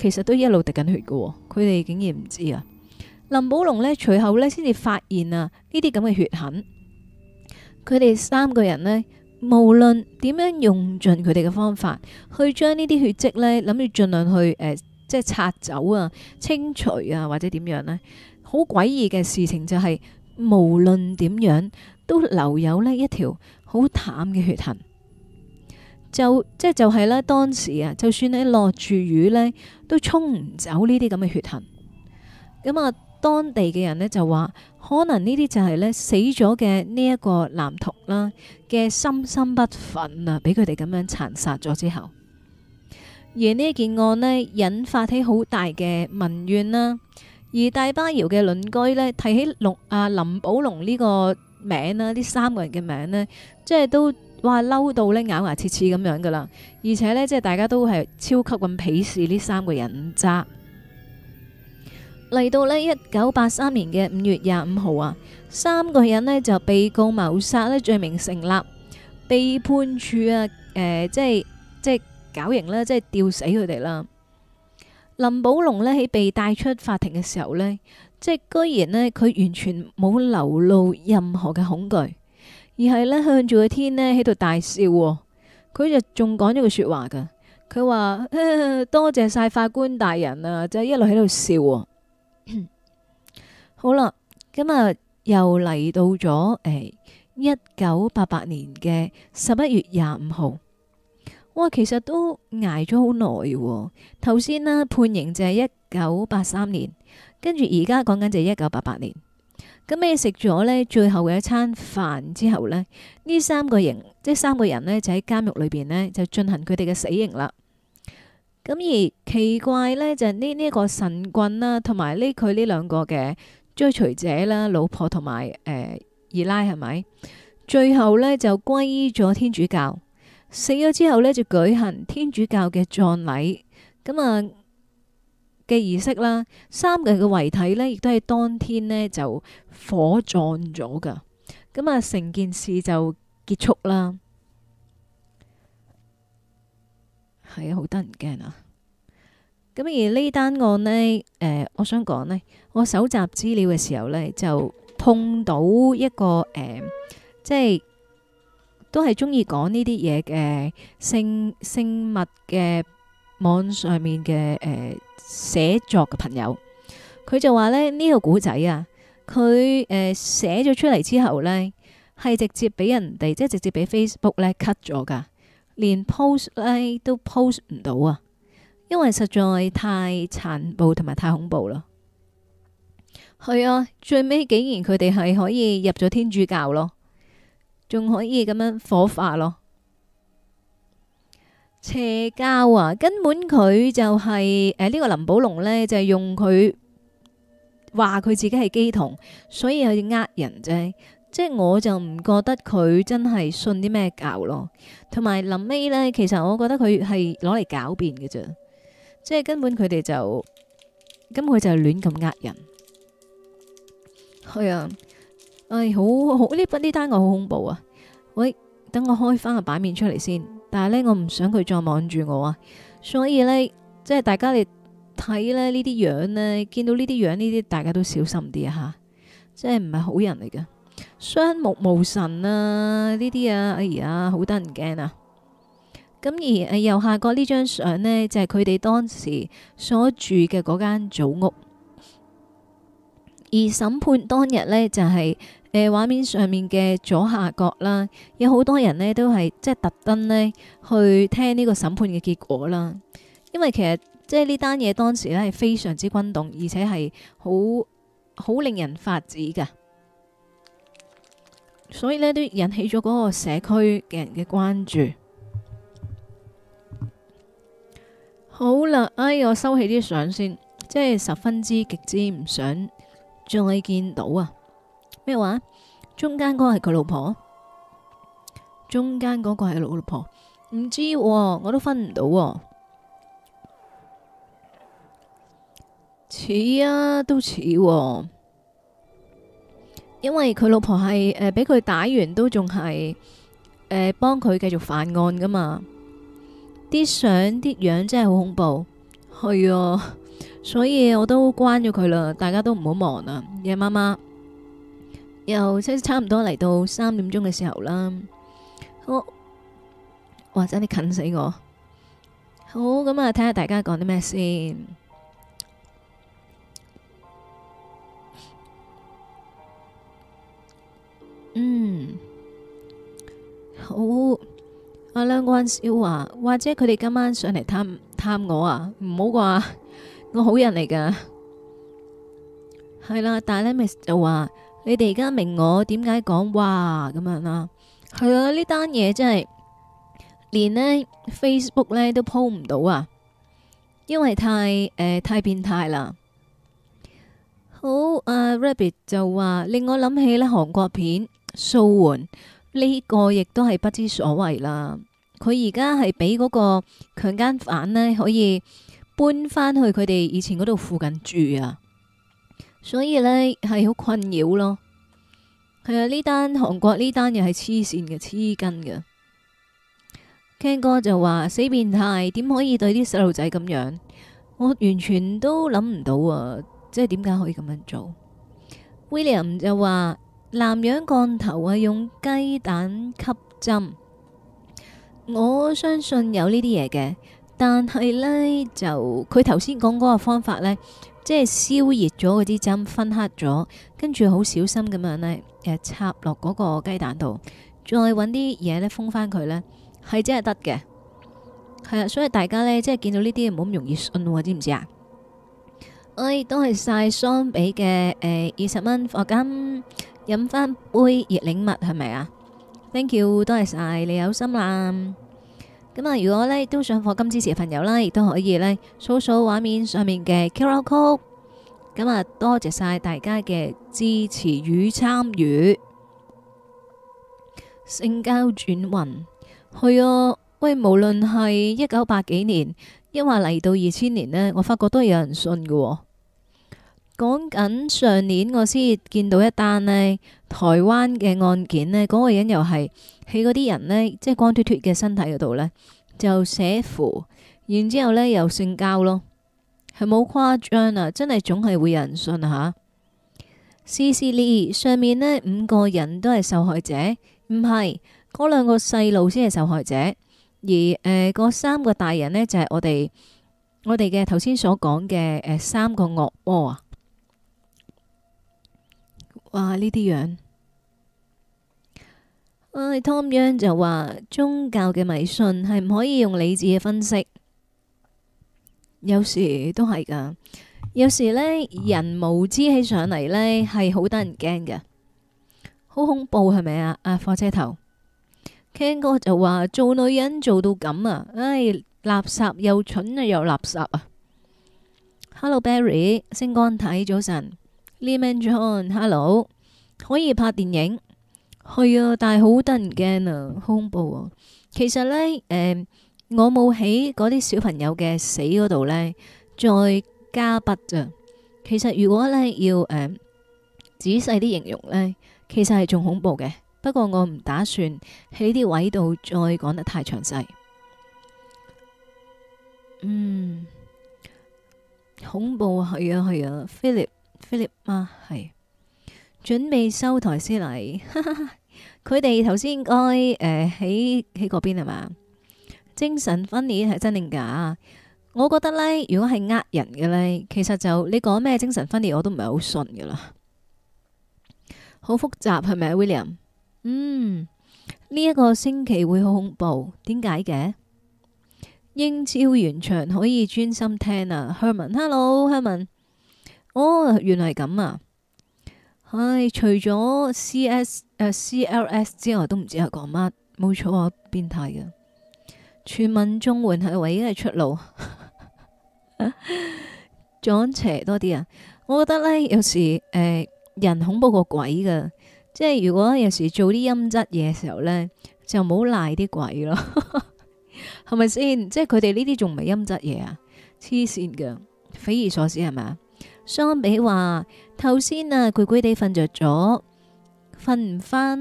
其實都一路滴緊血嘅，佢哋竟然唔知啊！林寶龍呢，隨後呢先至發現啊，呢啲咁嘅血痕。佢哋三個人呢，無論點樣用盡佢哋嘅方法去將呢啲血跡呢，諗住盡量去，誒、呃，即係擦走啊、清除啊或者點樣呢。好詭異嘅事情就係、是，無論點樣都留有呢一條好淡嘅血痕。就即係就係咧，當時啊，就算你落住雨呢都沖唔走呢啲咁嘅血痕。咁啊，當地嘅人呢就話，可能呢啲就係呢死咗嘅呢一個男童啦嘅心生不憤啊，俾佢哋咁樣殘殺咗之後。而呢一件案呢，引發起好大嘅民怨啦。而大巴窰嘅鄰居呢，提起林啊林寶龍呢個名啦，呢三個人嘅名呢，即係都。哇！嬲到呢咬牙切齒咁樣噶啦，而且呢，即係大家都係超級咁鄙視呢三個人渣。嚟到呢，一九八三年嘅五月廿五號啊，三個人呢就被告謀殺呢罪名成立，被判處啊誒即係即係絞刑呢，即係吊死佢哋啦。林寶龍呢喺被帶出法庭嘅時候呢，即係居然呢，佢完全冇流露任何嘅恐懼。而係呢，向住個天呢，喺度大笑，喎。佢就仲講咗個說話噶，佢話多謝晒法官大人啊，就一路喺度笑。喎。 [coughs] 」好啦，今、嗯、日又嚟到咗誒一九八八年嘅十一月廿五號，哇其實都挨咗好耐。喎。頭先呢判刑就係一九八三年，跟住而家講緊就係一九八八年。咁你食咗呢，最後嘅一餐飯之後呢，呢三個人即係三個人呢，就喺監獄裏邊呢，就進行佢哋嘅死刑啦。咁而奇怪呢，就係呢呢個神棍啦，同埋呢佢呢兩個嘅追隨者啦，老婆同埋誒二奶係咪？最後呢，就歸依咗天主教，死咗之後呢，就舉行天主教嘅葬禮。咁、嗯、啊～嘅儀式啦，三個人嘅遺體呢，亦都係當天呢就火葬咗㗎，咁啊，成件事就結束啦。係啊，好得人驚啊！咁而呢單案呢，誒、呃，我想講呢，我搜集資料嘅時候呢，就碰到一個誒、呃，即係都係鍾意講呢啲嘢嘅聖聖物嘅。網上面嘅誒寫作嘅朋友，佢就話咧呢、呢個古仔啊，佢誒、呃、寫咗出嚟之後呢，係直接俾人哋即係直接俾 Facebook 呢 cut 咗噶，連 post 呢都 post 唔到啊，因為實在太殘暴同埋太恐怖咯。係啊，最尾竟然佢哋係可以入咗天主教咯，仲可以咁樣火化咯。邪教啊，根本佢就係誒呢個林寶龍呢，就係用佢話佢自己係乩童，所以佢呃人啫。即係我就唔覺得佢真係信啲咩教咯。同埋臨尾呢，其實我覺得佢係攞嚟狡辯嘅啫。即係根本佢哋就根本佢就係亂咁呃人。係啊，唉，好好呢筆呢單我好恐怖啊！喂，等我開翻個版面出嚟先。但係呢，我唔想佢再望住我啊！所以呢，即係大家你睇呢呢啲樣呢，見到呢啲樣呢啲，大家都小心啲啊吓，即係唔係好人嚟嘅，雙目無神啊呢啲啊，哎呀，好得人驚啊！咁而右下角呢張相呢，就係佢哋當時所住嘅嗰間祖屋。而審判當日呢，就係誒畫面上面嘅左下角啦，有好多人呢，都係即係特登呢去聽呢個審判嘅結果啦。因為其實即係呢單嘢當時呢，係非常之轟動，而且係好好令人發指嘅，所以呢，都引起咗嗰個社區嘅人嘅關注。好啦，哎，我收起啲相先，即係十分之極之唔想。仲可以見到啊，咩話？中間嗰個係佢老婆，中間嗰個係佢老婆，唔知喎，我都分唔到喎。似啊都似喎！因為佢老婆係誒俾佢打完都仲係誒幫佢繼續犯案噶嘛，啲相啲樣真係好恐怖，係啊。所以我都關咗佢啦，大家都唔好忙啦！夜媽媽又差唔多嚟到三點鐘嘅時候啦。我哇真係近死我！好咁啊，睇下大家講啲咩先。嗯，好。阿梁冠少話，或者佢哋今晚上嚟探探我啊？唔好啩？我好人嚟噶，係啦，但係咧 miss 就話你哋而家明我點解講哇咁樣啦，啊，係啦，呢單嘢真係連咧 Facebook 咧都 po 唔到啊，因為太誒、呃、太變態啦。好啊，Rabbit 就話令我諗起咧韓國片素媛呢個亦都係不知所謂啦，佢而家係俾嗰個強姦犯呢可以。搬返去佢哋以前嗰度附近住啊，所以呢，係好困擾咯。係啊，呢單韓國呢單又係黐線嘅，黐筋嘅。Ken 哥就話死變態，點可以對啲細路仔咁樣？我完全都諗唔到啊！即係點解可以咁樣做？William 就話南洋降頭係、啊、用雞蛋吸針，我相信有呢啲嘢嘅。但係呢，就佢頭先講嗰個方法呢，即係燒熱咗嗰啲針，分黑咗，跟住好小心咁樣呢，呃，插落嗰個雞蛋度，再搵啲嘢呢封翻佢呢，係真係得嘅，係啊！所以大家呢，即係見到呢啲嘢唔好咁容易信喎，知唔知啊？哎，都係晒桑比嘅，二十蚊現金，飲翻杯熱檸蜜係咪啊？Thank you，多謝晒你有心啦。咁啊！如果咧都想課金支持嘅朋友啦，亦都可以咧掃掃畫面上面嘅 QR Code。咁啊，多謝晒大家嘅支持與參與。性交轉運，係啊！喂，無論係一九八幾年，因為嚟到二千年呢，我發覺都有人信嘅。講緊上年，我先見到一單呢台灣嘅案件呢嗰、嗰個人又係。喺嗰啲人呢，即係光脫脫嘅身體嗰度呢，就寫符，然之後呢又性交咯，係冇誇張啊！真係總係會有人信啊嚇。事事裂上面呢五個人都係受害者，唔係嗰兩個細路先係受害者，而誒嗰、呃、三個大人呢，就係、是、我哋我哋嘅頭先所講嘅誒三個惡魔啊！哇！呢啲樣～唉、哎，Tom Young 就話宗教嘅迷信係唔可以用理智嘅分析，有時都係噶。有時呢，oh. 人無知起上嚟呢，係好得人驚㗎，好恐怖係咪啊？阿火車頭，Ken 哥就話做女人做到咁啊！唉、哎，垃圾又蠢、啊、又垃圾啊！Hello Barry，星光睇早晨，Lee Man John，Hello，可以拍電影。係啊，但係好得人驚啊，恐怖啊！其實呢，誒、呃，我冇喺嗰啲小朋友嘅死嗰度呢再加筆啊。其實如果呢要誒、呃、仔細啲形容呢，其實係仲恐怖嘅。不過我唔打算喺啲位度再講得太詳細。嗯，恐怖係啊，係啊，係啊 Philip，Philip，Philip 啊，係，準備收台先嚟。哈哈佢哋頭先應該誒喺喺嗰邊係嘛？精神分裂係真定假？我覺得呢，如果係呃人嘅呢，其實就你講咩精神分裂，我都唔係好信噶啦。好複雜係咪，William？嗯，呢、這、一個星期會好恐怖，點解嘅？英超完場可以專心聽啊，Herman。Hello，Herman。哦，原來係咁啊。唉、哎，除咗 C.S. 誒、uh,，C L S 之外都唔知係講乜，冇錯啊，變態嘅，全民綜援係唯一嘅出路、 [laughs] 啊，撞邪多啲啊！我覺得呢，有時誒、呃，人恐怖過鬼嘅，即係如果有時做啲陰質嘢嘅時候呢，就唔好賴啲鬼咯，係咪先？即係佢哋呢啲仲唔係陰質嘢啊？黐線嘅，匪夷所思係咪啊？相比話頭先啊，攰攰地瞓着咗。瞓唔翻，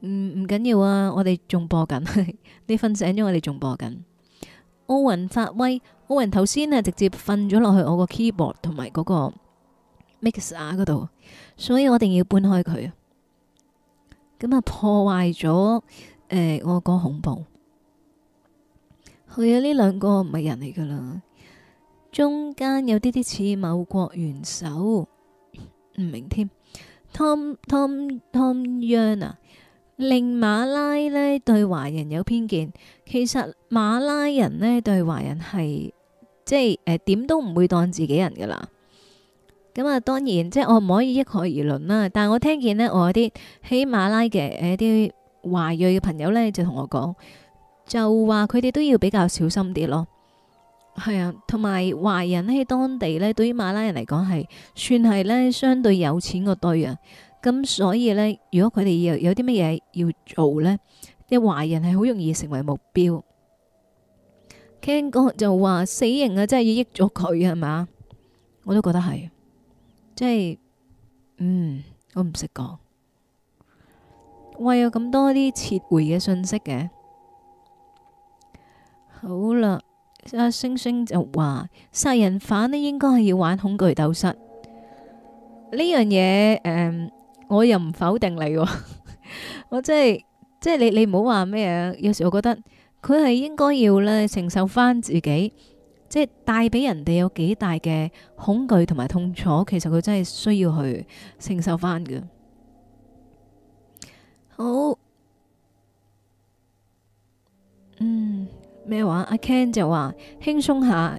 唔唔緊要啊！我哋仲播緊， [laughs] 你瞓醒咗，我哋仲播緊。奧運發威，奧運頭先係直接瞓咗落去我個 keyboard 同埋嗰個 mixer 嗰度，所以我一定要搬開佢，啊。咁啊破壞咗誒我個恐怖。去咗呢兩個唔係人嚟噶啦，中間有啲啲似某國元首，唔明添。Tom Tom Tom Young 啊，令馬拉呢對華人有偏見。其實馬拉人呢對華人係即係誒點都唔會當自己人噶啦。咁啊當然即係我唔可以一概而論啦。但係我聽見呢，我啲喺馬拉嘅誒啲華裔嘅朋友呢，就同我講，就話佢哋都要比較小心啲咯。係啊，同埋華人喺當地呢，對於馬拉人嚟講係算係呢相對有錢嘅對啊。咁所以呢，如果佢哋又有啲乜嘢要做呢，啲華人係好容易成為目標。c o 就話死刑啊，真係要益咗佢啊，係嘛？我都覺得係，即係，嗯，我唔識講。為有咁多啲撤回嘅信息嘅，好啦。阿星星就話，殺人犯咧應該係要玩恐懼鬥室呢樣嘢。誒，um，我又唔否定你。 [laughs] 我真係即係你，你唔好話咩啊。有時我覺得佢係應該要咧承受翻自己，即係帶俾人哋有幾大嘅恐懼同埋痛楚，其實佢真係需要去承受翻嘅。好，嗯。咩話？阿 Ken 就話輕鬆下，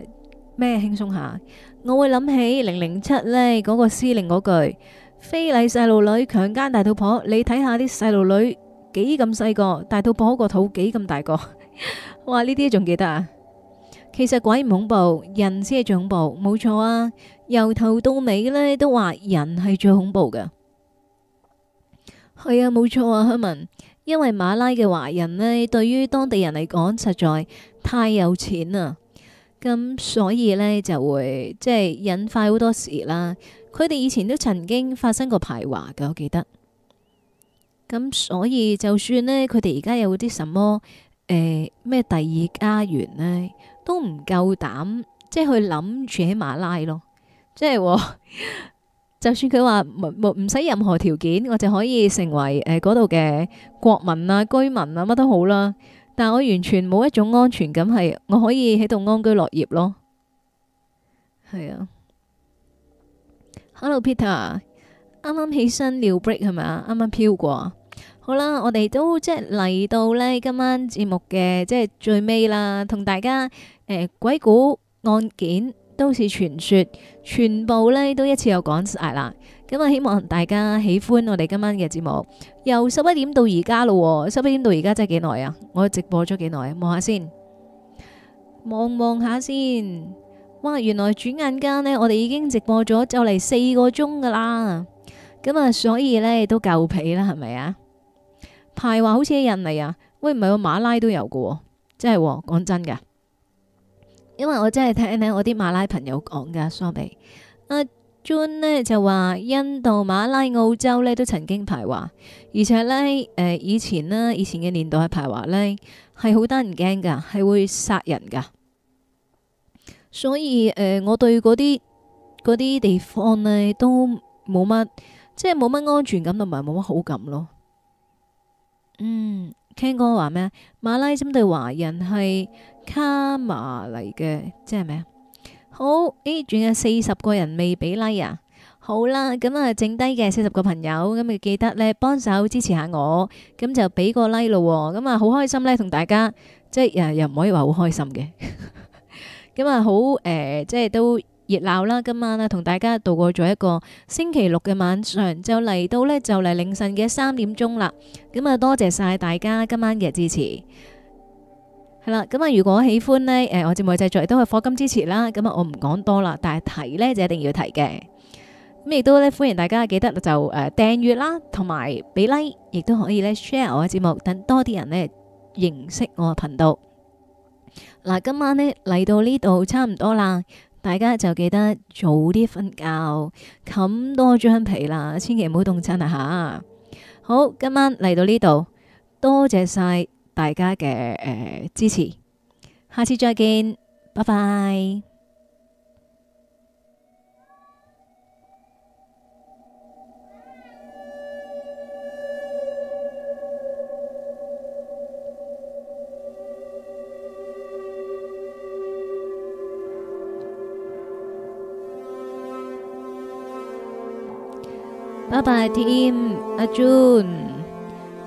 咩輕鬆下？我會諗起零零七呢嗰個司令嗰句：非禮細路女，強奸大肚婆。你睇下啲細路女幾咁細個，大肚婆個肚幾咁大個。 [laughs] 哇！呢啲仲記得啊？其實鬼唔恐怖，人先係最恐怖，冇錯啊！由頭到尾呢都話人係最恐怖嘅。係啊，冇錯啊，Herman。因為馬拉嘅華人呢，對於當地人嚟講，實在太有錢喇。咁所以呢就會即係引發好多事啦。佢哋以前都曾經發生過排華㗎，我記得。咁所以就算呢，佢哋而家有啲什麼咩、呃、第二家園呢，都唔夠膽即係去諗住喺馬拉咯，即係喎。就算佢話冇冇，唔使任何條件，我就可以成為誒嗰度嘅國民啊，居民啊，乜都好啦，但係我完全冇一種安全感係我可以喺度安居樂業咯。係啊，Hello Peter，啱啱起身尿 break 係咪啊？啱啱飄過，好啦，我哋都即係嚟到呢今晚節目嘅即係最尾啦，同大家誒鬼故案件、都市傳說，全部呢都一次又講晒啦。咁、嗯、啊，希望大家喜歡我哋今晚嘅節目。由十一點到而家啦，十一點到而家真係幾耐啊！我直播咗幾耐啊？望下先，望望下先。哇！原來轉眼間呢，我哋已經直播咗就嚟四個鐘噶啦。咁、嗯、啊、嗯，所以呢都夠皮啦，係咪啊？排話好似係人嚟啊！喂，唔係喎，馬拉都有嘅，啊，真係講真嘅。因為我真係聽咧，我啲馬拉朋友講噶，sorry，阿 John 呢就話印度馬拉澳洲呢都曾經排華，而且呢誒、呃、以前呢，以前嘅年代排華呢係好得人驚噶，係會殺人噶，所以誒、呃、我對嗰啲啲地方呢都冇乜，即係冇乜安全感同埋冇乜好感咯。嗯，Ken 哥話咩？馬拉針對華人係？卡嘛嚟嘅，即係咩啊？好，誒，轉咗四十個人未俾 like 啊！好啦，咁啊，剩低嘅四十個朋友，咁你記得呢，幫手支持下我，咁就俾個 like 咯。咁啊，好開心呢，同大家即係又又唔可以話好開心嘅。咁 [laughs] 啊，好誒、呃，即係都熱鬧啦。今晚啊，同大家度過咗一個星期六嘅晚上，就嚟到呢，就嚟凌晨嘅三點鐘啦。咁啊，多謝晒大家今晚嘅支持。係啦，咁啊，如果喜歡呢，誒，我節目嘅製作亦都係課金支持啦，咁啊，我唔講多啦，但係提呢就一定要提嘅，咁亦都呢，歡迎大家記得就誒訂閱啦，同埋俾 like，亦都可以呢 share 我嘅節目，等多啲人呢認識我嘅頻道。嗱，今晚呢嚟到呢度差唔多啦，大家就記得早啲瞓覺，冚多張被啦，千祈唔好凍親啊吓！好，今晚嚟到呢度，多謝晒。大家嘅誒支持，下次再見，拜拜，拜拜，阿添阿 Jun。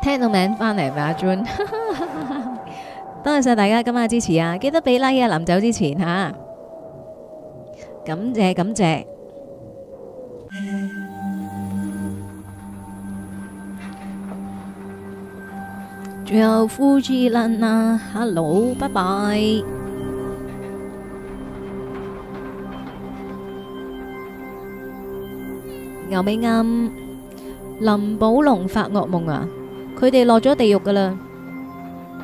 聽到名翻嚟，阿 June，多謝大家今晚支持啊！記得俾啦，依家臨走之前吓，感謝感謝。仲有，富芝琳啊，Hello，拜拜。牛尾暗，林寶龍發噩夢啊！佢哋落咗地獄噶啦，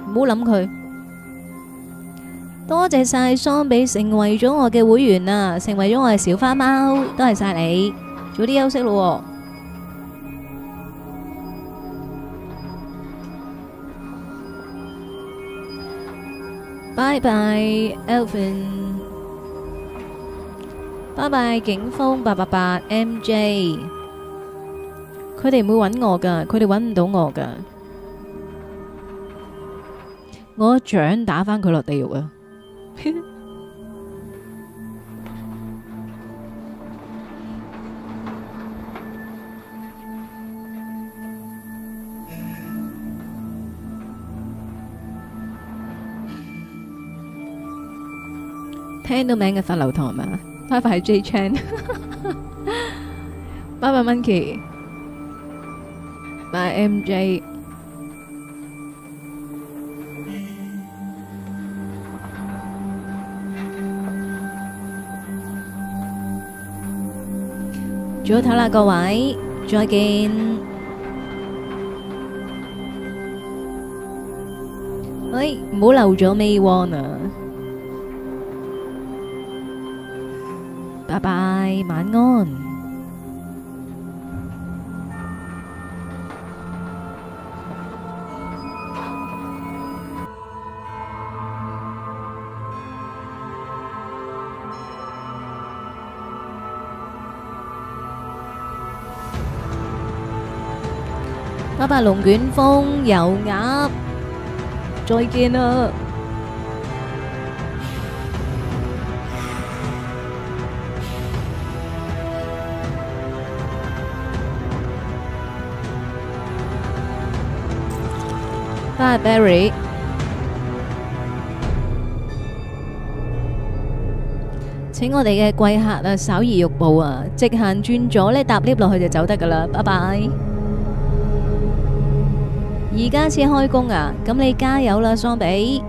唔好諗佢。多謝晒桑比成為咗我嘅會員啊，成為咗我嘅小花貓，多謝晒你。早啲休息咯，bye bye，Elvin，bye bye，景峰八八八 MJ。佢哋唔會揾我噶，佢哋揾唔到我噶。我掌打翻佢落地獄啊！聽到名嘅石榴糖係嘛？拜拜 J Chan，拜拜 Monkey。阿 emjay，早唞啦各位，再見。喂，唔好漏咗 May One 啊！拜拜，晚安。拜拜，龍捲風，油鴨，再見啦！拜拜，Berry，請我哋嘅貴客啊，稍移玉步啊，直行轉左呢，搭 lift 落去就走得噶啦，拜拜。而家先開工啊！咁你加油啦，桑比、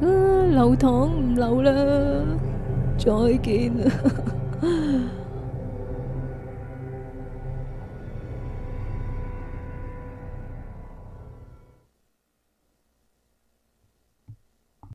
啊！留堂唔留啦，再見。 [laughs]